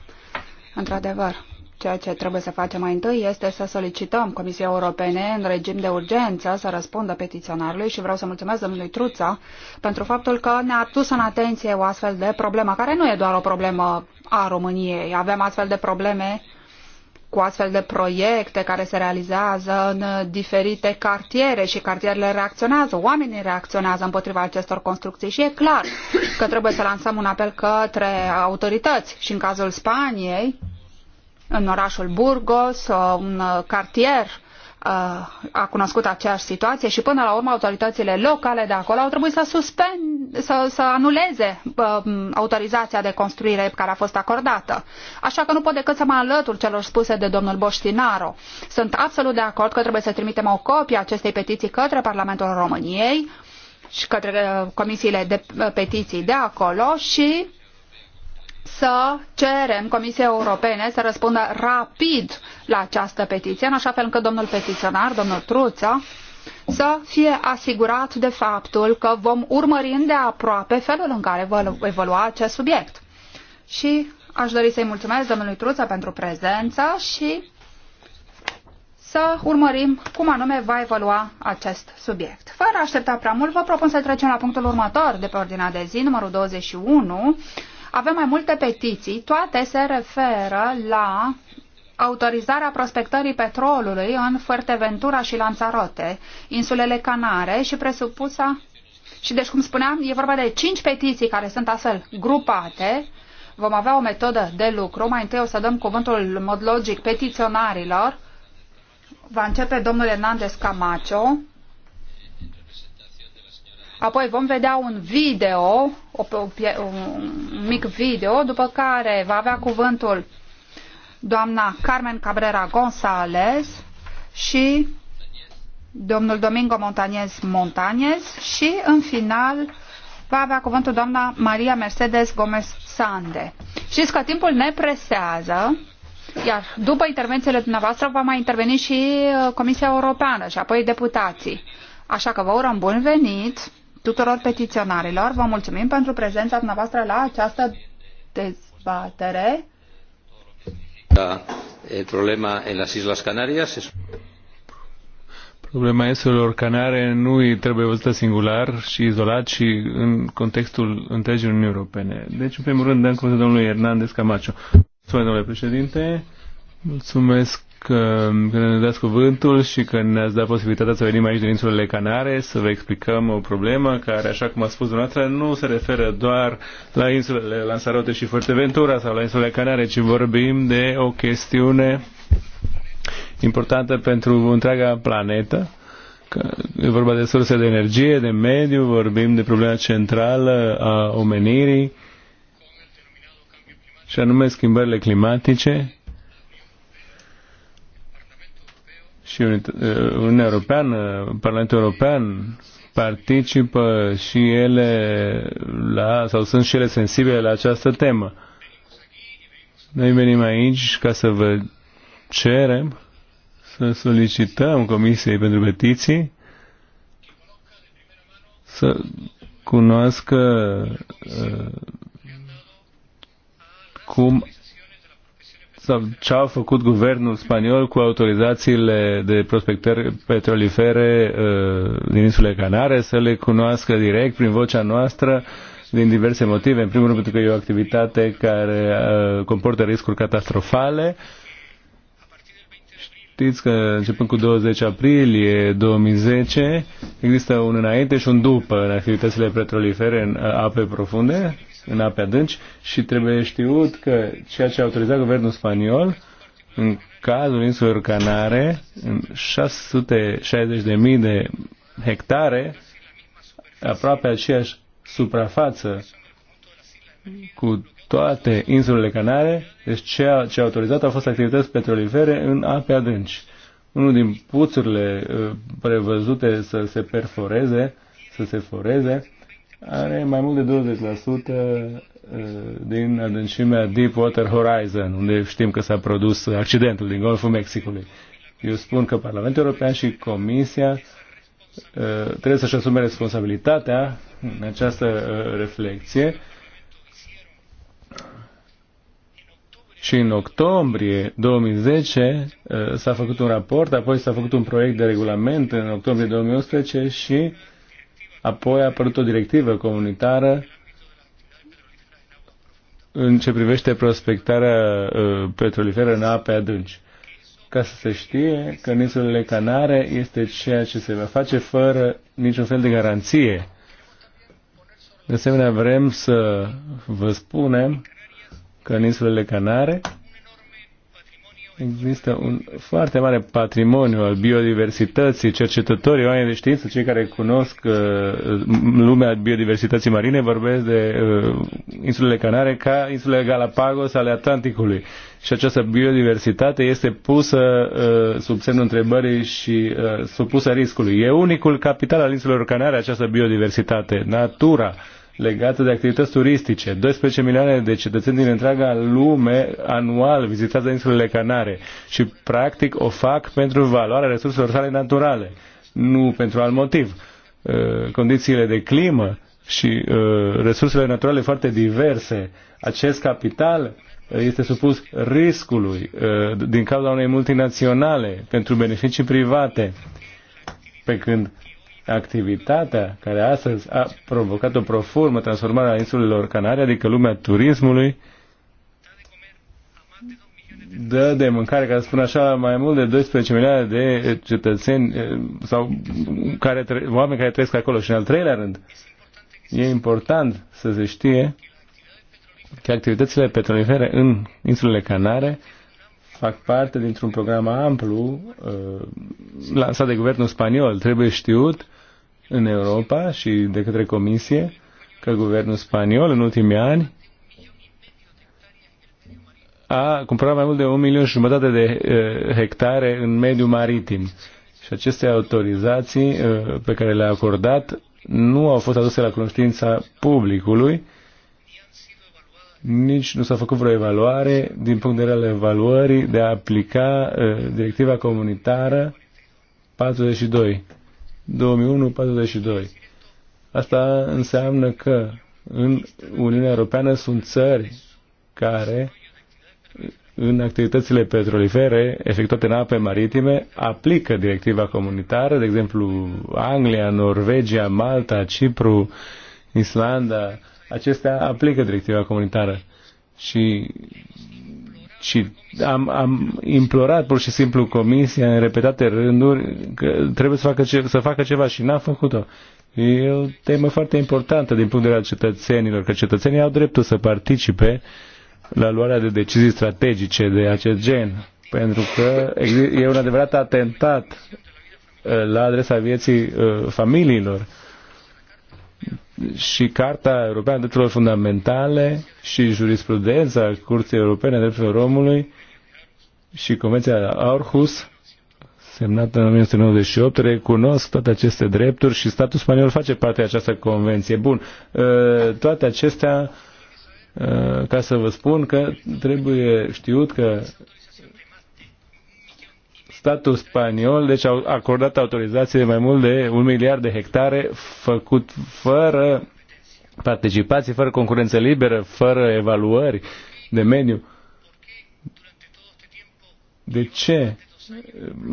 într-adevăr, Ceea ce trebuie să facem mai întâi este să solicităm Comisia Europene în regim de urgență să răspundă petiționarului și vreau să mulțumesc domnului Truța pentru faptul că ne-a dus în atenție o astfel de problemă, care nu e doar o problemă a României. Avem astfel de probleme cu astfel de proiecte care se realizează în diferite cartiere și cartierele reacționează, oamenii reacționează împotriva acestor construcții și e clar că trebuie să lansăm un apel către autorități și în cazul Spaniei în orașul Burgos, uh, un uh, cartier uh, a cunoscut aceeași situație și până la urmă autoritățile locale de acolo au trebuit să, suspend, să, să anuleze autorizația de construire care a fost acordată. Așa că nu pot decât să mă alătur celor spuse de domnul Boștinaro. Sunt absolut de acord că trebuie să trimitem o copie a acestei petiții către Parlamentul României și către comisiile de petiții de acolo și să cerem Comisiei Europene să răspundă rapid la această petiție, în așa fel încât domnul petiționar, domnul Truță, să fie asigurat de faptul că vom urmări îndeaproape felul în care va evolua acest subiect. Și aș dori să-i mulțumesc domnului Truță pentru prezență și să urmărim cum anume va evolua acest subiect. Fără a aștepta prea mult, vă propun să trecem la punctul următor de pe ordinea de zi, numărul 21, avem mai multe petiții, toate se referă la autorizarea prospectării petrolului în Fuerteventura și Lanzarote, insulele Canare și presupusa... Și deci, cum spuneam, e vorba de cinci petiții care sunt astfel grupate. Vom avea o metodă de lucru. Mai întâi o să dăm cuvântul, în mod logic, petiționarilor. Va începe domnul Hernandez Camacho Apoi vom vedea un video, o, o, un mic video, după care va avea cuvântul doamna Carmen Cabrera González și domnul Domingo Montañez Montañez și, în final, va avea cuvântul doamna Maria Mercedes Gomez Sande. Știți că timpul ne presează, iar după intervențiile dumneavoastră va mai interveni și uh, Comisia Europeană și apoi deputații. Așa că vă urăm bun venit tuturor petiționarilor. Vă mulțumim pentru prezența dumneavoastră la această dezbatere. Da, e problema în las Islas Canarias. Problema insulelor Canare nu trebuie văzută singular și izolat, ci în contextul întregii Uniunii Europene. Deci, în primul rând, dăm cuvântul domnului Hernandez Camacho. Mulțumesc, domnule președinte. Mulțumesc că ne dați cuvântul și că ne-ați dat posibilitatea să venim aici din insulele Canare să vă explicăm o problemă care, așa cum a spus dumneavoastră, nu se referă doar la insulele Lanzarote și Fuerteventura sau la insulele Canare, ci vorbim de o chestiune importantă pentru întreaga planetă. Că e vorba de surse de energie, de mediu, vorbim de problema centrală a omenirii și anume schimbările climatice și uh, Uniunea Europeană, Parlamentul European participă și ele la, sau sunt și ele sensibile la această temă. Noi venim aici ca să vă cerem să solicităm Comisiei pentru Petiții să cunoască uh, cum sau ce au făcut guvernul spaniol cu autorizațiile de prospectări petrolifere uh, din insulele Canare, să le cunoască direct prin vocea noastră din diverse motive. În primul rând pentru că e o activitate care uh, comportă riscuri catastrofale. Știți că începând cu 20 aprilie 2010 există un înainte și un după în activitățile petrolifere în ape profunde în ape adânci și trebuie știut că ceea ce a autorizat guvernul spaniol în cazul insulelor Canare, în 660.000 de hectare, aproape aceeași suprafață cu toate insulele Canare, deci ceea ce a autorizat au fost activități petrolifere în ape adânci. Unul din puțurile uh, prevăzute să se perforeze, să se foreze, are mai mult de 20% uh, din adâncimea Deepwater Horizon, unde știm că s-a produs accidentul din Golful Mexicului. Eu spun că Parlamentul European și Comisia uh, trebuie să-și asume responsabilitatea în această uh, reflexie Și în octombrie 2010 s-a făcut un raport, apoi s-a făcut un proiect de regulament în octombrie 2011 și Apoi a apărut o directivă comunitară în ce privește prospectarea uh, petroliferă în ape adânci. Ca să se știe că în insulele Canare este ceea ce se va face fără niciun fel de garanție. De asemenea, vrem să vă spunem că în insulele Canare Există un foarte mare patrimoniu al biodiversității, cercetătorii, oameni de știință, cei care cunosc uh, lumea biodiversității marine, vorbesc de uh, insulele Canare ca insulele Galapagos ale Atlanticului. Și această biodiversitate este pusă uh, sub semnul întrebării și uh, supusă riscului. E unicul capital al insulelor Canare această biodiversitate, natura. Uh, legată de activități turistice. 12 milioane de cetățeni din întreaga lume anual vizitează insulele Canare și practic o fac pentru valoarea resurselor sale naturale, nu pentru alt motiv. Uh, condițiile de climă și uh, resursele naturale foarte diverse, acest capital uh, este supus riscului din cauza unei multinaționale pentru beneficii private, pe când activitatea care astăzi a provocat o profundă transformare a insulelor Canare, adică lumea turismului, dă de mâncare, ca să spun așa, mai mult de 12 milioane de eh, cetățeni eh, sau care, oameni care trăiesc acolo. Și în al treilea rând, e important să se știe că activitățile petrolifere în insulele Canare fac parte dintr-un program amplu uh, lansat de guvernul spaniol. Trebuie știut în Europa și de către Comisie că guvernul spaniol în ultimii ani a cumpărat mai mult de un milion și jumătate de eh, hectare în mediul maritim. Și aceste autorizații eh, pe care le-a acordat nu au fost aduse la cunoștința publicului, nici nu s-a făcut vreo evaluare din punct de vedere al evaluării de a aplica eh, directiva comunitară 42 2001-42. Asta înseamnă că în Uniunea Europeană sunt țări care în activitățile petrolifere efectuate în ape maritime aplică directiva comunitară, de exemplu Anglia, Norvegia, Malta, Cipru, Islanda, acestea aplică directiva comunitară. Și și am, am implorat pur și simplu comisia în repetate rânduri că trebuie să facă, ce, să facă ceva și n-a făcut-o. E o temă foarte importantă din punct de vedere al cetățenilor, că cetățenii au dreptul să participe la luarea de decizii strategice de acest gen, pentru că e un adevărat atentat uh, la adresa vieții uh, familiilor și Carta Europeană a Drepturilor Fundamentale și jurisprudența Curții Europene a Drepturilor Omului și Convenția Aarhus, semnată în 1998, recunosc toate aceste drepturi și statul spaniol face parte de această convenție. Bun, ă, toate acestea, ă, ca să vă spun că trebuie știut că statul spaniol deci a acordat autorizație de mai mult de un miliard de hectare făcut fără participație, fără concurență liberă, fără evaluări de mediu. De ce?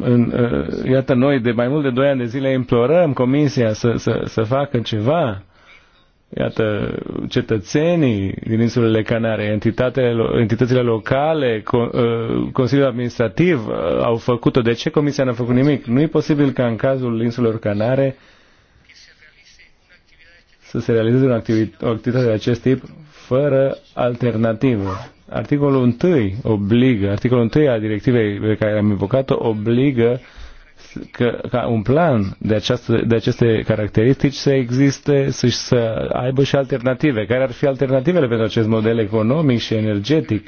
În, uh, iată, noi de mai mult de 2 ani de zile implorăm Comisia să, să, să facă ceva Iată, cetățenii din insulele Canare, entitățile locale, uh, Consiliul Administrativ uh, au făcut-o. De ce Comisia n-a făcut nimic? Nu e posibil ca în cazul insulelor Canare să se realizeze o, activit- o activitate de acest tip fără alternativă. Articolul 1 obligă, articolul 1 a directivei pe care am invocat-o obligă uh, că, ca un plan de, această, de aceste caracteristici să existe și să aibă și alternative. Care ar fi alternativele pentru acest model economic și energetic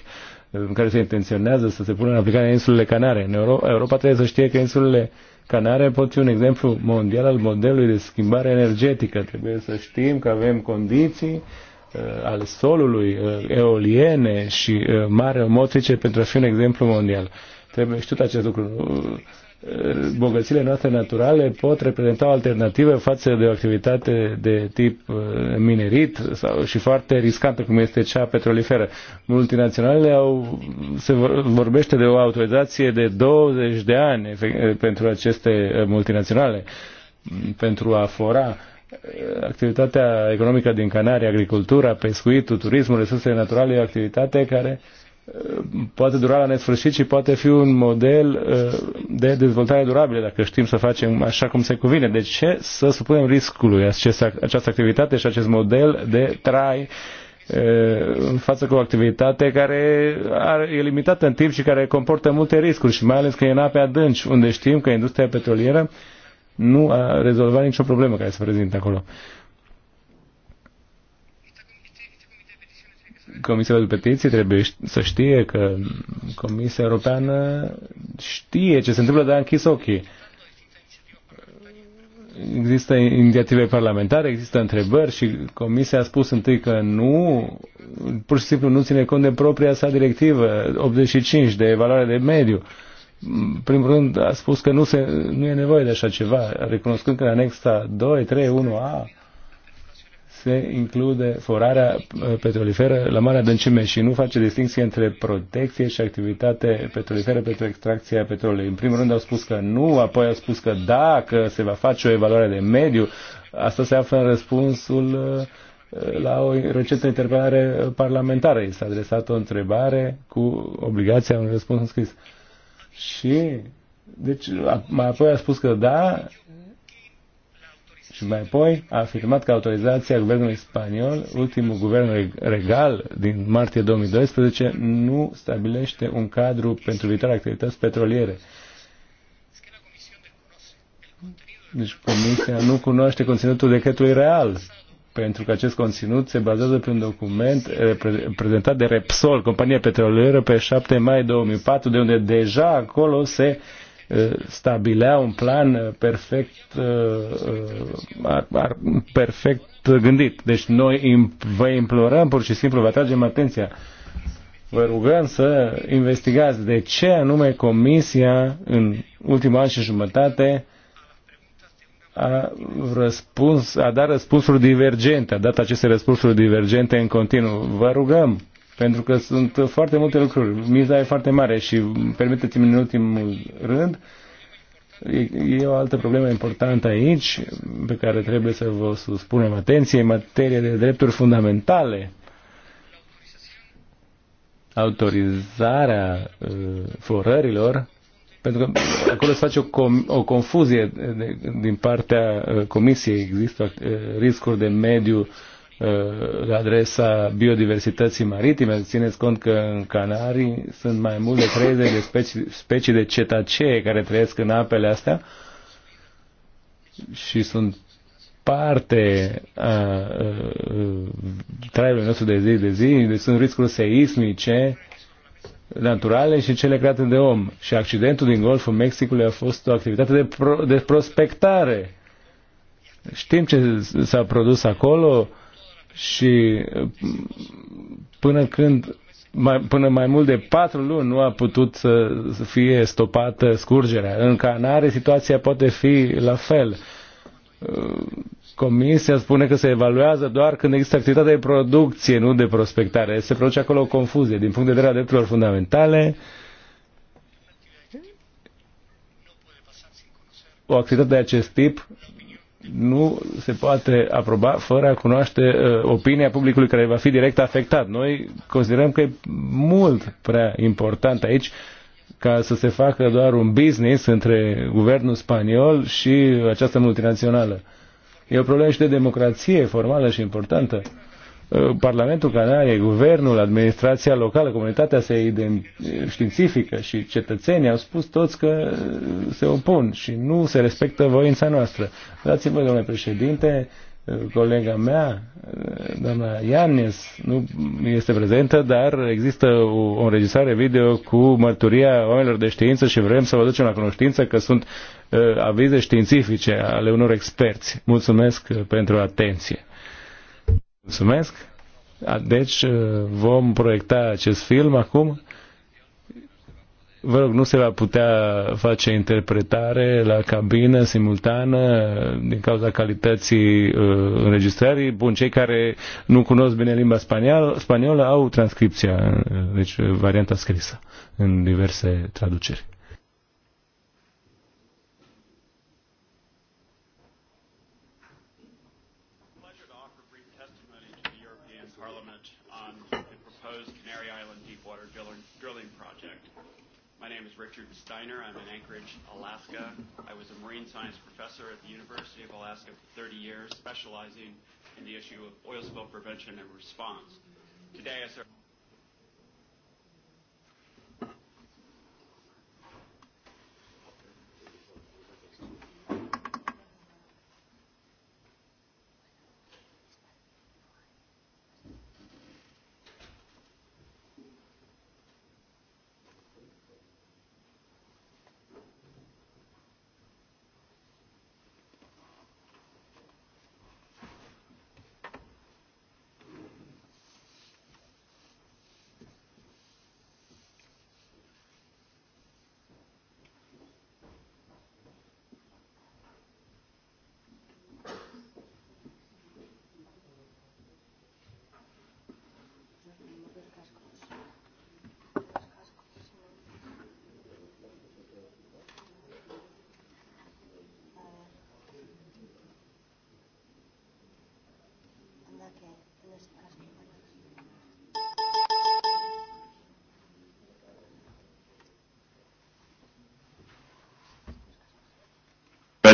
în care se intenționează să se pună în aplicare insulele Canare? În Europa, Europa trebuie să știe că insulele Canare pot fi un exemplu mondial al modelului de schimbare energetică. Trebuie să știm că avem condiții uh, ale solului, uh, eoliene și uh, mare omotrice pentru a fi un exemplu mondial. Trebuie știut acest lucru bogățile noastre naturale pot reprezenta o alternativă față de o activitate de tip uh, minerit sau, și foarte riscantă cum este cea petroliferă. Multinaționalele au, se vorbește de o autorizație de 20 de ani pentru aceste uh, multinaționale pentru a fora uh, activitatea economică din Canare, agricultura, pescuitul, turismul, resursele naturale, e o activitate care uh, poate dura la nesfârșit și poate fi un model uh, de dezvoltare durabilă, dacă știm să facem așa cum se cuvine. De ce să supunem riscului această activitate și acest model de trai uh, în față cu o activitate care are, e limitată în timp și care comportă multe riscuri și mai ales că e în ape adânci, unde știm că industria petrolieră nu a rezolvat nicio problemă care se prezintă acolo. Uh, Comisia de Petiții trebuie să știe că Comisia Europeană știe ce se întâmplă, dar a închis ochii. Există inițiative parlamentare, există întrebări și Comisia a spus întâi că nu, pur și simplu nu ține cont de propria sa directivă 85 de evaluare de mediu. Primul rând a spus că nu, se, nu e nevoie de așa ceva, recunoscând că în anexa 2, 3, 1A se include forarea uh, petroliferă la mare adâncime și nu face distinție între protecție și activitate petroliferă pentru extracția petrolului. În primul rând au spus că nu, apoi au spus că da, că se va face o evaluare de mediu. Asta se află în răspunsul uh, la o recentă interpelare parlamentară. Este adresată o întrebare cu obligația unui răspuns scris. Și deci mai apoi a spus că da, și mai apoi a afirmat că autorizația guvernului spaniol, ultimul guvern regal din martie 2012, nu stabilește un cadru pentru viitoare activități petroliere. Deci Comisia nu cunoaște conținutul decretului real, pentru că acest conținut se bazează pe un document prezentat de Repsol, compania petrolieră, pe 7 mai 2004, de unde deja acolo se uh, Uh, stabilea un plan uh, perfect, uh, perfect gândit. Deci noi vă implorăm, pur și simplu vă atragem atenția. Vă rugăm să investigați de ce anume Comisia în ultimul an și jumătate a, răspuns, a dat răspunsuri divergente, a dat aceste răspunsuri divergente în continuu. Vă rugăm pentru că sunt foarte multe lucruri. Miza e foarte mare și permiteți-mi în ultimul rând E, e o altă problemă importantă aici pe care trebuie să vă spunem atenție în materie de drepturi fundamentale. Autorizarea uh, florărilor, pentru că acolo se face o, com- o confuzie de, din partea uh, comisiei. Există uh, riscuri de mediu uh, Uh, la adresa biodiversității maritime. Țineți cont că în Canarii sunt mai mult de 30 de specii, specii de cetacee care trăiesc în apele astea și sunt parte a, a, uh, traiului nostru de zi de zi, deci sunt riscuri seismice naturale și cele create de om. Și accidentul din Golful Mexicului a fost o activitate de, pro, de prospectare. Știm ce s-a produs acolo, uh, și până când mai, până mai mult de patru luni nu a putut să, să fie stopată scurgerea. În Canare situația poate fi la fel. Comisia spune că se evaluează doar când există activitate de producție, nu de prospectare. Se produce acolo o confuzie din punct de vedere a drepturilor fundamentale. O activitate de acest tip nu se poate aproba fără a cunoaște uh, opinia publicului care va fi direct afectat. Noi considerăm că e mult prea important aici ca să se facă doar un business între guvernul spaniol și această multinațională. E o problemă și de democrație formală și importantă. Uh, Parlamentul Canarie, guvernul, administrația locală, comunitatea se științifică și cetățenii au spus toți că se opun și nu se respectă voința noastră. Dați-vă, domnule președinte, uh, colega mea, uh, doamna Iannis, nu este prezentă, dar există o înregistrare video cu mărturia oamenilor de știință și vrem să vă ducem la cunoștință că sunt avize științifice ale unor experți. Mulțumesc pentru atenție. Mulțumesc. Deci uh, vom proiecta acest film acum. Vă rog, nu se va putea face interpretare la cabină simultană uh, din cauza calității uh, înregistrării. Bun, cei care nu cunosc bine limba spaniol, spaniolă au transcripția, uh, deci varianta scrisă în diverse traduceri. Alaska for 30 years, specializing in the issue of oil spill prevention and response. Today, I serve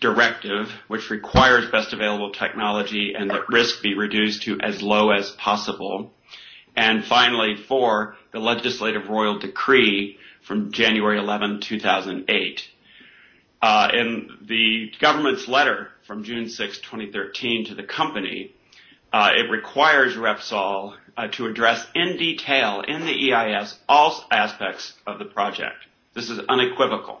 directive, which requires best available technology and that risk be reduced to as low as possible. And finally, four, the legislative royal decree from January 11, 2008. Uh, in the government's letter from June 6, 2013 to the company, uh, it requires Repsol uh, to address in detail in the EIS all aspects of the project. This is unequivocal.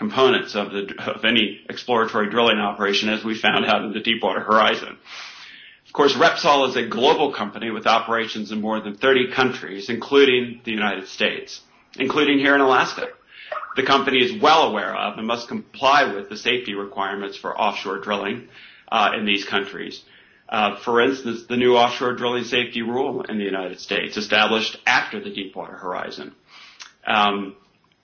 components of, the, of any exploratory drilling operation, as we found out in the Deepwater Horizon. Of course, Repsol is a global company with operations in more than 30 countries, including the United States, including here in Alaska. The company is well aware of and must comply with the safety requirements for offshore drilling uh, in these countries. Uh, for instance, the new offshore drilling safety rule in the United States, established after the Deepwater Horizon. Um,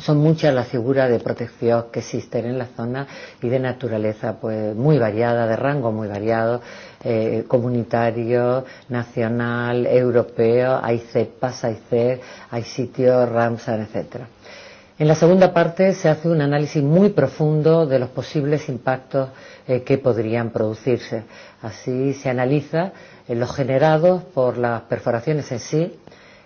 son muchas las figuras de protección que existen en la zona y de naturaleza pues muy variada, de rango muy variado, eh, comunitario, nacional, europeo, hay cepas, hay CER, hay sitios, Ramsar, etc. En la segunda parte se hace un análisis muy profundo de los posibles impactos eh, que podrían producirse. Así se analiza eh, los generados por las perforaciones en sí,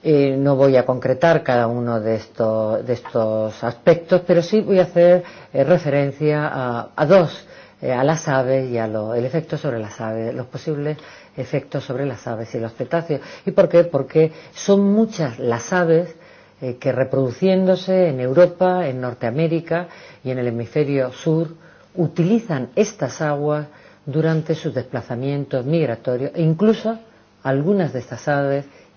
Eh, no voy a concretar cada uno de estos, de estos aspectos, pero sí voy a hacer eh, referencia a, a dos, eh, a las aves y a lo, el efecto sobre las aves, los posibles efectos sobre las aves y los cetáceos. ¿Y por qué? Porque son muchas las aves eh, que reproduciéndose en Europa, en Norteamérica y en el hemisferio sur, utilizan estas aguas durante sus desplazamientos migratorios e incluso algunas de estas aves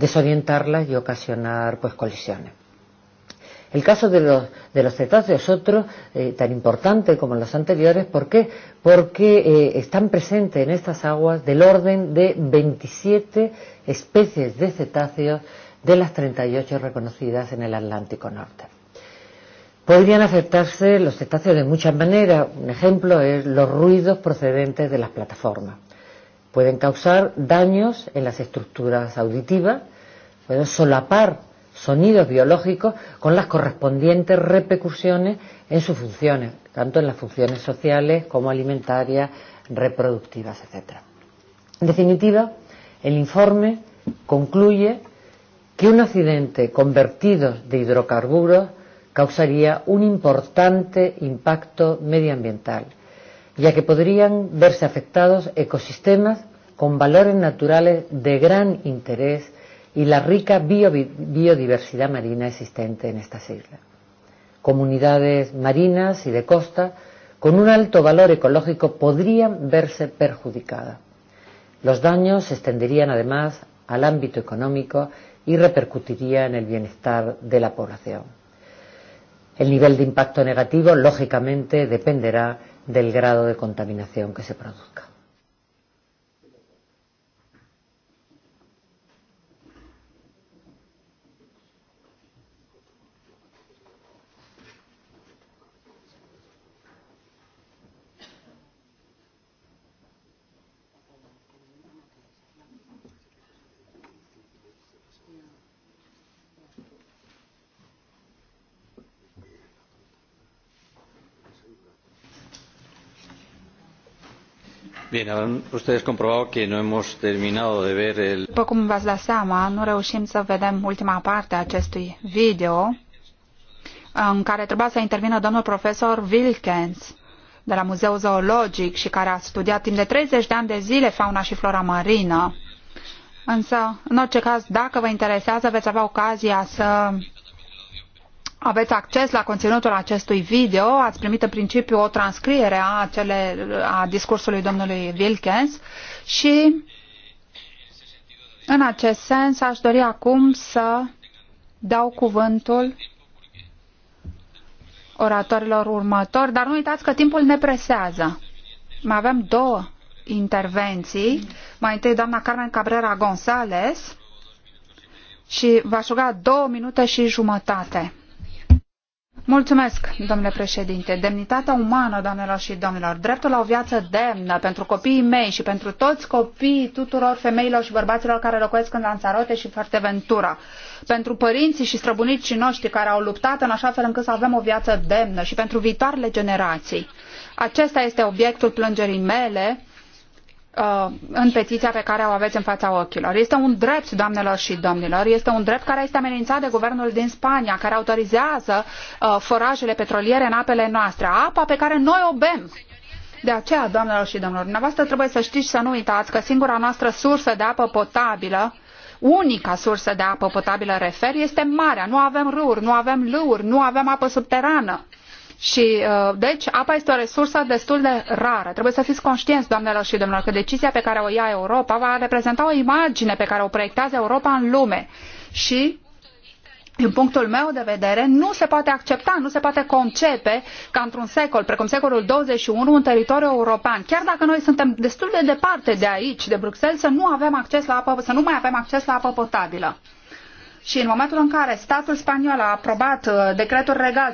desorientarlas y ocasionar pues colisiones. El caso de los, de los cetáceos es otro eh, tan importante como los anteriores. ¿Por qué? Porque eh, están presentes en estas aguas del orden de 27 especies de cetáceos de las 38 reconocidas en el Atlántico Norte. Podrían afectarse los cetáceos de muchas maneras. Un ejemplo es los ruidos procedentes de las plataformas. Pueden causar daños en las estructuras auditivas, pueden solapar sonidos biológicos con las correspondientes repercusiones en sus funciones, tanto en las funciones sociales como alimentarias, reproductivas, etc. En definitiva, el informe concluye que un accidente convertido de hidrocarburos causaría un importante impacto medioambiental, ya que podrían verse afectados ecosistemas con valores naturales de gran interés y la rica bio, biodiversidad marina existente en estas islas. Comunidades marinas y de costa con un alto valor ecológico podrían verse perjudicadas. Los daños se extenderían además al ámbito económico y repercutiría en el bienestar de la población. El nivel de impacto negativo, lógicamente, dependerá del grado de contaminación que se produce. După cum v-ați dat seama, nu reușim să vedem ultima parte a acestui video în care trebuia să intervină domnul profesor Wilkens de la Muzeul Zoologic și care a studiat timp de 30 de ani de zile fauna și flora marină. Însă, în orice caz, dacă vă interesează, veți avea ocazia să aveți acces la conținutul acestui video, ați primit în principiu o transcriere a, acele, a discursului domnului Wilkens și în acest sens aș dori acum să dau cuvântul oratorilor următori, dar nu uitați că timpul ne presează. Mai avem două intervenții. Mai întâi doamna Carmen Cabrera González și v-aș ruga două minute și jumătate. Mulțumesc, domnule președinte. Demnitatea umană, doamnelor și domnilor, dreptul la o viață demnă pentru copiii mei și pentru toți copiii tuturor femeilor și bărbaților care locuiesc în Lanzarote și fuerteventura pentru părinții și străbunicii noștri care au luptat în așa fel încât să avem o viață demnă și pentru viitoarele generații. Acesta este obiectul plângerii mele uh, în petiția pe care o aveți în fața ochilor. Este un drept, doamnelor și domnilor, este un drept care este amenințat de guvernul din Spania, care autorizează uh, forajele petroliere în apele noastre, apa pe care noi o bem. De aceea, doamnelor și domnilor, dumneavoastră trebuie să știți și să nu uitați că singura noastră sursă de apă potabilă unica sursă de apă potabilă refer este marea. Nu avem râuri, nu avem lâuri, nu avem apă subterană. Și, uh, deci, apa este o resursă destul de rară. Trebuie să fiți conștienți, doamnelor și domnilor, că decizia pe care o ia Europa va reprezenta o imagine pe care o proiectează Europa în lume. Și din punctul meu de vedere, nu se poate accepta, nu se poate concepe ca într-un secol, precum secolul 21, un teritoriu european, chiar dacă noi suntem destul de departe de aici, de Bruxelles, să nu avem acces la apă, să nu mai avem acces la apă potabilă și în momentul în care statul spaniol a aprobat uh, decretul regal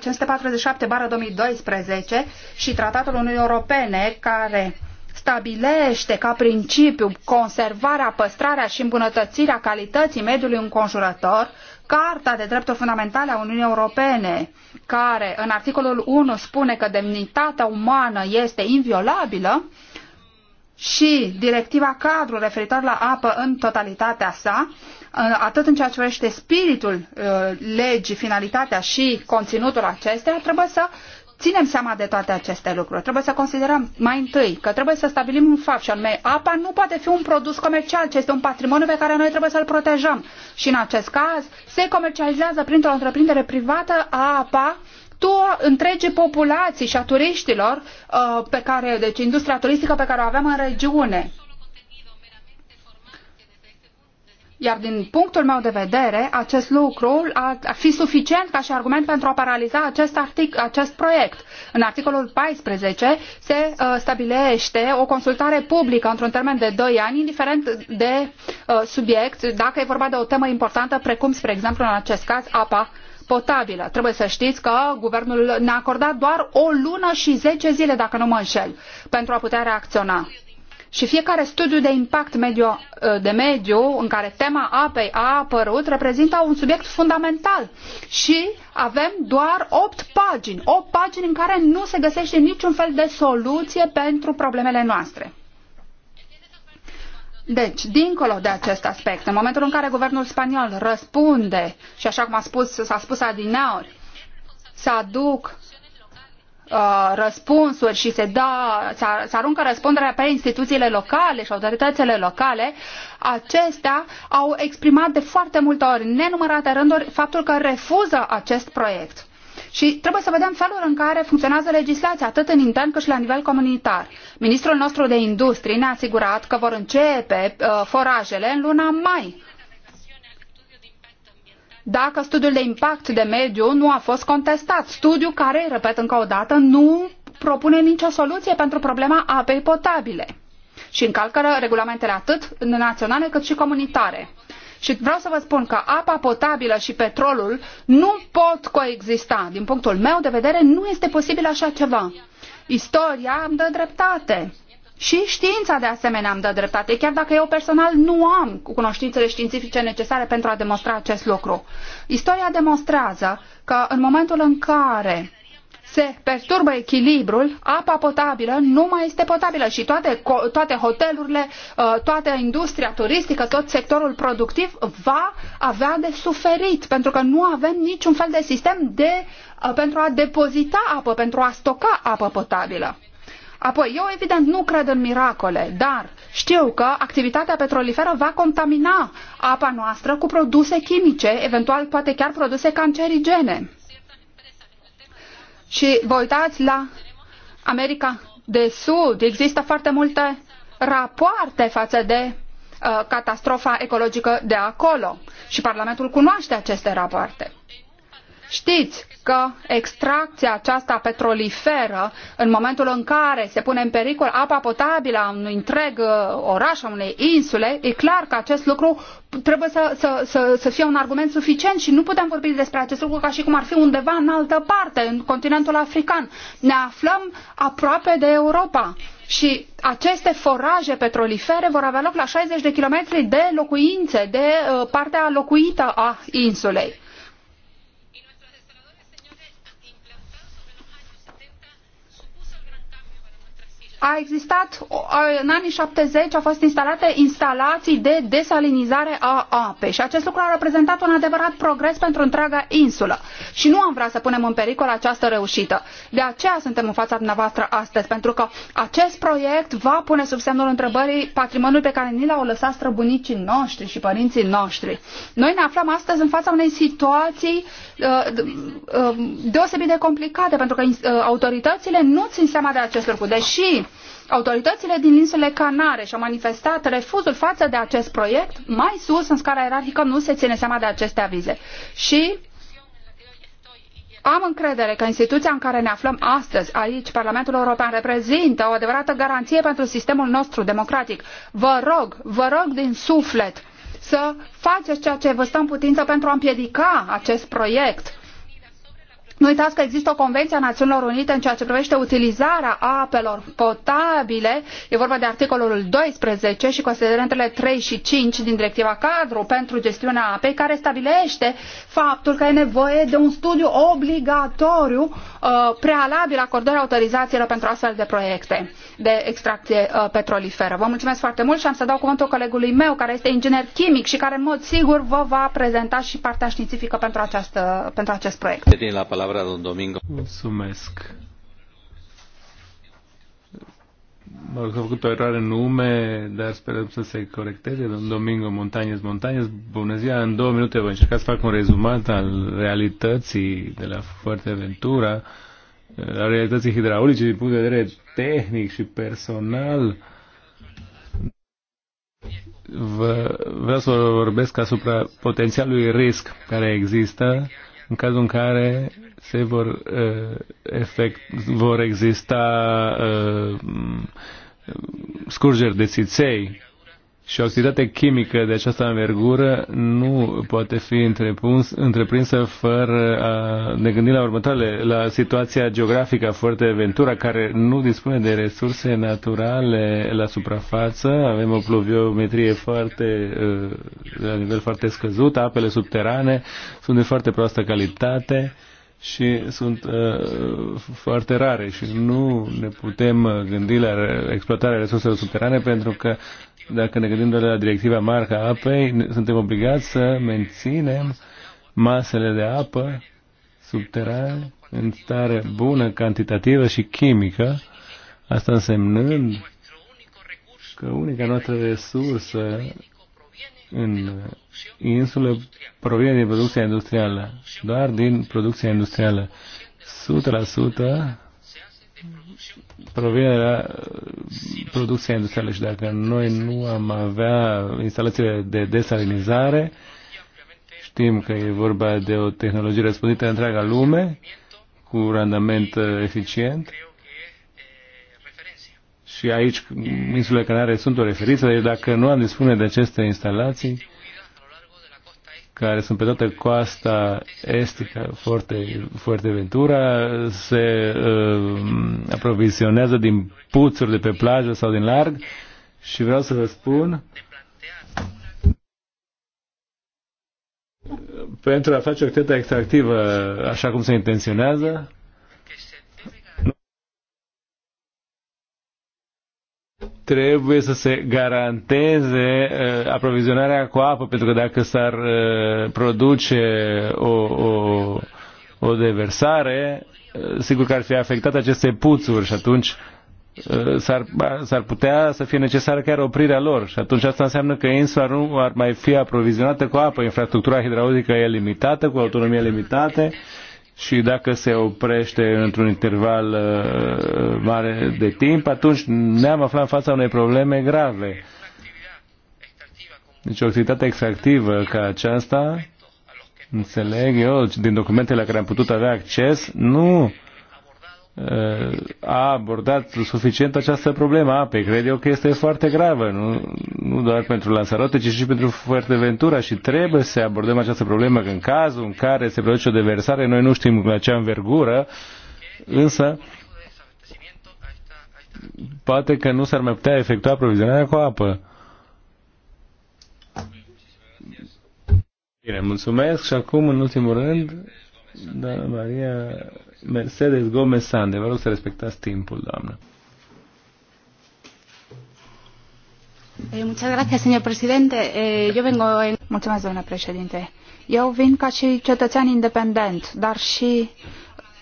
547-2012 și tratatul Uniunii Europene care stabilește ca principiu conservarea, păstrarea și îmbunătățirea calității mediului înconjurător, Carta de Drepturi Fundamentale a Uniunii Europene, care în articolul 1 spune că demnitatea umană este inviolabilă, și directiva cadru referitor la apă în totalitatea sa, atât în ceea ce privește spiritul uh, legii, finalitatea și conținutul acesteia, trebuie să ținem seama de toate aceste lucruri. Trebuie să considerăm mai întâi că trebuie să stabilim un fapt și anume apa nu poate fi un produs comercial, ci este un patrimoniu pe care noi trebuie să-l protejăm. Și în acest caz se comercializează printr-o întreprindere privată apa întregi populații și a turiștilor uh, pe care, deci industria turistică pe care o aveam în regiune. Iar din punctul meu de vedere, acest lucru ar fi suficient ca și argument pentru a paraliza acest, artic, acest proiect. În articolul 14 se uh, stabilește o consultare publică într-un termen de 2 ani, indiferent de uh, subiect, dacă e vorba de o temă importantă, precum, spre exemplu, în acest caz, apa uh, potabilă. Trebuie să știți că guvernul ne-a acordat doar o lună și zece zile, dacă nu mă înșel, pentru a putea reacționa. Și fiecare studiu de impact ă, de mediu în care tema apei a apărut reprezintă un subiect fundamental. Și avem doar 8 pagini, 8 pagini în care nu se găsește niciun fel de soluție pentru problemele noastre. Deci, dincolo de acest aspect, în momentul în care guvernul spaniol răspunde, și așa cum a spus, s-a spus adineori, să aduc uh, răspunsuri și se dă, se aruncă răspunderea pe instituțiile locale și autoritățile locale, acestea au exprimat de foarte multe ori, nenumărate rânduri, faptul că refuză acest proiect. Și trebuie să vedem felul în care funcționează legislația, atât în intern cât și la nivel comunitar. Ministrul nostru de industrie ne-a asigurat că vor începe uh, forajele în luna mai dacă studiul de impact de mediu nu a fost contestat. Studiu care, repet încă o dată, nu propune nicio soluție pentru problema apei potabile și încalcă regulamentele atât naționale cât și comunitare. Și vreau să vă spun că apa potabilă și petrolul nu pot coexista. Din punctul meu de vedere, nu este posibil așa ceva. Istoria îmi dă dreptate. Și știința de asemenea îmi dă dreptate, chiar dacă eu personal nu am cunoștințele științifice necesare pentru a demonstra acest lucru. Istoria demonstrează că în momentul în care se perturbă echilibrul, apa potabilă nu mai este potabilă și toate, toate hotelurile, uh, toată industria turistică, tot sectorul productiv va avea de suferit, pentru că nu avem niciun fel de sistem de, uh, pentru a depozita apă, pentru a stoca apă potabilă. Apoi, eu evident nu cred în miracole, dar știu că activitatea petroliferă va contamina apa noastră cu produse chimice, eventual poate chiar produse cancerigene și vă uitați la America de Sud, există foarte multe rapoarte față de uh, catastrofa ecologică de acolo și Parlamentul cunoaște aceste rapoarte. Știți că extracția aceasta petroliferă, în momentul în care se pune în pericol apa potabilă a unui întreg uh, oraș, a unei insule, e clar că acest lucru trebuie să, să, să, să fie un argument suficient și nu putem vorbi despre acest lucru ca și cum ar fi undeva în altă parte, în continentul african. Ne aflăm aproape de Europa și aceste foraje petrolifere vor avea loc la 60 de kilometri de locuințe, de uh, partea locuită a insulei. a existat, în anii 70 au fost instalate instalații de desalinizare a apei și acest lucru a reprezentat un adevărat progres pentru întreaga insulă. Și nu am vrea să punem în pericol această reușită. De aceea suntem în fața dumneavoastră astăzi, pentru că acest proiect va pune sub semnul întrebării patrimoniul pe care ni l-au lăsat străbunicii noștri și părinții noștri. Noi ne aflăm astăzi în fața unei situații uh, uh, deosebit de complicate, pentru că uh, autoritățile nu țin seama de acest lucru, deși Autoritățile din insulele Canare și-au manifestat refuzul față de acest proiect. Mai sus, în scara ierarhică, nu se ține seama de aceste avize. Și am încredere că instituția în care ne aflăm astăzi, aici, Parlamentul European, reprezintă o adevărată garanție pentru sistemul nostru democratic. Vă rog, vă rog din suflet să faceți ceea ce vă stă în putință pentru a împiedica acest proiect nu uitați că există o convenție a Națiunilor Unite în ceea ce privește utilizarea apelor potabile, e vorba de articolul 12 și considerentele 3 și 5 din directiva cadru pentru gestiunea apei, care stabilește faptul că e nevoie de un studiu obligatoriu uh, prealabil acordării autorizațiilor pentru astfel de proiecte de extracție uh, petroliferă. Vă mulțumesc foarte mult și am să dau cuvântul colegului meu care este inginer chimic și care în mod sigur vă va prezenta și partea științifică pentru, această, pentru acest proiect. La Domingo. Mulțumesc. mă rog, s-a făcut o eroare în nume, dar sperăm să se corecteze. Domnul Domingo Montañez Montañez, bună ziua, în două minute vă încerca să fac un rezumat al realității de la Fuerteventura, a realității hidraulice din punct de vedere tehnic și personal. Vă, vreau să vorbesc asupra potențialului risc care există în cazul în care se vor, uh, efect, vor exista uh, scurgeri de țiței și o activitate chimică de această anvergură nu poate fi întrepuns, întreprinsă fără a ne gândi la următoarele, la situația geografică a Fuerteventura, care nu dispune de resurse naturale la suprafață. Avem o pluviometrie foarte, eh, la nivel foarte scăzut, apele subterane sunt de foarte proastă calitate și sunt uh, foarte rare și nu ne putem uh, gândi la exploatarea resurselor subterane pentru că dacă ne gândim doar la directiva marca apei, suntem obligați să menținem masele de apă subterane în stare bună, cantitativă și chimică, asta însemnând că unica noastră resursă în insulă provine din producția industrială, doar din producția industrială. 100% provine de la uh, producția industrială și dacă noi nu am avea instalațiile de desalinizare, știm că e vorba de o tehnologie răspândită în întreaga lume, cu randament uh, eficient, și aici insulele Canare sunt o referință, deci dacă nu am dispune de aceste instalații, care sunt pe toată coasta estică, foarte, foarte Ventura, se uh, aprovizionează din puțuri de pe plajă sau din larg și vreau să vă spun pentru a face o activă extractivă așa cum se intenționează, trebuie să se garanteze uh, aprovizionarea cu apă, pentru că dacă s-ar uh, produce o, o, o deversare, uh, sigur că ar fi afectat aceste puțuri și atunci uh, s-ar, s-ar putea să fie necesară chiar oprirea lor și atunci asta înseamnă că insula nu ar mai fi aprovizionată cu apă, infrastructura hidraulică e limitată, cu autonomie limitată și dacă se oprește într-un interval uh, mare de timp, atunci ne-am aflat în fața unei probleme grave. Deci o activitate extractivă ca aceasta, înțeleg eu, din documentele la care am putut avea acces, nu a abordat suficient această problemă a apei. Cred eu că este foarte gravă, nu, nu doar pentru Lanzarote, ci și pentru Fuerteventura și trebuie să abordăm această problemă, că în cazul în care se produce o deversare, noi nu știm la ce învergură, însă poate că nu s-ar mai putea efectua aprovizionarea cu apă. Bine, mulțumesc și acum, în ultimul rând, doamna Maria Mercedes Gomez Sande. Vă rog să respectați timpul, doamnă. Eh, eh, Mulțumesc, doamnă președinte. Eu vin ca și cetățean independent, dar și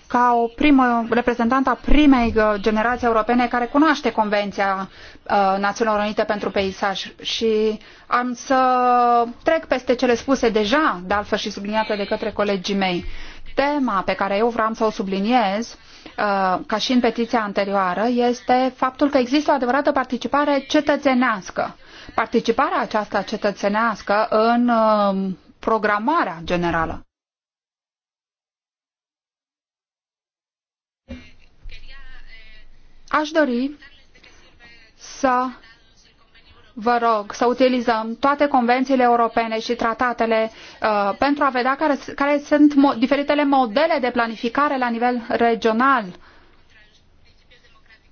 ca o primă reprezentantă a primei uh, generații europene care cunoaște Convenția uh, Națiunilor Unite pentru Peisaj și am să trec peste cele spuse deja, de altfel și subliniate de către colegii mei. Uh, Tema pe care eu vreau să o subliniez, uh, ca și în petiția anterioară, este faptul că există o adevărată participare cetățenească. Participarea aceasta cetățenească în uh, programarea generală. Aș dori să vă rog, să utilizăm toate convențiile europene și tratatele uh, pentru a vedea care, care sunt mo diferitele modele de planificare la nivel regional,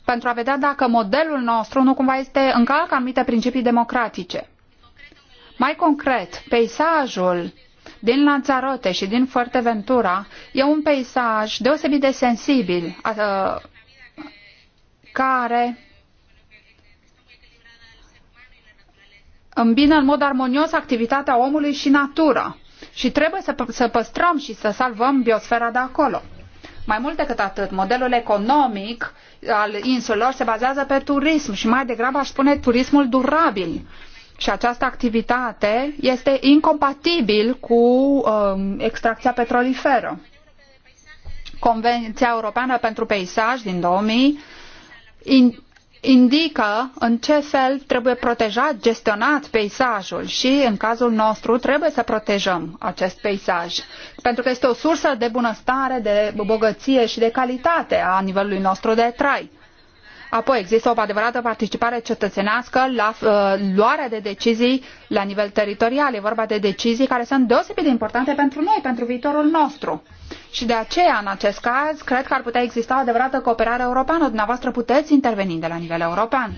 pentru a vedea dacă modelul nostru nu cumva este încalcă anumite principii democratice. Mai concret, peisajul din Lanzarote și din Fuerteventura e un peisaj deosebit de sensibil, uh, care îmbină în mod armonios activitatea omului și natura. Și trebuie să, să păstrăm și să salvăm biosfera de acolo. Mai mult decât atât, modelul economic al insulelor se bazează pe turism și mai degrabă aș spune turismul durabil. Și această activitate este incompatibil cu um, extracția petroliferă. Convenția Europeană pentru Peisaj din 2000 in, indică în ce fel trebuie protejat, gestionat peisajul și, în cazul nostru, trebuie să protejăm acest peisaj, pentru că este o sursă de bunăstare, de bogăție și de calitate a nivelului nostru de trai. Apoi există o adevărată participare cetățenească la uh, luarea de decizii la nivel teritorial. E vorba de decizii care sunt deosebit de importante pentru noi, pentru viitorul nostru. Și de aceea, în acest caz, cred că ar putea exista o adevărată cooperare europeană. Dumneavoastră puteți interveni de la nivel european.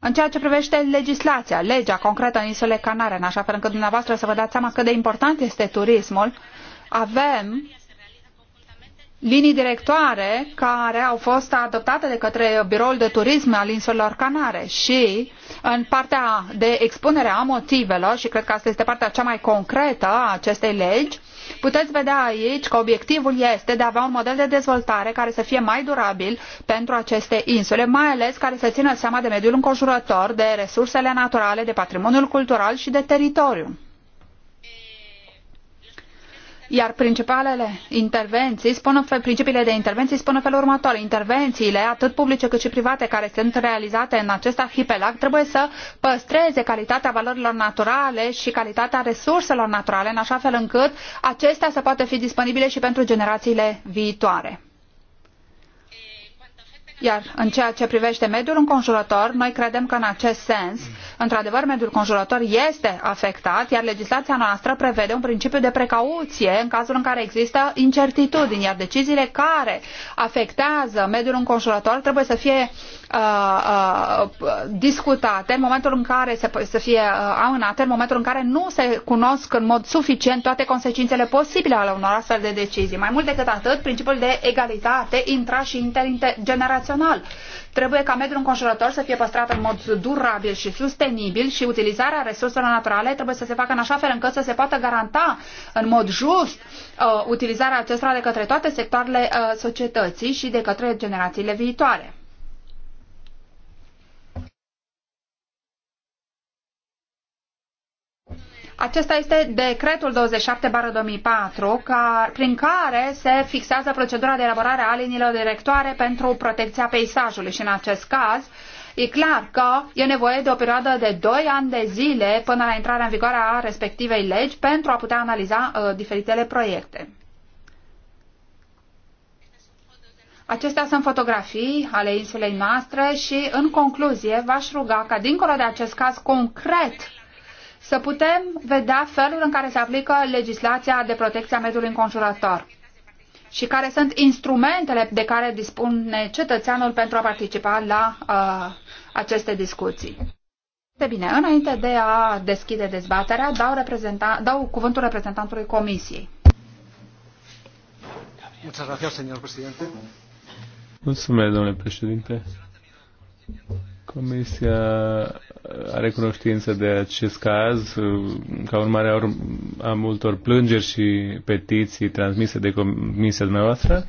În ceea ce privește legislația, legea concretă în insulele Canare, în așa fel încât dumneavoastră să vă dați seama cât de important este turismul, avem linii directoare care au fost adoptate de către Biroul de Turism al insulelor Canare și în partea de expunere a motivelor, și cred că asta este partea cea mai concretă a acestei legi, puteți vedea aici că obiectivul este de a avea un model de dezvoltare care să fie mai durabil pentru aceste insule, mai ales care să țină seama de mediul înconjurător, de resursele naturale, de patrimoniul cultural și de teritoriu. Iar principalele intervenții spun, principiile de intervenții spun în felul următor. Intervențiile, atât publice cât și private, care sunt realizate în acest arhipelag, trebuie să păstreze calitatea valorilor naturale și calitatea resurselor naturale, în așa fel încât acestea să poată fi disponibile și pentru generațiile viitoare. Iar în ceea ce privește mediul înconjurător, noi credem că în acest sens, într-adevăr, mediul înconjurător este afectat, iar legislația noastră prevede un principiu de precauție în cazul în care există incertitudini, iar deciziile care afectează mediul înconjurător trebuie să fie uh, Uh, uh, discutate în momentul în care se, să fie uh, amânate, în momentul în care nu se cunosc în mod suficient toate consecințele posibile ale unor astfel de decizii. Mai mult decât atât, principiul de egalitate intra și intergenerațional. Trebuie ca mediul înconjurător să fie păstrat în mod durabil și sustenibil și utilizarea resurselor naturale trebuie să se facă în așa fel încât să se poată garanta în mod just uh, utilizarea acestora de către toate sectoarele uh, societății și de către generațiile viitoare. Acesta este decretul 27-2004, prin care se fixează procedura de elaborare a liniilor directoare pentru protecția peisajului și în acest caz E clar că e nevoie de o perioadă de 2 ani de zile până la intrarea în vigoare a respectivei legi pentru a putea analiza uh, diferitele proiecte. Acestea sunt fotografii ale insulei noastre și, în concluzie, v-aș ruga ca, dincolo de acest caz concret să putem vedea felul în care se aplică legislația de protecție a mediului înconjurător și care sunt instrumentele de care dispune cetățeanul pentru a participa la uh, aceste discuții. De bine, înainte de a deschide dezbaterea, dau, reprezenta, dau cuvântul reprezentantului Comisiei. Mulțumesc, domnule președinte. Comisia are cunoștință de acest caz ca urmare a multor plângeri și petiții transmise de Comisia dumneavoastră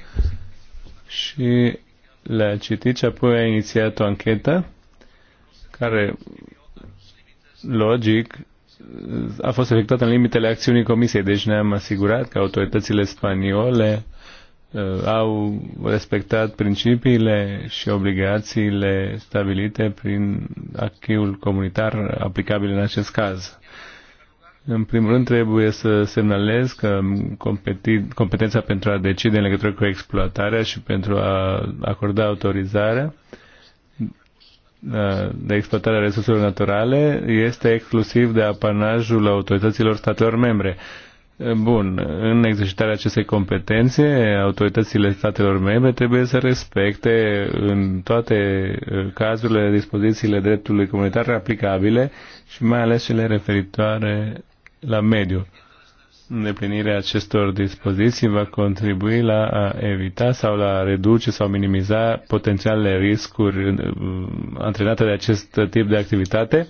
și le-a citit și apoi a inițiat o anchetă care, logic, a fost efectuată în limitele acțiunii Comisiei, deci ne-am asigurat că autoritățile spaniole Uh, au respectat principiile și obligațiile stabilite prin acquis comunitar aplicabil în acest caz. În primul rând trebuie să semnalez că competența pentru a decide în legătură cu exploatarea și pentru a acorda autorizarea uh, de exploatare a resurselor naturale este exclusiv de apanajul autorităților statelor membre. Bun, în exercitarea acestei competențe, autoritățile statelor membre trebuie să respecte în toate uh, cazurile dispozițiile dreptului comunitar aplicabile și mai ales cele referitoare la mediu. Îndeplinirea acestor dispoziții va contribui la a evita sau la a reduce sau minimiza potențialele riscuri uh, antrenate de acest tip de activitate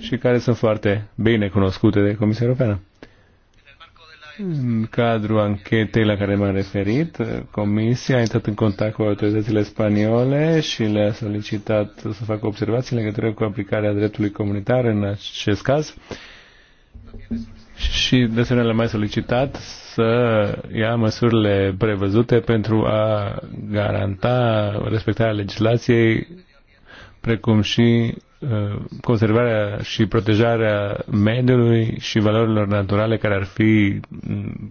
și care sunt foarte bine cunoscute de Comisia Europeană. În cadrul anchetei la care m-am referit, Comisia a intrat în contact cu autoritățile spaniole și le-a solicitat să facă observații în legătură cu aplicarea dreptului comunitar în acest caz și de asemenea le-a mai solicitat să ia măsurile prevăzute pentru a garanta respectarea legislației precum și Uh, conservarea și protejarea mediului și valorilor naturale care ar fi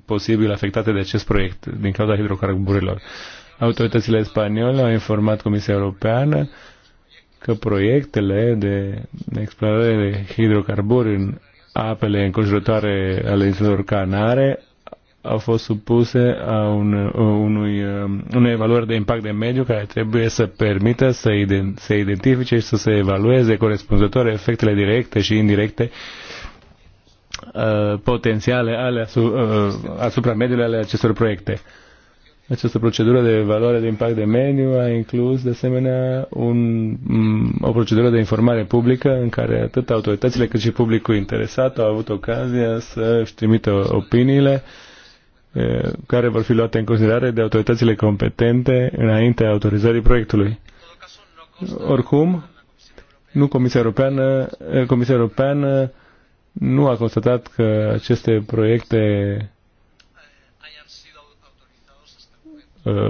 posibil afectate de acest proiect din cauza hidrocarburilor. Autoritățile spaniole au informat Comisia Europeană că proiectele de explorare de hidrocarburi în apele înconjurătoare ale insulelor Canare au fost supuse a un, unui, unei evaluări de impact de mediu care trebuie să permită să se identifice și să se evalueze corespunzător efectele directe și indirecte potențiale ale asupra, uh, asupra mediului ale acestor proiecte. Această procedură de evaluare de impact de mediu a inclus, de asemenea, un, o procedură de informare publică în care atât autoritățile cât și publicul interesat au avut ocazia să și trimită opiniile care vor fi luate în considerare de autoritățile competente înaintea autorizării proiectului. Oricum, nu Comisia Europeană, Comisia Europeană nu a constatat că aceste proiecte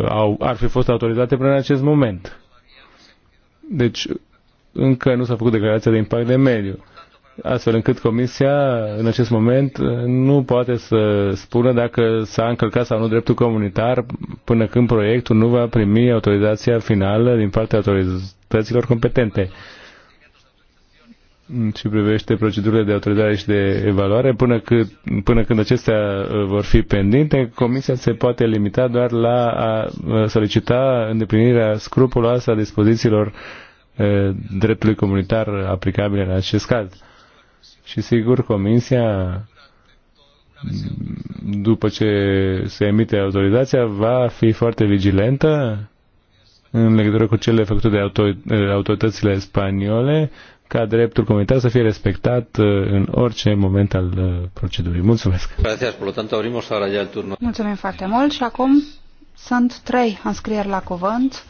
au, ar fi fost autorizate până în acest moment. Deci, încă nu s-a făcut declarația de impact de mediu astfel încât Comisia, în acest moment, nu poate să spună dacă s-a încălcat sau nu dreptul comunitar până când proiectul nu va primi autorizația finală din partea autorităților competente. Și privește procedurile de autorizare și de evaluare, până, cât, până când acestea uh, vor fi pendinte, Comisia se poate limita doar la a uh, solicita îndeplinirea scrupuloasă a dispozițiilor uh, dreptului comunitar aplicabile în acest caz. Și sigur, Comisia, după ce se emite autorizația, va fi foarte vigilentă în legătură cu cele făcute de autoritățile spaniole, ca dreptul comunitar să fie respectat uh, în orice moment al uh, procedurii. Mulțumesc! Mulțumim foarte mult și acum sunt trei înscrieri la cuvânt,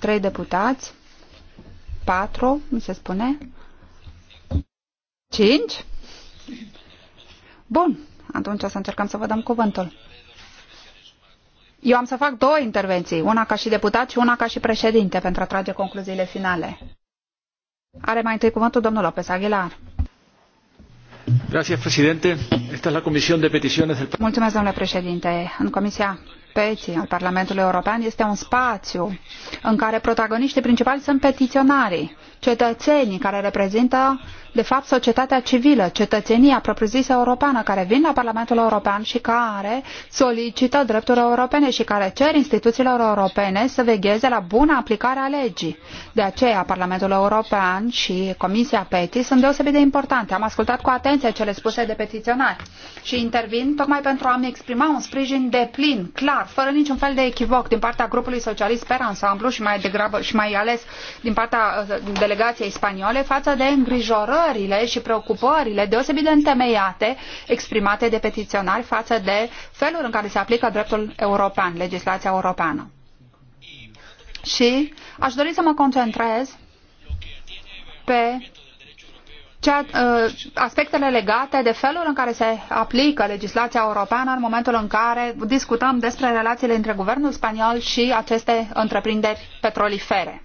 trei deputați, patru, mi se spune, Cinci. Bun, atunci o să încercăm să vă dăm cuvântul. Eu am să fac două intervenții, una ca și deputat și una ca și președinte, pentru a trage concluziile finale. Are mai întâi cuvântul domnul López Aguilar. Gracias, presidente. Esta es la comisión de peticiones del... Mulțumesc, domnule președinte. În Comisia Peții al Parlamentului European este un spațiu în care protagoniștii principali sunt petiționarii cetățenii care reprezintă, de fapt, societatea civilă, cetățenia propriu-zisă europeană, care vin la Parlamentul European și care solicită drepturi europene și care cer instituțiilor europene să vegheze la bună aplicare a legii. De aceea, Parlamentul European și Comisia PETI sunt deosebit de importante. Am ascultat cu atenție cele spuse de petiționari și intervin tocmai pentru a-mi exprima un sprijin de plin, clar, fără niciun fel de echivoc din partea grupului socialist per ansamblu și mai degrabă și mai ales din partea uh, delegației delegației spaniole față de îngrijorările și preocupările deosebit de întemeiate exprimate de petiționari față de felul în care se aplică dreptul european, legislația europeană. Și aș dori să mă concentrez pe cea, ă, aspectele legate de felul în care se aplică legislația europeană în momentul în care discutăm despre relațiile între guvernul spaniol și aceste întreprinderi petrolifere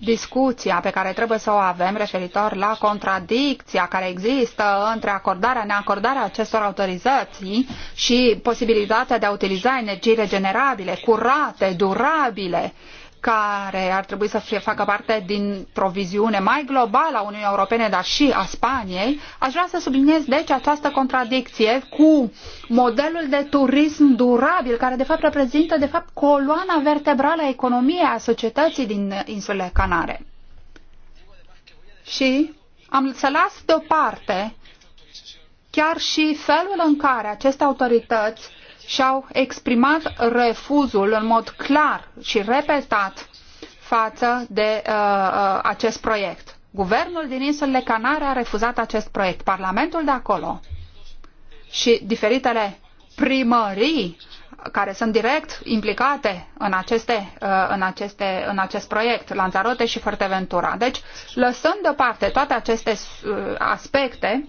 discuția pe care trebuie să o avem referitor la contradicția care există între acordarea, neacordarea acestor autorizații și posibilitatea de a utiliza energii regenerabile, curate, durabile, uh, care ar trebui să fie, facă parte dintr-o viziune mai globală a Uniunii Europene, dar și a Spaniei, aș vrea să subliniez deci această contradicție cu modelul de turism durabil, care de fapt reprezintă de fapt coloana vertebrală a economiei a societății din insulele Canare. Și am să las deoparte chiar și felul în care aceste autorități și-au exprimat refuzul în mod clar și repetat față de uh, uh, acest proiect. Guvernul din insulele Canare a refuzat acest proiect, Parlamentul de acolo și diferitele primării care sunt direct implicate în, aceste, uh, în, aceste, în acest proiect, Lanzarote și Forteventura. Deci, lăsând deoparte toate aceste uh, aspecte,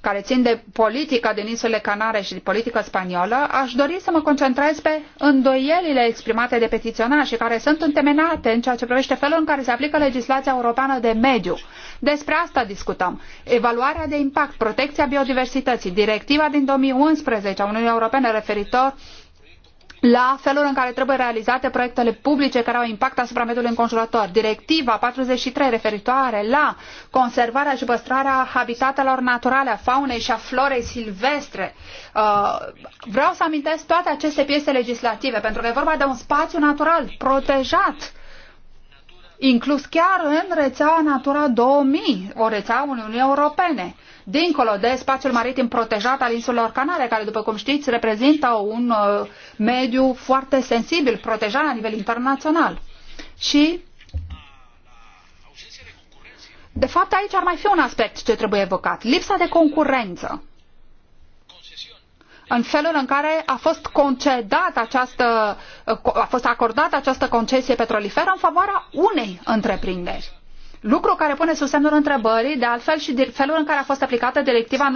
care țin de politica din insulele Canare și de politica spaniolă, aș dori să mă concentrez pe îndoielile exprimate de petiționar și care sunt întemenate în ceea ce privește felul în care se aplică legislația europeană de mediu. Despre asta discutăm. Evaluarea de impact, protecția biodiversității, directiva din 2011 a Uniunii Europene referitor la felul în care trebuie realizate proiectele publice care au impact asupra mediului înconjurător. Directiva 43 referitoare la conservarea și păstrarea habitatelor naturale, a faunei și a florei silvestre. Uh, vreau să amintesc toate aceste piese legislative, pentru că e vorba de un spațiu natural protejat inclus chiar în rețea Natura 2000, o rețea Uniunii Europene, dincolo de spațiul maritim protejat al insulelor Canare, care, după cum știți, reprezintă un uh, mediu foarte sensibil, protejat la nivel internațional. Și, de fapt, aici ar mai fi un aspect ce trebuie evocat, lipsa de concurență în felul în care a fost concedat această, a fost acordată această concesie petroliferă în favoarea unei întreprinderi. Lucru care pune sub semnul întrebării, de altfel și felul în care a fost aplicată directiva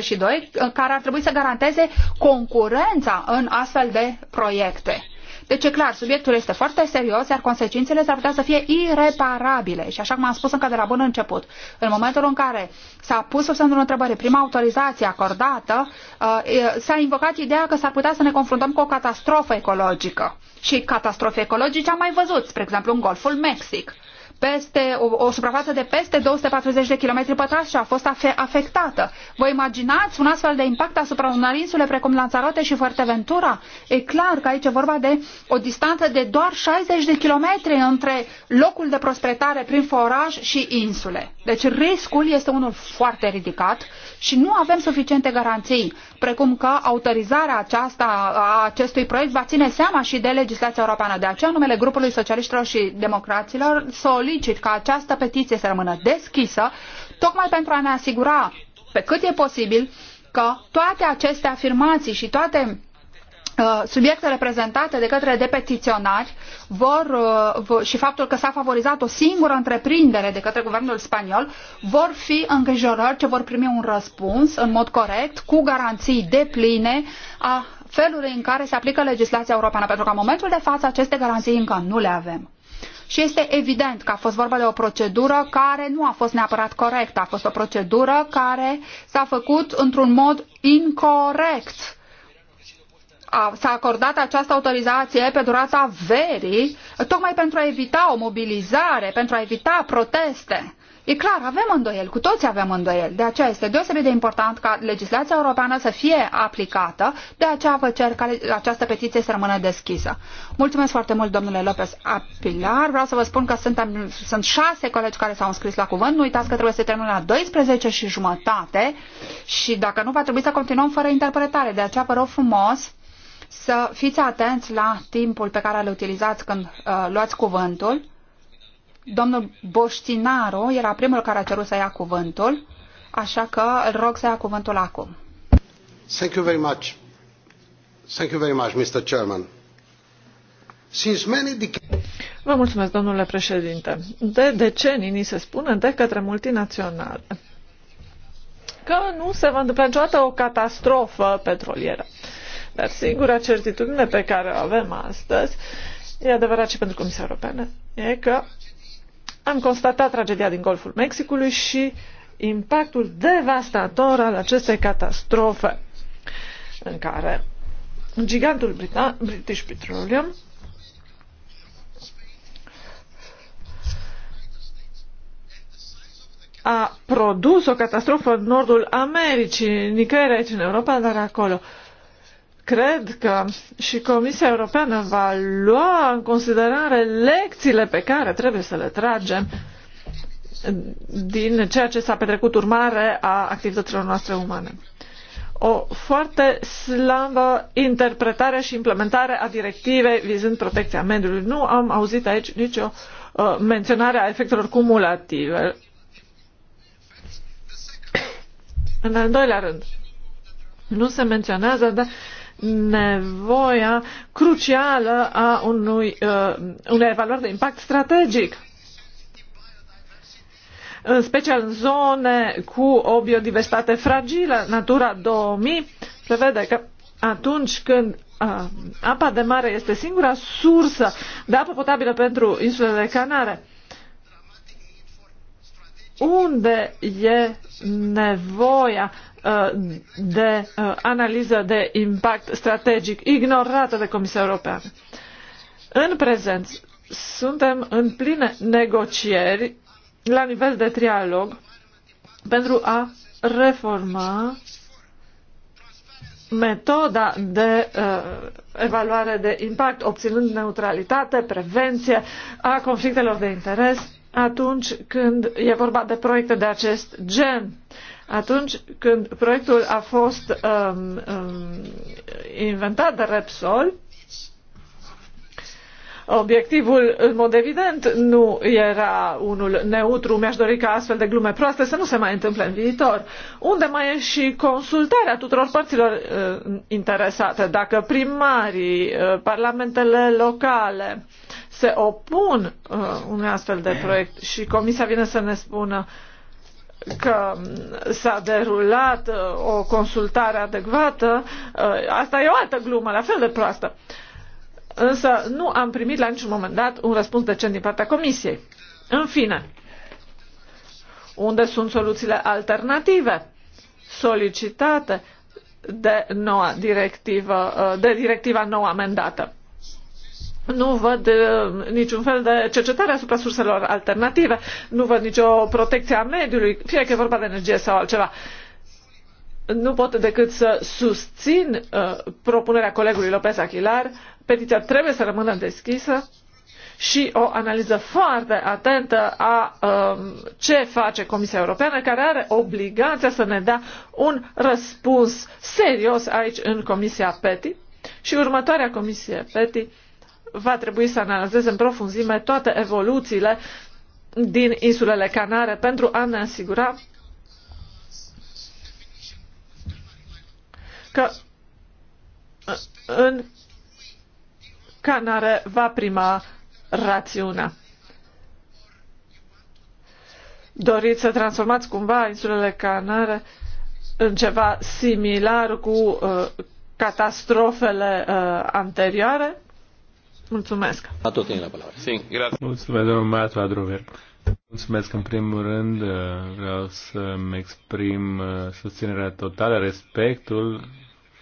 94-22, care ar trebui să garanteze concurența în astfel de proiecte. Deci e clar, subiectul este foarte serios, iar consecințele s-ar putea să fie ireparabile. Și așa cum am spus încă de la bun început, în momentul în care s-a pus sub semnul întrebării prima autorizație acordată, uh, s-a invocat ideea că s-ar putea să ne confruntăm cu o catastrofă ecologică. Și catastrofe ecologice am mai văzut, spre exemplu, în Golful Mexic peste, o, o suprafață de peste 240 de km pătrați și a fost afectată. Vă imaginați un astfel de impact asupra unor insule precum Lanzarote și Fuerteventura? E clar că aici e vorba de o distanță de doar 60 de kilometri între locul de prospectare prin foraj și insule. Deci riscul este unul foarte ridicat și nu avem suficiente garanții, precum că autorizarea aceasta a acestui proiect va ține seama și de legislația europeană. De aceea, numele grupului socialiștilor și democraților solicit ca această petiție să rămână deschisă, tocmai pentru a ne asigura pe cât e posibil că toate aceste afirmații și toate Uh, subiectele prezentate de către de petiționari vor, uh, și faptul că s-a favorizat o singură întreprindere de către guvernul spaniol vor fi îngrijorări ce vor primi un răspuns în mod corect, cu garanții depline a felului în care se aplică legislația europeană, pentru că în momentul de față aceste garanții încă nu le avem. Și este evident că a fost vorba de o procedură care nu a fost neapărat corectă, a fost o procedură care s-a făcut într-un mod incorrect s-a acordat această autorizație pe durata verii, tocmai pentru a evita o mobilizare, pentru a evita proteste. E clar, avem îndoieli, cu toți avem îndoieli. De aceea este deosebit de important ca legislația europeană să fie aplicată, de aceea vă cer ca această petiție să rămână deschisă. Mulțumesc foarte mult, domnule Lopez Apilar. Vreau să vă spun că suntem, sunt șase colegi care s-au înscris la cuvânt. Nu uitați că trebuie să terminăm la 12 și jumătate și dacă nu, va trebui să continuăm fără interpretare. De aceea vă rog frumos să fiți atenți la timpul pe care îl utilizați când uh, luați cuvântul. Domnul Boștinaru era primul care a cerut să ia cuvântul, așa că îl rog să ia cuvântul acum. Thank you very much. Thank you very much, Mr. Chairman. Since many Vă mulțumesc, domnule președinte. De decenii ni se spune de către multinaționale că nu se va întâmpla niciodată o catastrofă petrolieră. Dar singura certitudine pe care o avem astăzi, e adevărat și pentru Comisia Europeană, e că am constatat tragedia din Golful Mexicului și impactul devastator al acestei catastrofe în care gigantul Brita- British Petroleum a produs o catastrofă în nordul Americii, nicăieri aici în Europa, dar acolo. Uh, Cred că și Comisia Europeană va lua în considerare lecțiile pe care trebuie să le tragem din ceea ce s-a petrecut urmare a activităților noastre umane. O foarte slabă interpretare și implementare a directivei vizând protecția mediului. Nu am auzit aici nicio uh, menționare a efectelor cumulative. În al doilea rând, nu se menționează, dar nevoia crucială a unui, uh, unei evaluări de impact strategic în special în zone cu o biodiversitate fragilă. Natura 2000 prevede că atunci când uh, apa de mare este singura sursă de apă potabilă pentru insulele Canare, unde e nevoia Uh, de uh, analiză de impact strategic ignorată de Comisia Europeană. În prezent, suntem în pline negocieri la nivel de trialog pentru a reforma metoda de uh, evaluare de impact, obținând neutralitate, prevenție a conflictelor de interes atunci când e vorba de proiecte de acest gen. Uh, atunci când proiectul a fost um, um, inventat de Repsol, obiectivul, în mod evident, nu era unul neutru. Mi-aș dori ca astfel de glume proaste să nu se mai întâmple în viitor. Unde mai e și consultarea tuturor părților uh, interesate? Dacă primarii, uh, parlamentele locale se opun uh, unui astfel de proiect și comisia vine să ne spună uh, că s-a derulat uh, o consultare adecvată, uh, asta e o altă glumă, la fel de proastă. Însă nu am primit la niciun moment dat un răspuns decent din partea Comisiei. În fine, unde sunt soluțiile alternative solicitate de noua directivă, uh, de directiva nouă amendată? nu văd uh, niciun fel de cercetare asupra surselor alternative, nu văd nicio protecție a mediului, fie că e vorba de energie sau altceva. Nu pot decât să susțin uh, propunerea colegului Lopez Achilar. Petiția trebuie să rămână deschisă și o analiză foarte atentă a uh, ce face Comisia Europeană, care are obligația să ne dea un răspuns serios aici în Comisia PETI și următoarea Comisie PETI va trebui să analizeze în profunzime toate evoluțiile din insulele Canare pentru a ne asigura că în Canare va prima rațiunea. Doriți să transformați cumva insulele Canare în ceva similar cu uh, catastrofele uh, anterioare? Mulțumesc. A tot la palabra. Sí, gracias. Mulțumesc, domnul Matu Adrover. Mulțumesc, în primul rând, uh, vreau să-mi exprim uh, susținerea totală, respectul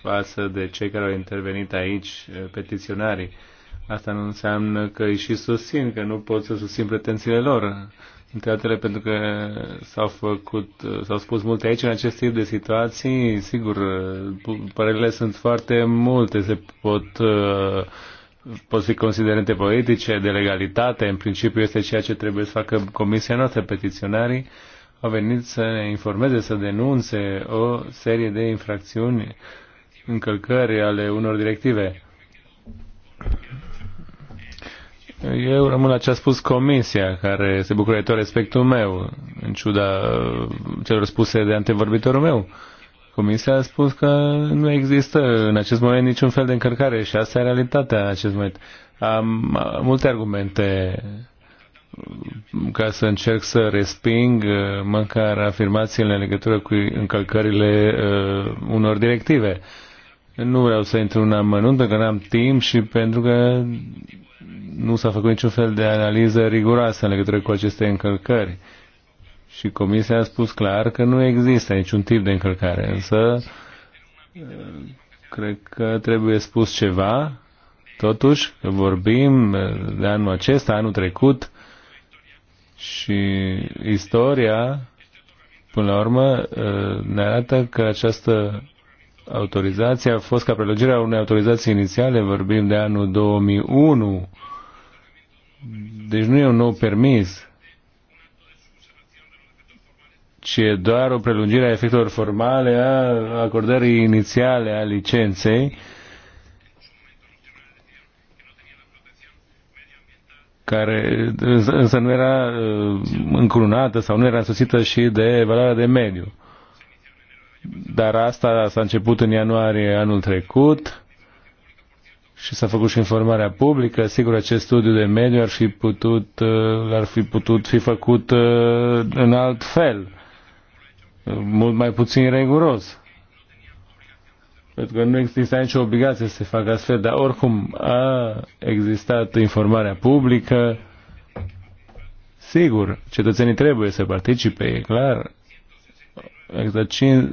față de cei care au intervenit aici, uh, petiționarii. Asta nu înseamnă că îi și susțin, că nu pot să susțin pretențiile lor. Între altele, pentru că s-au făcut, s-au spus multe aici în acest tip de situații, sigur, părerile sunt foarte multe, se pot uh, pot fi considerente politice, de legalitate, în principiu este ceea ce trebuie să facă comisia noastră, petiționarii, au venit să ne informeze, să denunțe o serie de infracțiuni, încălcări ale unor directive. Eu rămân la ce a spus comisia, care se bucură de tot respectul meu, în ciuda celor spuse de antevorbitorul meu. Uh, Comisia a spus că nu există în acest moment niciun fel de încărcare și asta e realitatea în acest moment. Am uh, multe argumente uh, ca să încerc să resping uh, măcar afirmațiile în legătură cu încălcările uh, unor directive. Nu vreau să intru în amănunt, pentru că n-am timp și pentru că nu s-a făcut niciun fel de analiză riguroasă în legătură cu aceste încălcări. Uh, și Comisia a spus clar că nu există niciun tip de încălcare, însă uh, cred că trebuie spus ceva, totuși, că vorbim uh, de anul acesta, anul trecut și istoria, până la urmă, uh, ne arată că această autorizație a fost ca prelogirea unei autorizații inițiale, vorbim de anul 2001, deci nu e un nou permis, ci deci, e doar o prelungire a efectelor formale a acordării inițiale a licenței care însă nu era uh, încrunată sau nu era însusită și de valoarea de mediu. Dar asta s-a început în ianuarie anul trecut și s-a făcut și informarea publică. Sigur, acest studiu de mediu ar fi putut, uh, ar fi, putut fi făcut uh, în alt fel mult mai puțin riguros. Pentru că nu există nicio obligație să se facă astfel, dar oricum a existat informarea publică. Sigur, cetățenii trebuie să participe, e clar. Exact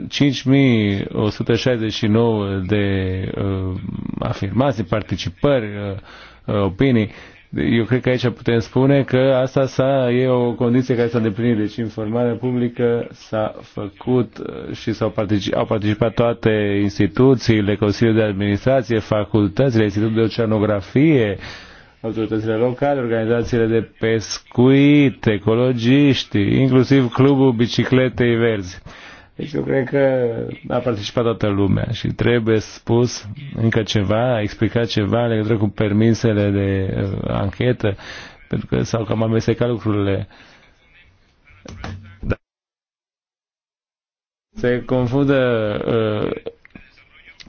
5169 de uh, afirmații, participări, uh, uh opinii. Eu cred că aici putem spune că asta s-a, e o condiție care s-a deplinit. deci informarea publică s-a făcut uh, și s-au particip, au participat toate instituțiile, Consiliul de Administrație, facultățile, Institutul de Oceanografie, autoritățile locale, organizațiile de pescuit, ecologiști, inclusiv Clubul Bicicletei Verzi. Deci eu cred că a participat toată lumea și trebuie spus încă ceva, explicat ceva în legătură cu permisele de uh, anchetă, pentru că s-au cam amestecat lucrurile. Da. Se confundă uh,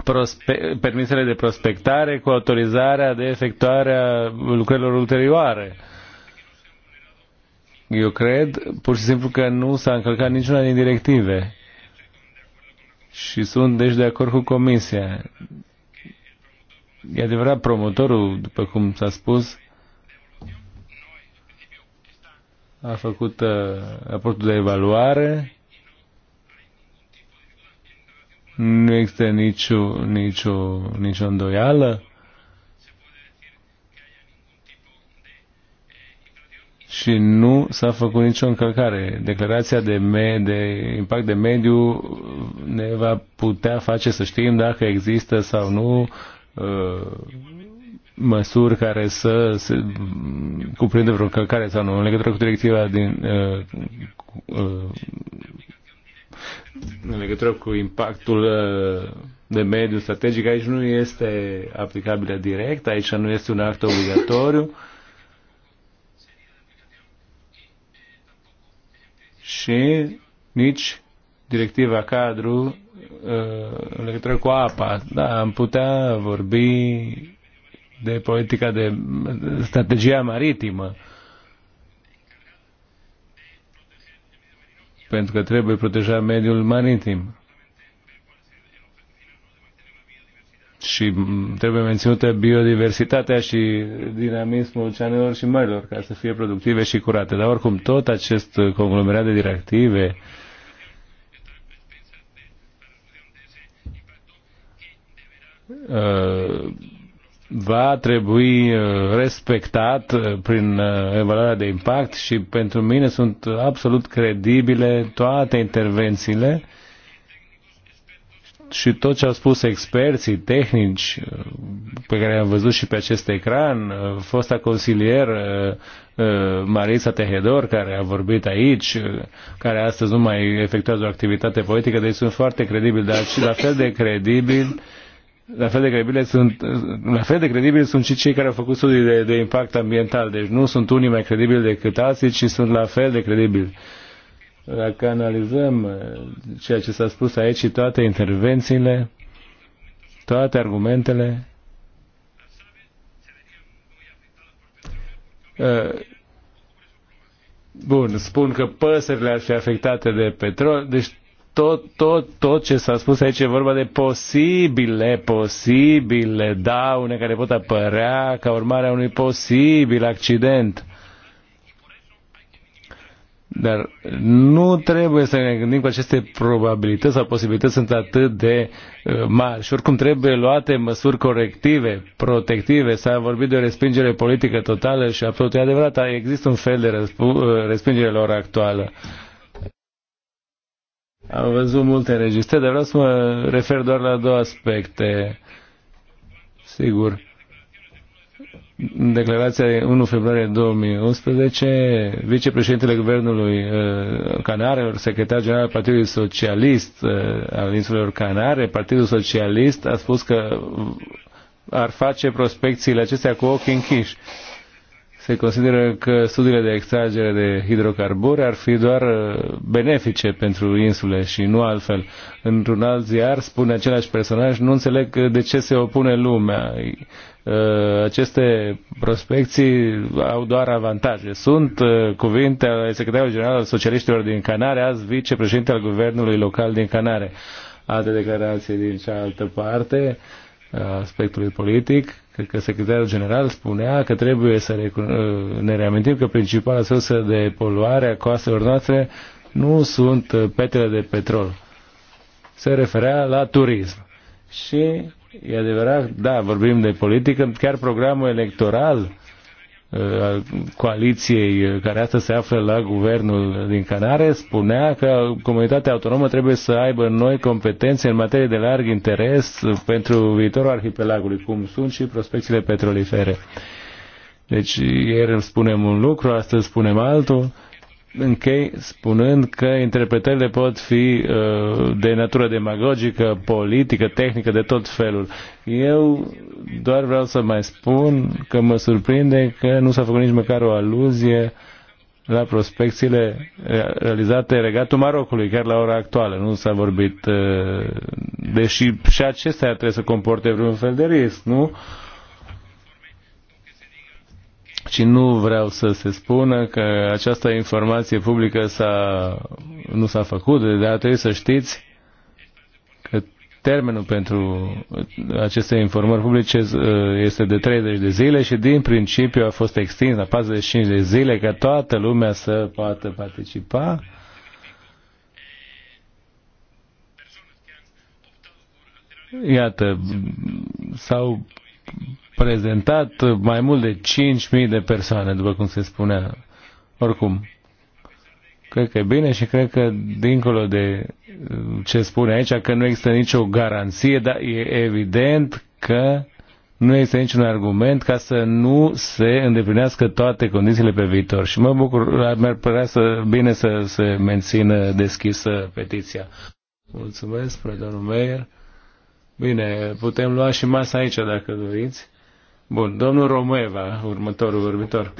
prospe- permisele de prospectare cu autorizarea de a lucrărilor ulterioare. Eu cred, pur și simplu, că nu s-a încălcat niciuna din directive. Și sunt deci de acord cu Comisia. E adevărat, promotorul, după cum s-a spus, a făcut uh, raportul de evaluare. Nu există nicio, nicio, nicio îndoială și nu s-a făcut nicio încălcare. Declarația de, me- de impact de mediu ne va putea face să știm dacă există sau nu uh, măsuri care să se cuprindă vreo încălcare sau nu. În legătură cu directiva din. Uh, uh, în legătură cu impactul uh, de mediu strategic, aici nu este aplicabilă direct, aici nu este un act obligatoriu. și nici directiva cadru uh, în legătură cu apa. Da, am putea vorbi de politica de strategia maritimă. Pentru că trebuie proteja mediul maritim. și trebuie menținută biodiversitatea și dinamismul oceanelor și mărilor ca să fie productive și curate. Dar oricum tot acest conglomerat de directive uh, va trebui uh, respectat uh, prin evaluarea de impact și pentru mine sunt absolut credibile toate intervențiile și tot ce au spus experții, tehnici, uh, pe care am văzut și pe acest ecran, uh, fosta consilier uh, Marisa Tehedor, care a vorbit aici, care astăzi nu mai efectuează o activitate politică, deci sunt foarte credibili, dar și la fel de credibili la fel de credibile sunt, la fel de credibili sunt și cei care au făcut studii de, de impact ambiental, deci nu sunt unii mai credibili decât alții, ci sunt la fel de credibili. Dacă analizăm uh, ceea ce s-a spus aici și toate intervențiile, toate argumentele, uh, Bun, spun că păsările ar fi afectate de petrol, deci tot, tot, tot ce s-a spus aici e vorba de posibile, posibile daune care pot apărea ca urmare a unui posibil accident. Dar nu trebuie să ne gândim că aceste probabilități sau posibilități sunt atât de uh, mari și oricum trebuie luate măsuri corective, protective. S-a vorbit de o respingere politică totală și absolut e adevărat, există un fel de uh, respingere lor actuală. Am văzut multe înregistrări, dar vreau să mă refer doar la două aspecte. Sigur în declarația 1 februarie 2011, vicepreședintele Guvernului uh, Canarelor, secretar general al Partidului Socialist uh, al insulelor Canare, Partidul Socialist a spus că ar face prospecțiile acestea cu ochii închiși se consideră că studiile de extragere de hidrocarburi ar fi doar uh, benefice pentru insule și nu altfel. Într-un alt ziar spune același personaj, nu înțeleg de ce se opune lumea. Uh, aceste prospecții au doar avantaje. Sunt uh, cuvinte ale secretarului general al socialiștilor din Canare, azi vicepreședinte al guvernului local din Canare. Alte declarații din cealaltă parte. Uh, aspectului politic, cred că secretarul general spunea că trebuie să uh, ne reamintim că principala sursă de poluare a coastelor noastre nu sunt uh, petele de petrol. Se referea la turism. Și e adevărat, da, vorbim de politică, chiar programul electoral al uh, coaliției care astăzi se află la guvernul din Canare spunea că comunitatea autonomă trebuie să aibă noi competențe în materie de larg interes pentru viitorul arhipelagului, cum sunt și prospecțiile petrolifere. Deci ieri spunem un lucru, astăzi spunem altul închei spunând că interpretările pot fi uh, de natură demagogică, politică, tehnică, de tot felul. Eu doar vreau să mai spun că mă surprinde că nu s-a făcut nici măcar o aluzie la prospecțiile realizate regatul Marocului, chiar la ora actuală. Nu s-a vorbit, uh, deși și acestea trebuie să comporte vreun fel de risc, nu? Uh, și nu vreau să se spună că această informație publică s-a, nu s-a făcut, dar trebuie să știți că termenul pentru aceste informări publice uh, este de 30 de zile și din principiu a fost extins la 45 de zile ca toată lumea să poată participa. Iată, sau prezentat mai mult de 5.000 de persoane, după cum se spunea. Oricum, cred că e bine și cred că, dincolo de uh, ce spune aici, că nu există nicio garanție, dar e evident că nu există niciun argument ca să nu se îndeplinească toate condițiile pe viitor. Și mă bucur, mi-ar părea să, bine să se mențină deschisă petiția. Mulțumesc, spre domnul Meier. Bine, putem lua și masa aici dacă doriți. Bun, domnul Romueva, următorul vorbitor.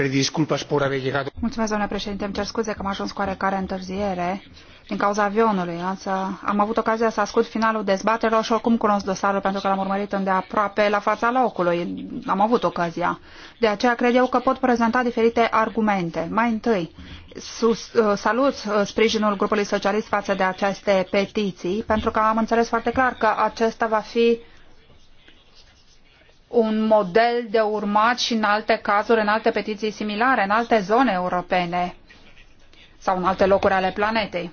Mulțumesc, domnule președinte. Îmi cer scuze că am ajuns cu oarecare întârziere din cauza avionului, însă am avut ocazia să ascult finalul dezbaterilor și oricum cunosc dosarul pentru că l-am urmărit îndeaproape la fața locului. Am avut ocazia. De aceea cred eu că pot prezenta diferite argumente. Mai întâi, sus, uh, salut uh, sprijinul grupului socialist față de aceste petiții, pentru că am înțeles foarte clar că acesta va fi un model de urmat și în alte cazuri, în alte petiții similare, în alte zone europene sau în alte locuri ale planetei.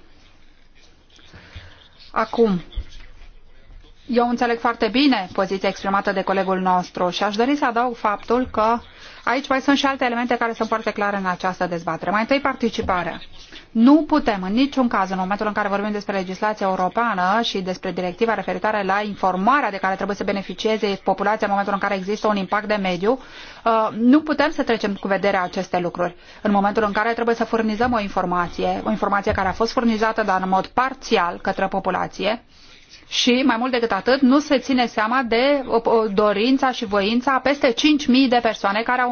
Acum, eu înțeleg foarte bine poziția exprimată de colegul nostru și aș dori să adaug faptul că aici mai sunt și alte elemente care sunt foarte clare în această dezbatere. Mai întâi, participarea. Nu putem în niciun caz, în momentul în care vorbim despre legislația europeană și despre directiva referitoare la informarea de care trebuie să beneficieze populația în momentul în care există un impact de mediu, uh, nu putem să trecem cu vederea aceste lucruri. În momentul în care trebuie să furnizăm o informație, o informație care a fost furnizată, dar în mod parțial către populație, și, mai mult decât atât, nu se ține seama de uh, uh, dorința și voința a peste 5.000 de persoane care au,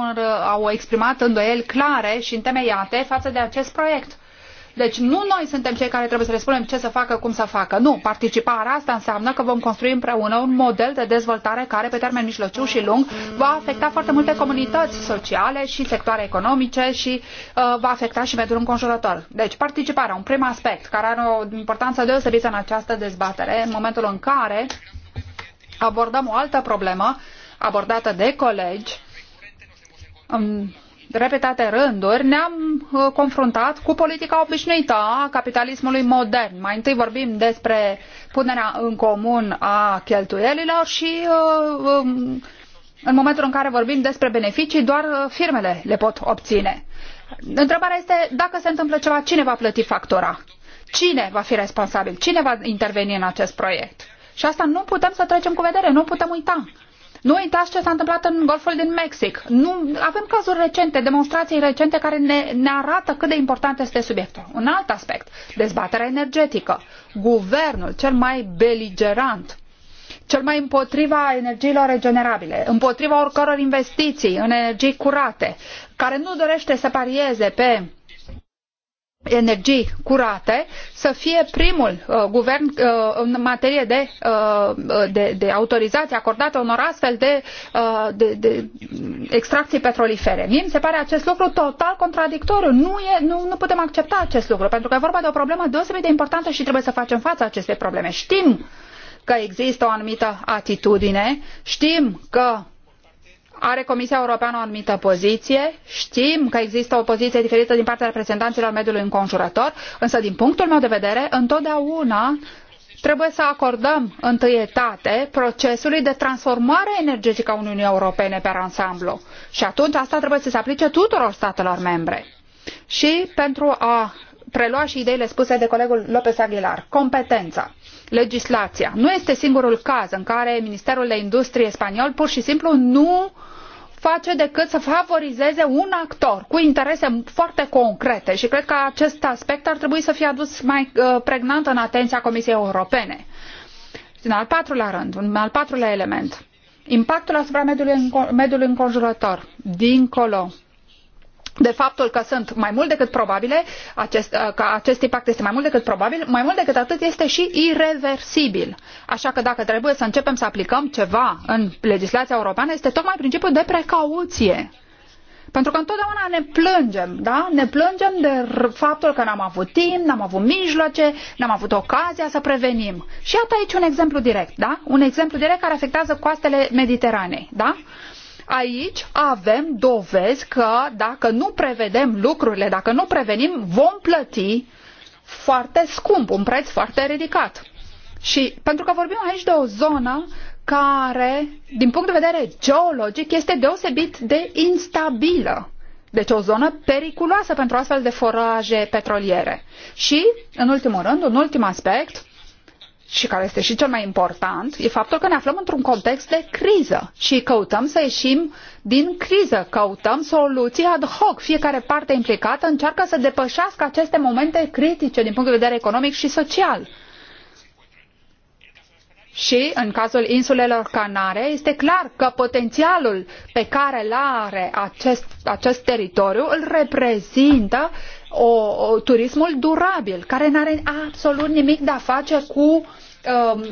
au exprimat îndoieli clare și întemeiate față de acest proiect. Deci nu noi suntem cei care trebuie să le spunem ce să facă, cum să facă. Nu, participarea asta înseamnă că vom construi împreună un model de dezvoltare care pe termen mijlociu și lung va afecta foarte multe comunități sociale și sectoare economice și uh, va afecta și mediul înconjurător. Deci participarea, un prim aspect care are o importanță deosebită în această dezbatere, în momentul în care abordăm o altă problemă abordată de colegi, repetate rânduri, ne-am uh, confruntat cu politica obișnuită a capitalismului modern. Mai întâi vorbim despre punerea în comun a cheltuielilor și uh, um, în momentul în care vorbim despre beneficii, doar uh, firmele le pot obține. Întrebarea este dacă se întâmplă ceva, cine va plăti factura? Cine va fi responsabil? Cine va interveni în acest proiect? Și asta nu putem să trecem cu vedere, nu putem uita. Nu uitați ce s-a întâmplat în Golful din Mexic. Nu, avem cazuri recente, demonstrații recente care ne, ne arată cât de important este subiectul. Un alt aspect, dezbaterea energetică. Guvernul cel mai beligerant cel mai împotriva energiilor regenerabile, împotriva oricăror investiții în energii curate, care nu dorește să parieze pe energii curate să fie primul uh, guvern uh, în materie de, uh, de, de acordată unor astfel de, uh, de, de extracții petrolifere. Mie mi se pare acest lucru total contradictoriu. Nu, e, nu, nu putem accepta acest lucru, pentru că e vorba de o problemă deosebit de importantă și trebuie să facem față acestei probleme. Știm că există o anumită atitudine, știm că are Comisia Europeană o anumită poziție, știm că există o poziție diferită din partea reprezentanților mediului înconjurător, însă din punctul meu de vedere, întotdeauna trebuie să acordăm întâietate procesului de transformare energetică a Uniunii Europene pe ansamblu. Și atunci asta trebuie să se aplice tuturor statelor membre. Și pentru a prelua și ideile spuse de colegul López Aguilar, competența legislația. Nu este singurul caz în care Ministerul de Industrie spaniol pur și simplu nu face decât să favorizeze un actor cu interese foarte concrete și cred că acest aspect ar trebui să fie adus mai uh, pregnant în atenția Comisiei Europene. În al patrulea rând, un al patrulea element, impactul asupra mediului, înconjurător, dincolo de faptul că sunt mai mult decât probabile, acest, uh, că acest impact este mai mult decât probabil, mai mult decât atât este și irreversibil. Așa că dacă trebuie să începem să aplicăm ceva în legislația europeană, este tocmai principiul de precauție. Pentru că întotdeauna ne plângem, da? Ne plângem de faptul că n-am avut timp, n-am avut mijloace, n-am avut ocazia să prevenim. Și iată aici un exemplu direct, da? Un exemplu direct care afectează coastele Mediteranei, da? Uh, Aici avem dovezi că dacă nu prevedem lucrurile, dacă nu prevenim, vom plăti foarte scump, un preț foarte ridicat. Și pentru că vorbim aici de o zonă care, din punct de vedere geologic, este deosebit de instabilă. Deci o zonă periculoasă pentru astfel de foraje petroliere. Și, în ultimul rând, un ultim aspect, și care este și cel mai important, e faptul că ne aflăm într-un context de criză și căutăm să ieșim din criză, căutăm soluții ad hoc. Fiecare parte implicată încearcă să depășească aceste momente critice din punct de vedere economic și social. Și în cazul insulelor Canare este clar că potențialul pe care îl are acest, acest teritoriu îl reprezintă o, o, turismul durabil, care nu are absolut nimic de a face cu um,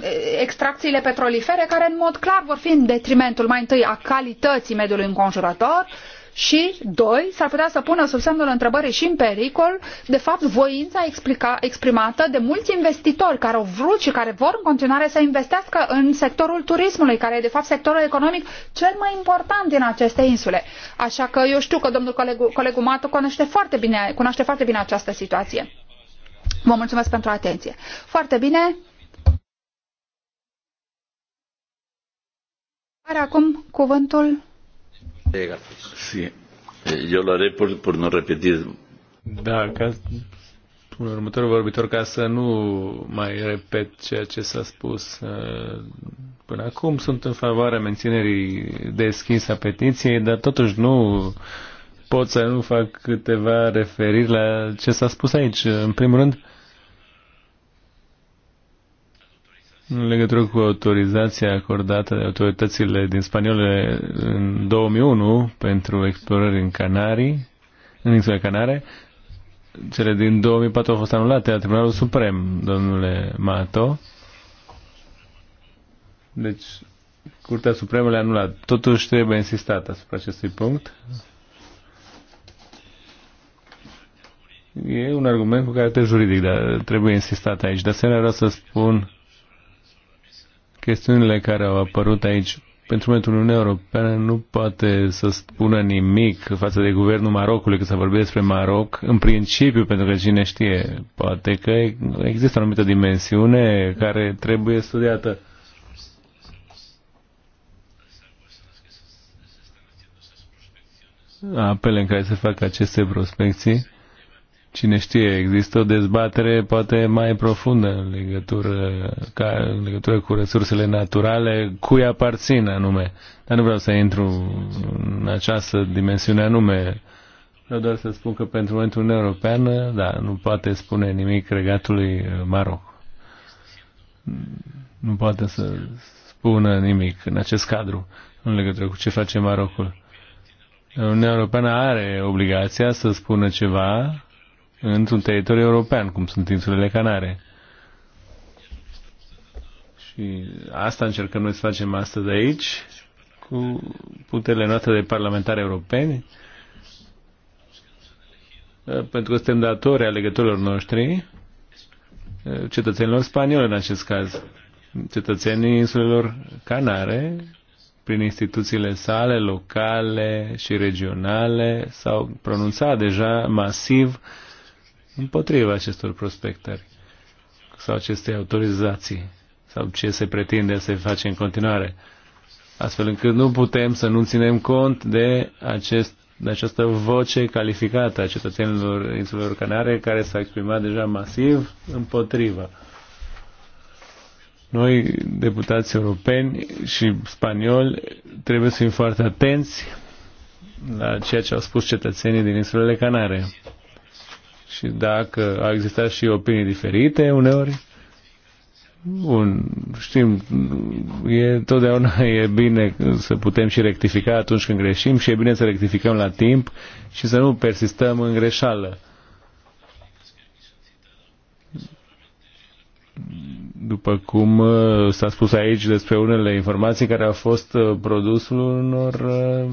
extracțiile petrolifere, care în mod clar vor fi în detrimentul mai întâi a calității mediului înconjurător, și, doi, s-ar putea să pună sub semnul întrebării și în pericol, de fapt, voința explica, exprimată de mulți investitori care au vrut și care vor în continuare să investească în sectorul turismului, care e, de fapt, sectorul economic cel mai important din aceste insule. Așa că eu știu că domnul colegul, colegul Matu cunoaște foarte, bine, cunoaște foarte bine această situație. Vă mulțumesc pentru atenție. Foarte bine. Are acum cuvântul Sí. Eu la report, por nu repetir. Da, ca un următor vorbitor, ca să nu mai repet ceea ce s-a spus eh, până acum, sunt în favoarea menținerii deschise a petiției, dar totuși nu pot să nu fac câteva referiri la ce s-a spus aici. În primul rând, în legătură cu autorizația acordată de autoritățile din spaniole în 2001 pentru explorări în Canarii, în insula Canare, cele din 2004 au fost anulate la Tribunalul Suprem, domnule Mato. Deci, Curtea Supremă le-a anulat. Totuși trebuie insistat asupra acestui punct. E un argument cu caracter juridic, dar trebuie insistat aici. De asemenea, vreau să spun chestiunile care au apărut aici. Pentru momentul Uniunea Europeană nu poate să spună nimic față de guvernul Marocului, că să vorbim despre Maroc, în principiu, pentru că cine știe, poate că există o anumită dimensiune care trebuie studiată. Apele în care se fac aceste prospecții cine știe, există o dezbatere poate mai profundă în legătură, ca, în legătură cu resursele naturale, cui aparțin anume. Dar nu vreau să intru în această dimensiune anume. Vreau doar să spun că pentru momentul Uniunea Europeană, da, nu poate spune nimic regatului uh, Maroc. Nu poate să spună nimic în acest cadru în legătură cu ce face Marocul. Uniunea Europeană are obligația să spună ceva într-un teritoriu european, cum sunt insulele Canare. Și asta încercăm noi să facem astăzi aici, cu puterile noastre de parlamentari europeni, pentru că suntem datori alegătorilor noștri, cetățenilor spanioli în acest caz, cetățenii insulelor Canare, prin instituțiile sale locale și regionale, s-au pronunțat deja masiv uh, împotriva acestor prospectări sau acestei autorizații sau ce se pretinde să se face în continuare, astfel încât nu putem să nu ținem cont de, acest, de această voce calificată a cetățenilor insulelor Canare care s-a exprimat deja masiv împotriva. Noi, deputații europeni și spanioli, trebuie să fim foarte atenți la ceea ce au spus cetățenii din insulele Canare și dacă au existat și opinii diferite uneori, Bun, știm, e, totdeauna e bine să putem și rectifica atunci când greșim și e bine să rectificăm la timp și să nu persistăm în greșeală. După cum uh, s-a spus aici despre unele informații care au fost uh, produsul unor uh,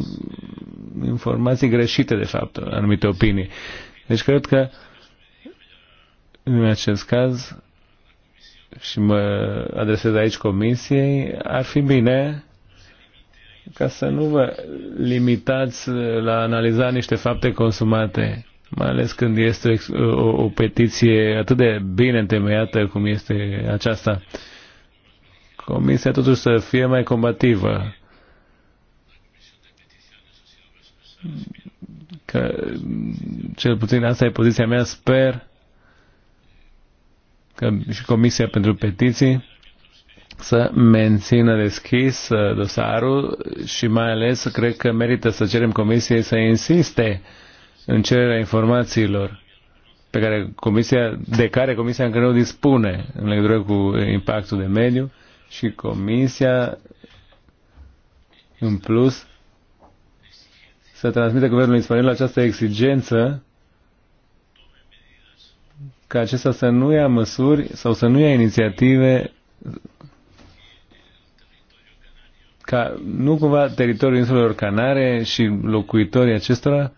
informații greșite, de fapt, anumite opinii. Deci cred că uh, în acest caz, și mă adresez aici comisiei, ar fi bine ca să nu vă limitați la a analiza niște fapte consumate, mai ales când este o, o petiție atât de bine întemeiată cum este aceasta. Comisia totuși să fie mai combativă. Că, cel puțin asta e poziția mea, sper că și Comisia pentru Petiții să mențină deschis uh, dosarul și mai ales cred că merită să cerem Comisiei să insiste în cererea informațiilor pe care comisia, de care Comisia încă nu dispune în legătură cu impactul de mediu și Comisia în plus să transmită Guvernului Spaniol această exigență ca acesta să nu ia măsuri sau să nu ia inițiative ca nu cumva teritoriul insulelor Canare și locuitorii acestora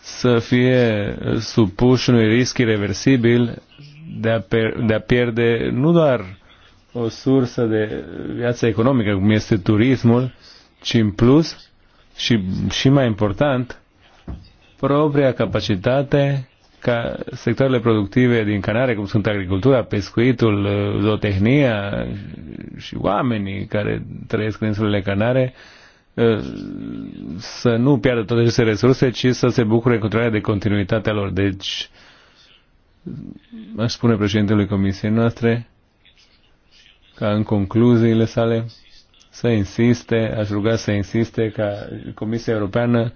să fie supuși unui risc irreversibil de a, per, de a pierde nu doar o sursă de viață economică, cum este turismul, ci în plus și, și mai important, propria capacitate ca sectoarele productive din Canare, cum sunt agricultura, pescuitul, uh, zootehnia și oamenii care trăiesc în insulele Canare, uh, să nu piardă toate aceste resurse, ci să se bucure în de continuitatea lor. Deci, aș spune președintelui Comisiei noastre ca în concluziile sale să insiste, aș ruga să insiste ca Comisia Europeană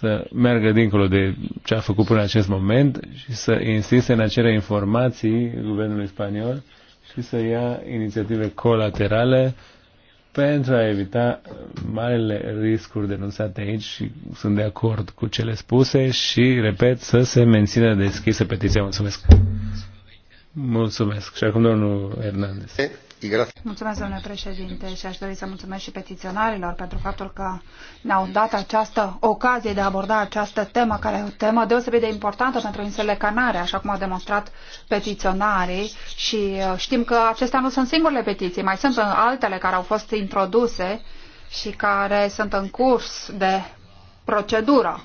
să meargă dincolo de ce a făcut până în acest moment și să insiste în acele informații guvernului spaniol și să ia inițiative colaterale pentru a evita marele riscuri denunțate aici și sunt de acord cu cele spuse și, repet, să se mențină deschisă petiția. Mulțumesc! Mulțumesc! Și acum domnul Hernandez. Mulțumesc, domnule președinte, și aș dori să mulțumesc și petiționarilor pentru faptul că ne-au dat această ocazie de a aborda această temă, care e o temă deosebit de importantă pentru insulele Canare, așa cum au demonstrat petiționarii și uh, știm că acestea nu sunt singurele petiții, mai sunt uh, altele care au fost introduse și care sunt în curs de procedură.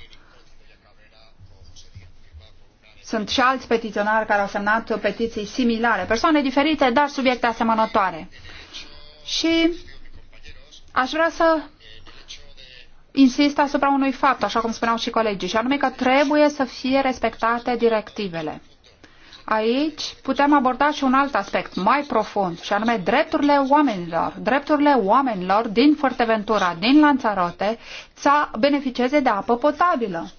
Sunt și alți petiționari care au semnat petiții similare, persoane diferite, dar subiecte asemănătoare. Și aș vrea să insist asupra unui fapt, așa cum spuneau și colegii, și anume că trebuie să fie respectate directivele. Aici putem aborda și un alt aspect mai profund, și anume drepturile oamenilor. Drepturile oamenilor din Forteventura, din Lanzarote, să beneficieze de apă potabilă.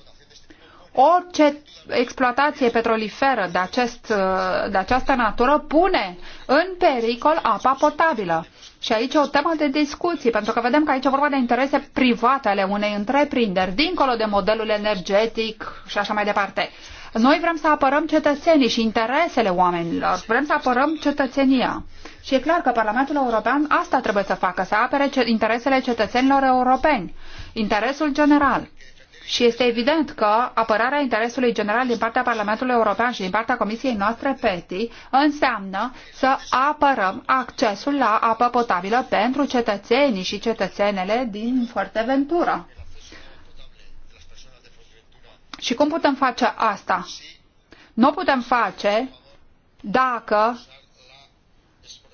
Orice exploatație petroliferă de, acest, de această natură pune în pericol apa potabilă. Și aici e o temă de discuții, pentru că vedem că aici e vorba de interese private ale unei întreprinderi, dincolo de modelul energetic și așa mai departe. Noi vrem să apărăm cetățenii și interesele oamenilor, vrem să apărăm cetățenia. Și e clar că Parlamentul European asta trebuie să facă, să apere interesele cetățenilor europeni, interesul general și este evident că apărarea interesului general din partea Parlamentului European și din partea Comisiei noastre PETI înseamnă să apărăm accesul la apă potabilă pentru cetățenii și cetățenele din Fuerteventura. Și cum putem face asta? Nu putem face dacă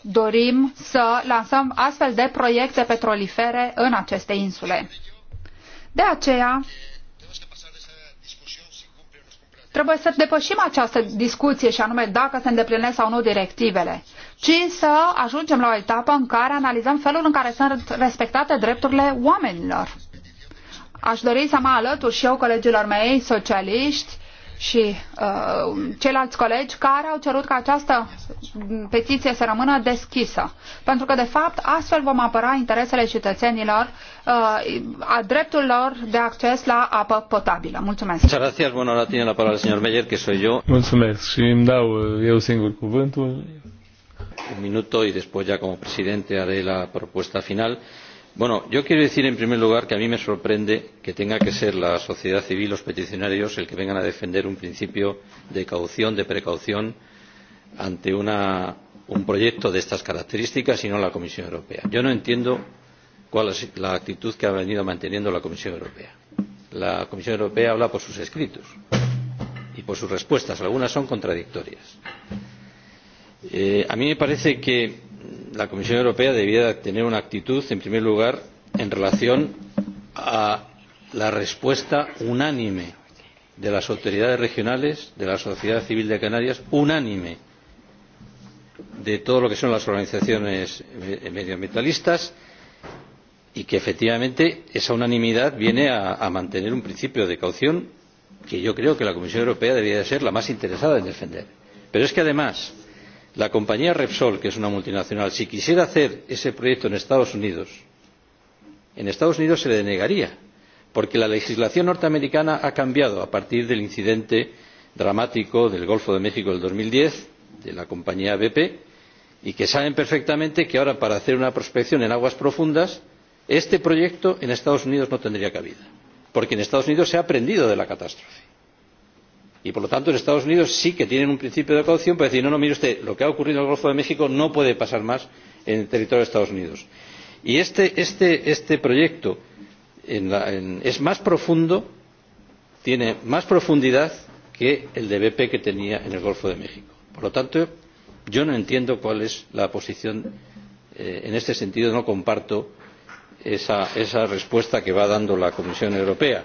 dorim să lansăm astfel de proiecte petrolifere în aceste insule. De aceea, trebuie să depășim această discuție și anume dacă se îndeplinesc sau nu directivele, ci să ajungem la o etapă în care analizăm felul în care sunt respectate drepturile oamenilor. Aș dori să mă alătur și eu colegilor mei socialiști și uh, ceilalți colegi care au cerut ca această petiție să rămână deschisă. Pentru că, de fapt, astfel vom apăra interesele cetățenilor uh, a dreptul lor de acces la apă potabilă. Mulțumesc! Mulțumesc și îmi dau uh, eu singur cuvântul. Un minut și după, ya como presidente haré la propuesta final yo quiero decir en primer lugar que a mí me sorprende que tenga que ser la sociedad civil, los peticionarios, los que vengan a defender un principio de caución, de precaución, ante una, un proyecto de estas características y no la Comisión Europea. Yo no entiendo cuál es la actitud que ha venido manteniendo la Comisión Europea. La Comisión Europea habla por sus escritos y por sus respuestas. Algunas son contradictorias. Eh, a mí me parece que la Comisión Europea debiera tener una actitud, en primer lugar, en relación a la respuesta unánime de las autoridades regionales, de la sociedad civil de Canarias, unánime de todo lo que son las organizaciones medioambientalistas y que efectivamente esa unanimidad viene a, a mantener un principio de caución que yo creo que la Comisión Europea debería ser la más interesada en defender. Pero es que además la compañía repsol que es una multinacional si quisiera hacer ese proyecto en estados unidos en estados unidos se le denegaría porque la legislación norteamericana ha cambiado a partir del incidente dramático del golfo de méxico de dos mil diez de la compañía bp y que saben perfectamente que ahora para hacer una prospección en aguas profundas este proyecto en estados unidos no tendría cabida porque en estados unidos se ha aprendido de la catástrofe y por lo tanto los estados unidos sí que tienen un principio de precaución para decir no no mire usted lo que ha ocurrido en el golfo de méxico no puede pasar más en el territorio de los estados unidos. y este proyecto es más profundo tiene más profundidad que el de bp que tenía en el golfo de méxico. por lo tanto yo no entiendo cuál es la posición eh, en este sentido no comparto esa respuesta que va dando la comisión europea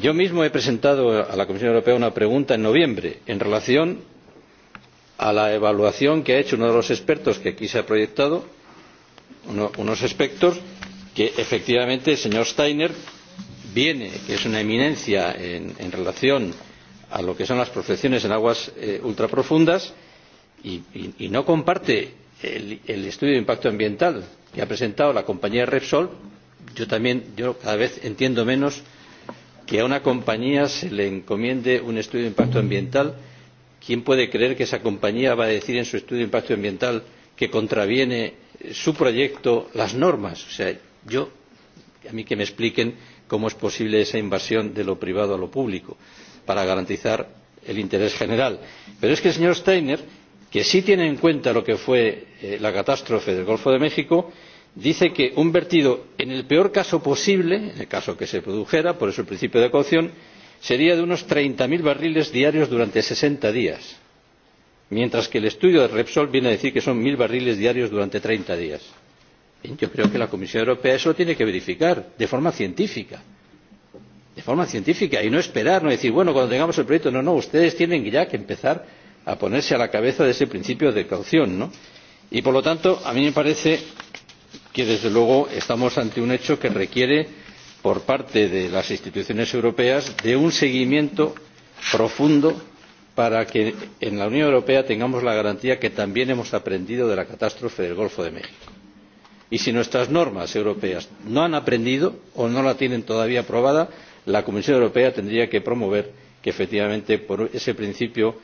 yo mismo he presentado a la comisión europea una pregunta en noviembre en relación con la evaluación que ha hecho uno de los expertos que aquí se ha proyectado unos expertos que efectivamente el señor steiner viene que es una eminencia en, en relación con lo que son las prospecciones en aguas eh, ultraprofundas y, y, y no comparte el, el estudio de impacto ambiental que ha presentado la compañía repsol yo también yo cada vez entiendo menos que a una compañía se le encomiende un estudio de impacto ambiental quién puede creer que esa compañía va a decir en su estudio de impacto ambiental que contraviene su proyecto las normas? o sea yo a mí que me expliquen cómo es posible esa invasión de lo privado a lo público para garantizar el interés general. pero es que el señor steiner que sí tiene en cuenta lo que fue eh, la catástrofe del golfo de méxico dice que un vertido en el peor caso posible en el caso de que se produjera por eso el principio de cautela sería de unos treinta cero barriles diarios durante sesenta días mientras que el estudio de repsol viene a decir que son uno cero barriles diarios durante treinta días. yo creo que la comisión europea eso lo tiene que verificar de forma científica de forma científica y no esperar no decir bueno cuando tengamos el proyecto no no ustedes tienen ya que empezar a ponerse a la cabeza de ese principio de cautela ¿no? y por lo tanto a mí me parece que desde luego estamos ante un hecho que requiere por parte de las instituciones europeas de un seguimiento profundo para que en la unión europea tengamos la garantía de que también hemos aprendido de la catástrofe del golfo de méxico. y si nuestras normas europeas no han aprendido o no la tienen todavía aprobada la comisión europea tendría que promover que efectivamente por ese principio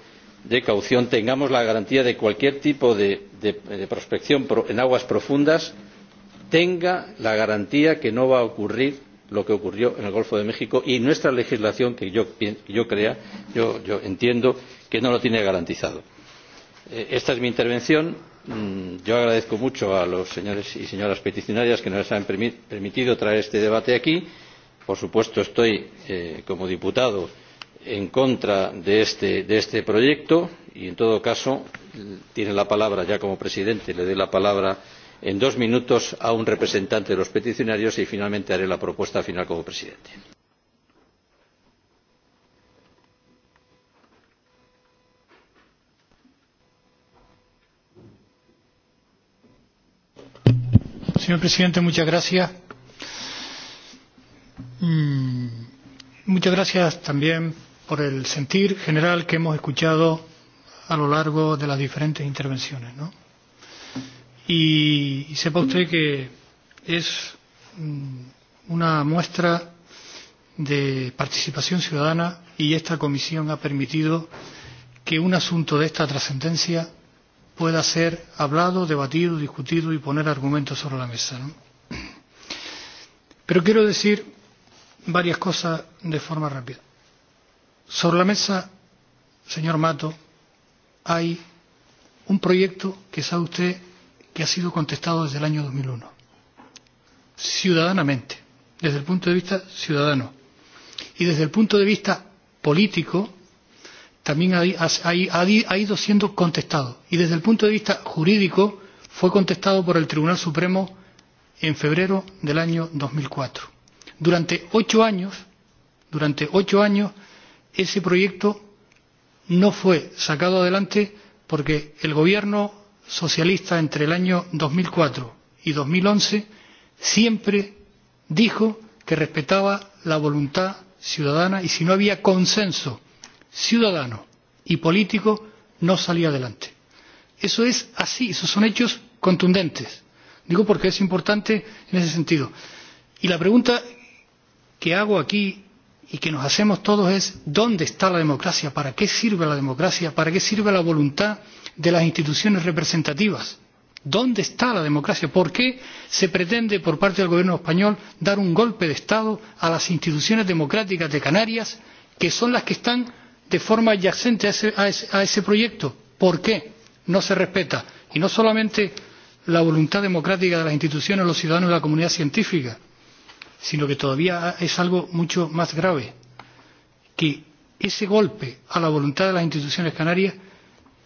de caución tengamos la garantía de cualquier tipo de, de prospección en aguas profundas tenga la garantía de que no va a ocurrir lo que ocurrió en el golfo de méxico y nuestra legislación que yo entiendo que no lo tiene garantizado. Eh, esta es mi intervención. Mm, yo agradezco mucho a los señores y señoras peticionarios que nos hayan permitido traer este debate aquí. por supuesto estoy eh, como diputado en contra de este proyecto y en todo caso tiene la palabra ya como presidente le doy la palabra en dos minutos a un representante de los peticionarios y finalmente haré la propuesta final como presidente. Señor presidente, muchas gracias. Mm, muchas gracias también por el sentir general que hemos escuchado a lo largo de las diferentes intervenciones. ¿no? y, y sepa usted que es mm, una muestra de participación ciudadana y esta comisión ha permitido que un asunto de esta trascendencia pueda ser hablado, debatido, discutido y poner argumentos sobre la mesa. ¿no? Pero quiero decir varias cosas de forma rápida. Sobre la mesa, señor Mato, hay un proyecto que sabe usted que ha sido contestado desde el año 2001, ciudadanamente, desde el punto de vista ciudadano. Y desde el punto de vista político, también ha, ha, ha ido siendo contestado. Y desde el punto de vista jurídico, fue contestado por el Tribunal Supremo en febrero del año 2004. Durante ocho años, durante ocho años, ese proyecto no fue sacado adelante porque el gobierno socialista entre el año dos mil cuatro y dos mil once siempre dijo que respetaba la voluntad ciudadana y si no había consenso ciudadano y político no salía adelante. Eso es así, esos son hechos contundentes. Digo porque es importante en ese sentido. Y la pregunta que hago aquí y que nos hacemos todos es ¿dónde está la democracia? ¿Para qué sirve la democracia? ¿Para qué sirve la voluntad de las instituciones representativas. ¿Dónde está la democracia? ¿Por qué se pretende por parte del gobierno español dar un golpe de Estado a las instituciones democráticas de Canarias, que son las que están de forma adyacente a ese, a ese, a ese proyecto? ¿Por qué no se respeta? Y no solamente la voluntad democrática de las instituciones, los ciudadanos y la comunidad científica, sino que todavía es algo mucho más grave, que ese golpe a la voluntad de las instituciones canarias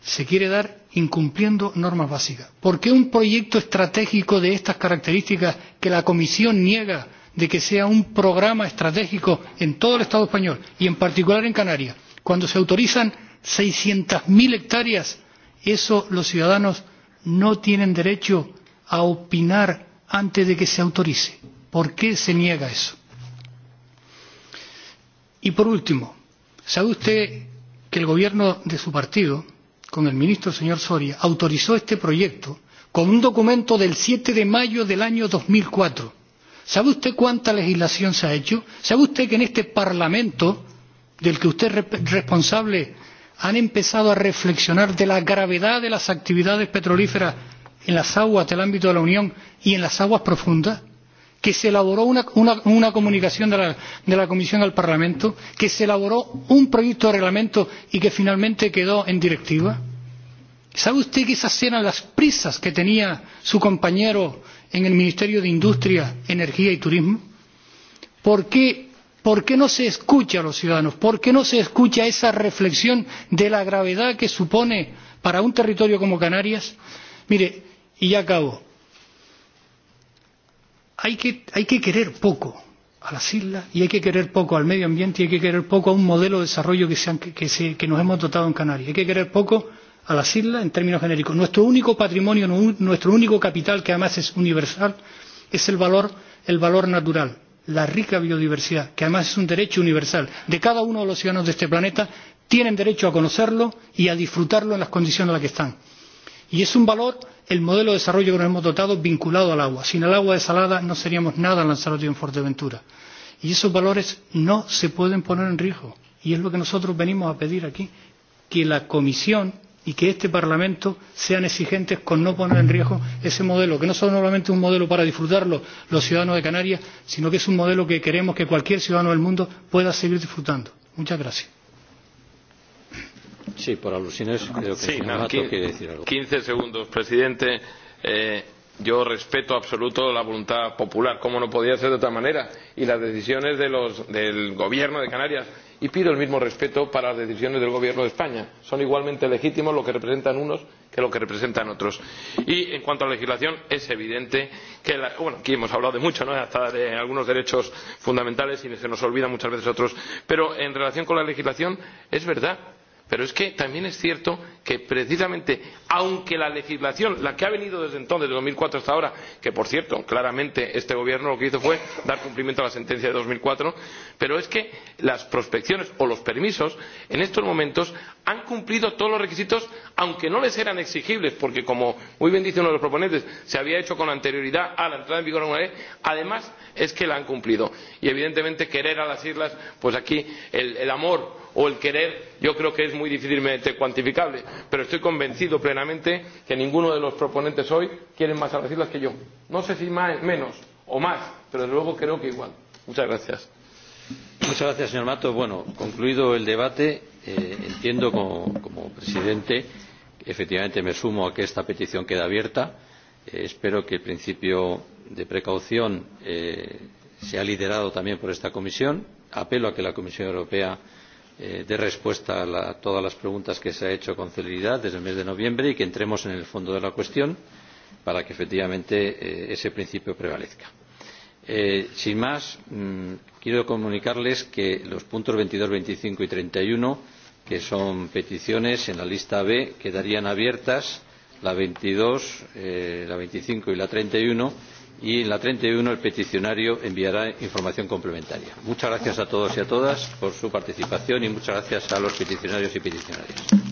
se quiere dar incumpliendo normas básicas. ¿Por qué un proyecto estratégico de estas características que la Comisión niega de que sea un programa estratégico en todo el Estado español y en particular en Canarias, cuando se autorizan 600.000 hectáreas, eso los ciudadanos no tienen derecho a opinar antes de que se autorice? ¿Por qué se niega eso? Y por último, ¿sabe usted que el gobierno de su partido con el ministro señor Soria autorizó este proyecto con un documento del 7 de mayo del año 2004. ¿Sabe usted cuánta legislación se ha hecho? ¿Sabe usted que en este Parlamento, del que usted es responsable, han empezado a reflexionar de la gravedad de las actividades petrolíferas en las aguas del ámbito de la Unión y en las aguas profundas? que se elaboró una, una, una comunicación de la, de la Comisión al Parlamento, que se elaboró un proyecto de reglamento y que finalmente quedó en directiva? sabe usted que esas eran las prisas que tenía su compañero en el ministerio de industria energía y turismo? por qué, por qué no se escucha a los ciudadanos? por qué no se escucha esa reflexión de la gravedad que supone para un territorio como canarias? mire y ya acabo hay que, hay que querer poco a las islas y hay que querer poco al medio ambiente y hay que querer poco a un modelo de desarrollo que, se han, que, se, que nos hemos dotado en Canarias. Hay que querer poco a las islas en términos genéricos. nuestro único patrimonio nuestro único capital que además es universal es el valor, el valor natural la rica biodiversidad que además es un derecho universal de cada uno de los ciudadanos de este planeta tienen derecho a conocerlo y a disfrutarlo en las condiciones en las que están. y es un valor el modelo de desarrollo que nos hemos dotado vinculado al agua. sin el agua desalada no seríamos nada en lanzarote y en fuerteventura. y esos valores no se pueden poner en riesgo. y es lo que nosotros venimos a pedir aquí que la comisión y que este Parlamento sean exigentes con no poner en riesgo ese modelo, que no solamente es un modelo para disfrutarlo los ciudadanos de Canarias, sino que es un modelo que queremos que cualquier ciudadano del mundo pueda seguir disfrutando. Muchas gracias. Sí, por alusiones creo que sí, no, quiere decir algo. 15 segundos, presidente. Eh, yo respeto absoluto la voluntad popular, como no podía ser de otra manera, y las decisiones de los, del gobierno de Canarias y pido el mismo respeto para las decisiones del gobierno de españa son igualmente legítimos lo que representan unos que lo que representan otros. y en cuanto a la legislación es evidente que bueno, aquí hemos hablado de mucho ¿no? hasta de algunos derechos fundamentales y se nos olvidan muchas veces otros pero en relación con la legislación es verdad pero es que también es cierto que precisamente aunque la legislación la que ha venido desde entonces de dos mil cuatro hasta ahora que por cierto claramente este gobierno lo que hizo fue dar cumplimiento a la sentencia de dos mil cuatro pero es que las prospecciones o los permisos en estos momentos han cumplido todos los requisitos aunque no les eran exigibles porque como muy bien dice uno de los proponentes se había hecho con anterioridad a la entrada en vigor de una ley además es que la han cumplido y evidentemente querer a las islas pues aquí el, el amor o el querer yo creo que es muy difícilmente cuantificable pero estoy convencido plenamente de que ninguno de los proponentes hoy quiere más a las islas que yo no sé si más, menos o más pero desde luego creo que igual. muchas gracias. Muchas gracias, señor Mato. Bueno, concluido el debate, eh, entiendo como, como presidente efectivamente me sumo a que esta petición queda abierta. Eh, espero que el principio de precaución eh, sea liderado también por esta comisión. Apelo a que la Comisión Europea eh, dé respuesta a, la, a todas las preguntas que se han hecho con celeridad desde el mes de noviembre y que entremos en el fondo de la cuestión para que efectivamente eh, ese principio prevalezca. Eh, sin más, mmm, quiero comunicarles que los puntos 22, 25 y 31, que son peticiones en la lista B, quedarían abiertas la 22, eh, la 25 y la 31 y en la treinta y uno el peticionario enviará información complementaria. muchas gracias a todos y a todas por su participación y muchas gracias a los peticionarios y peticionarias.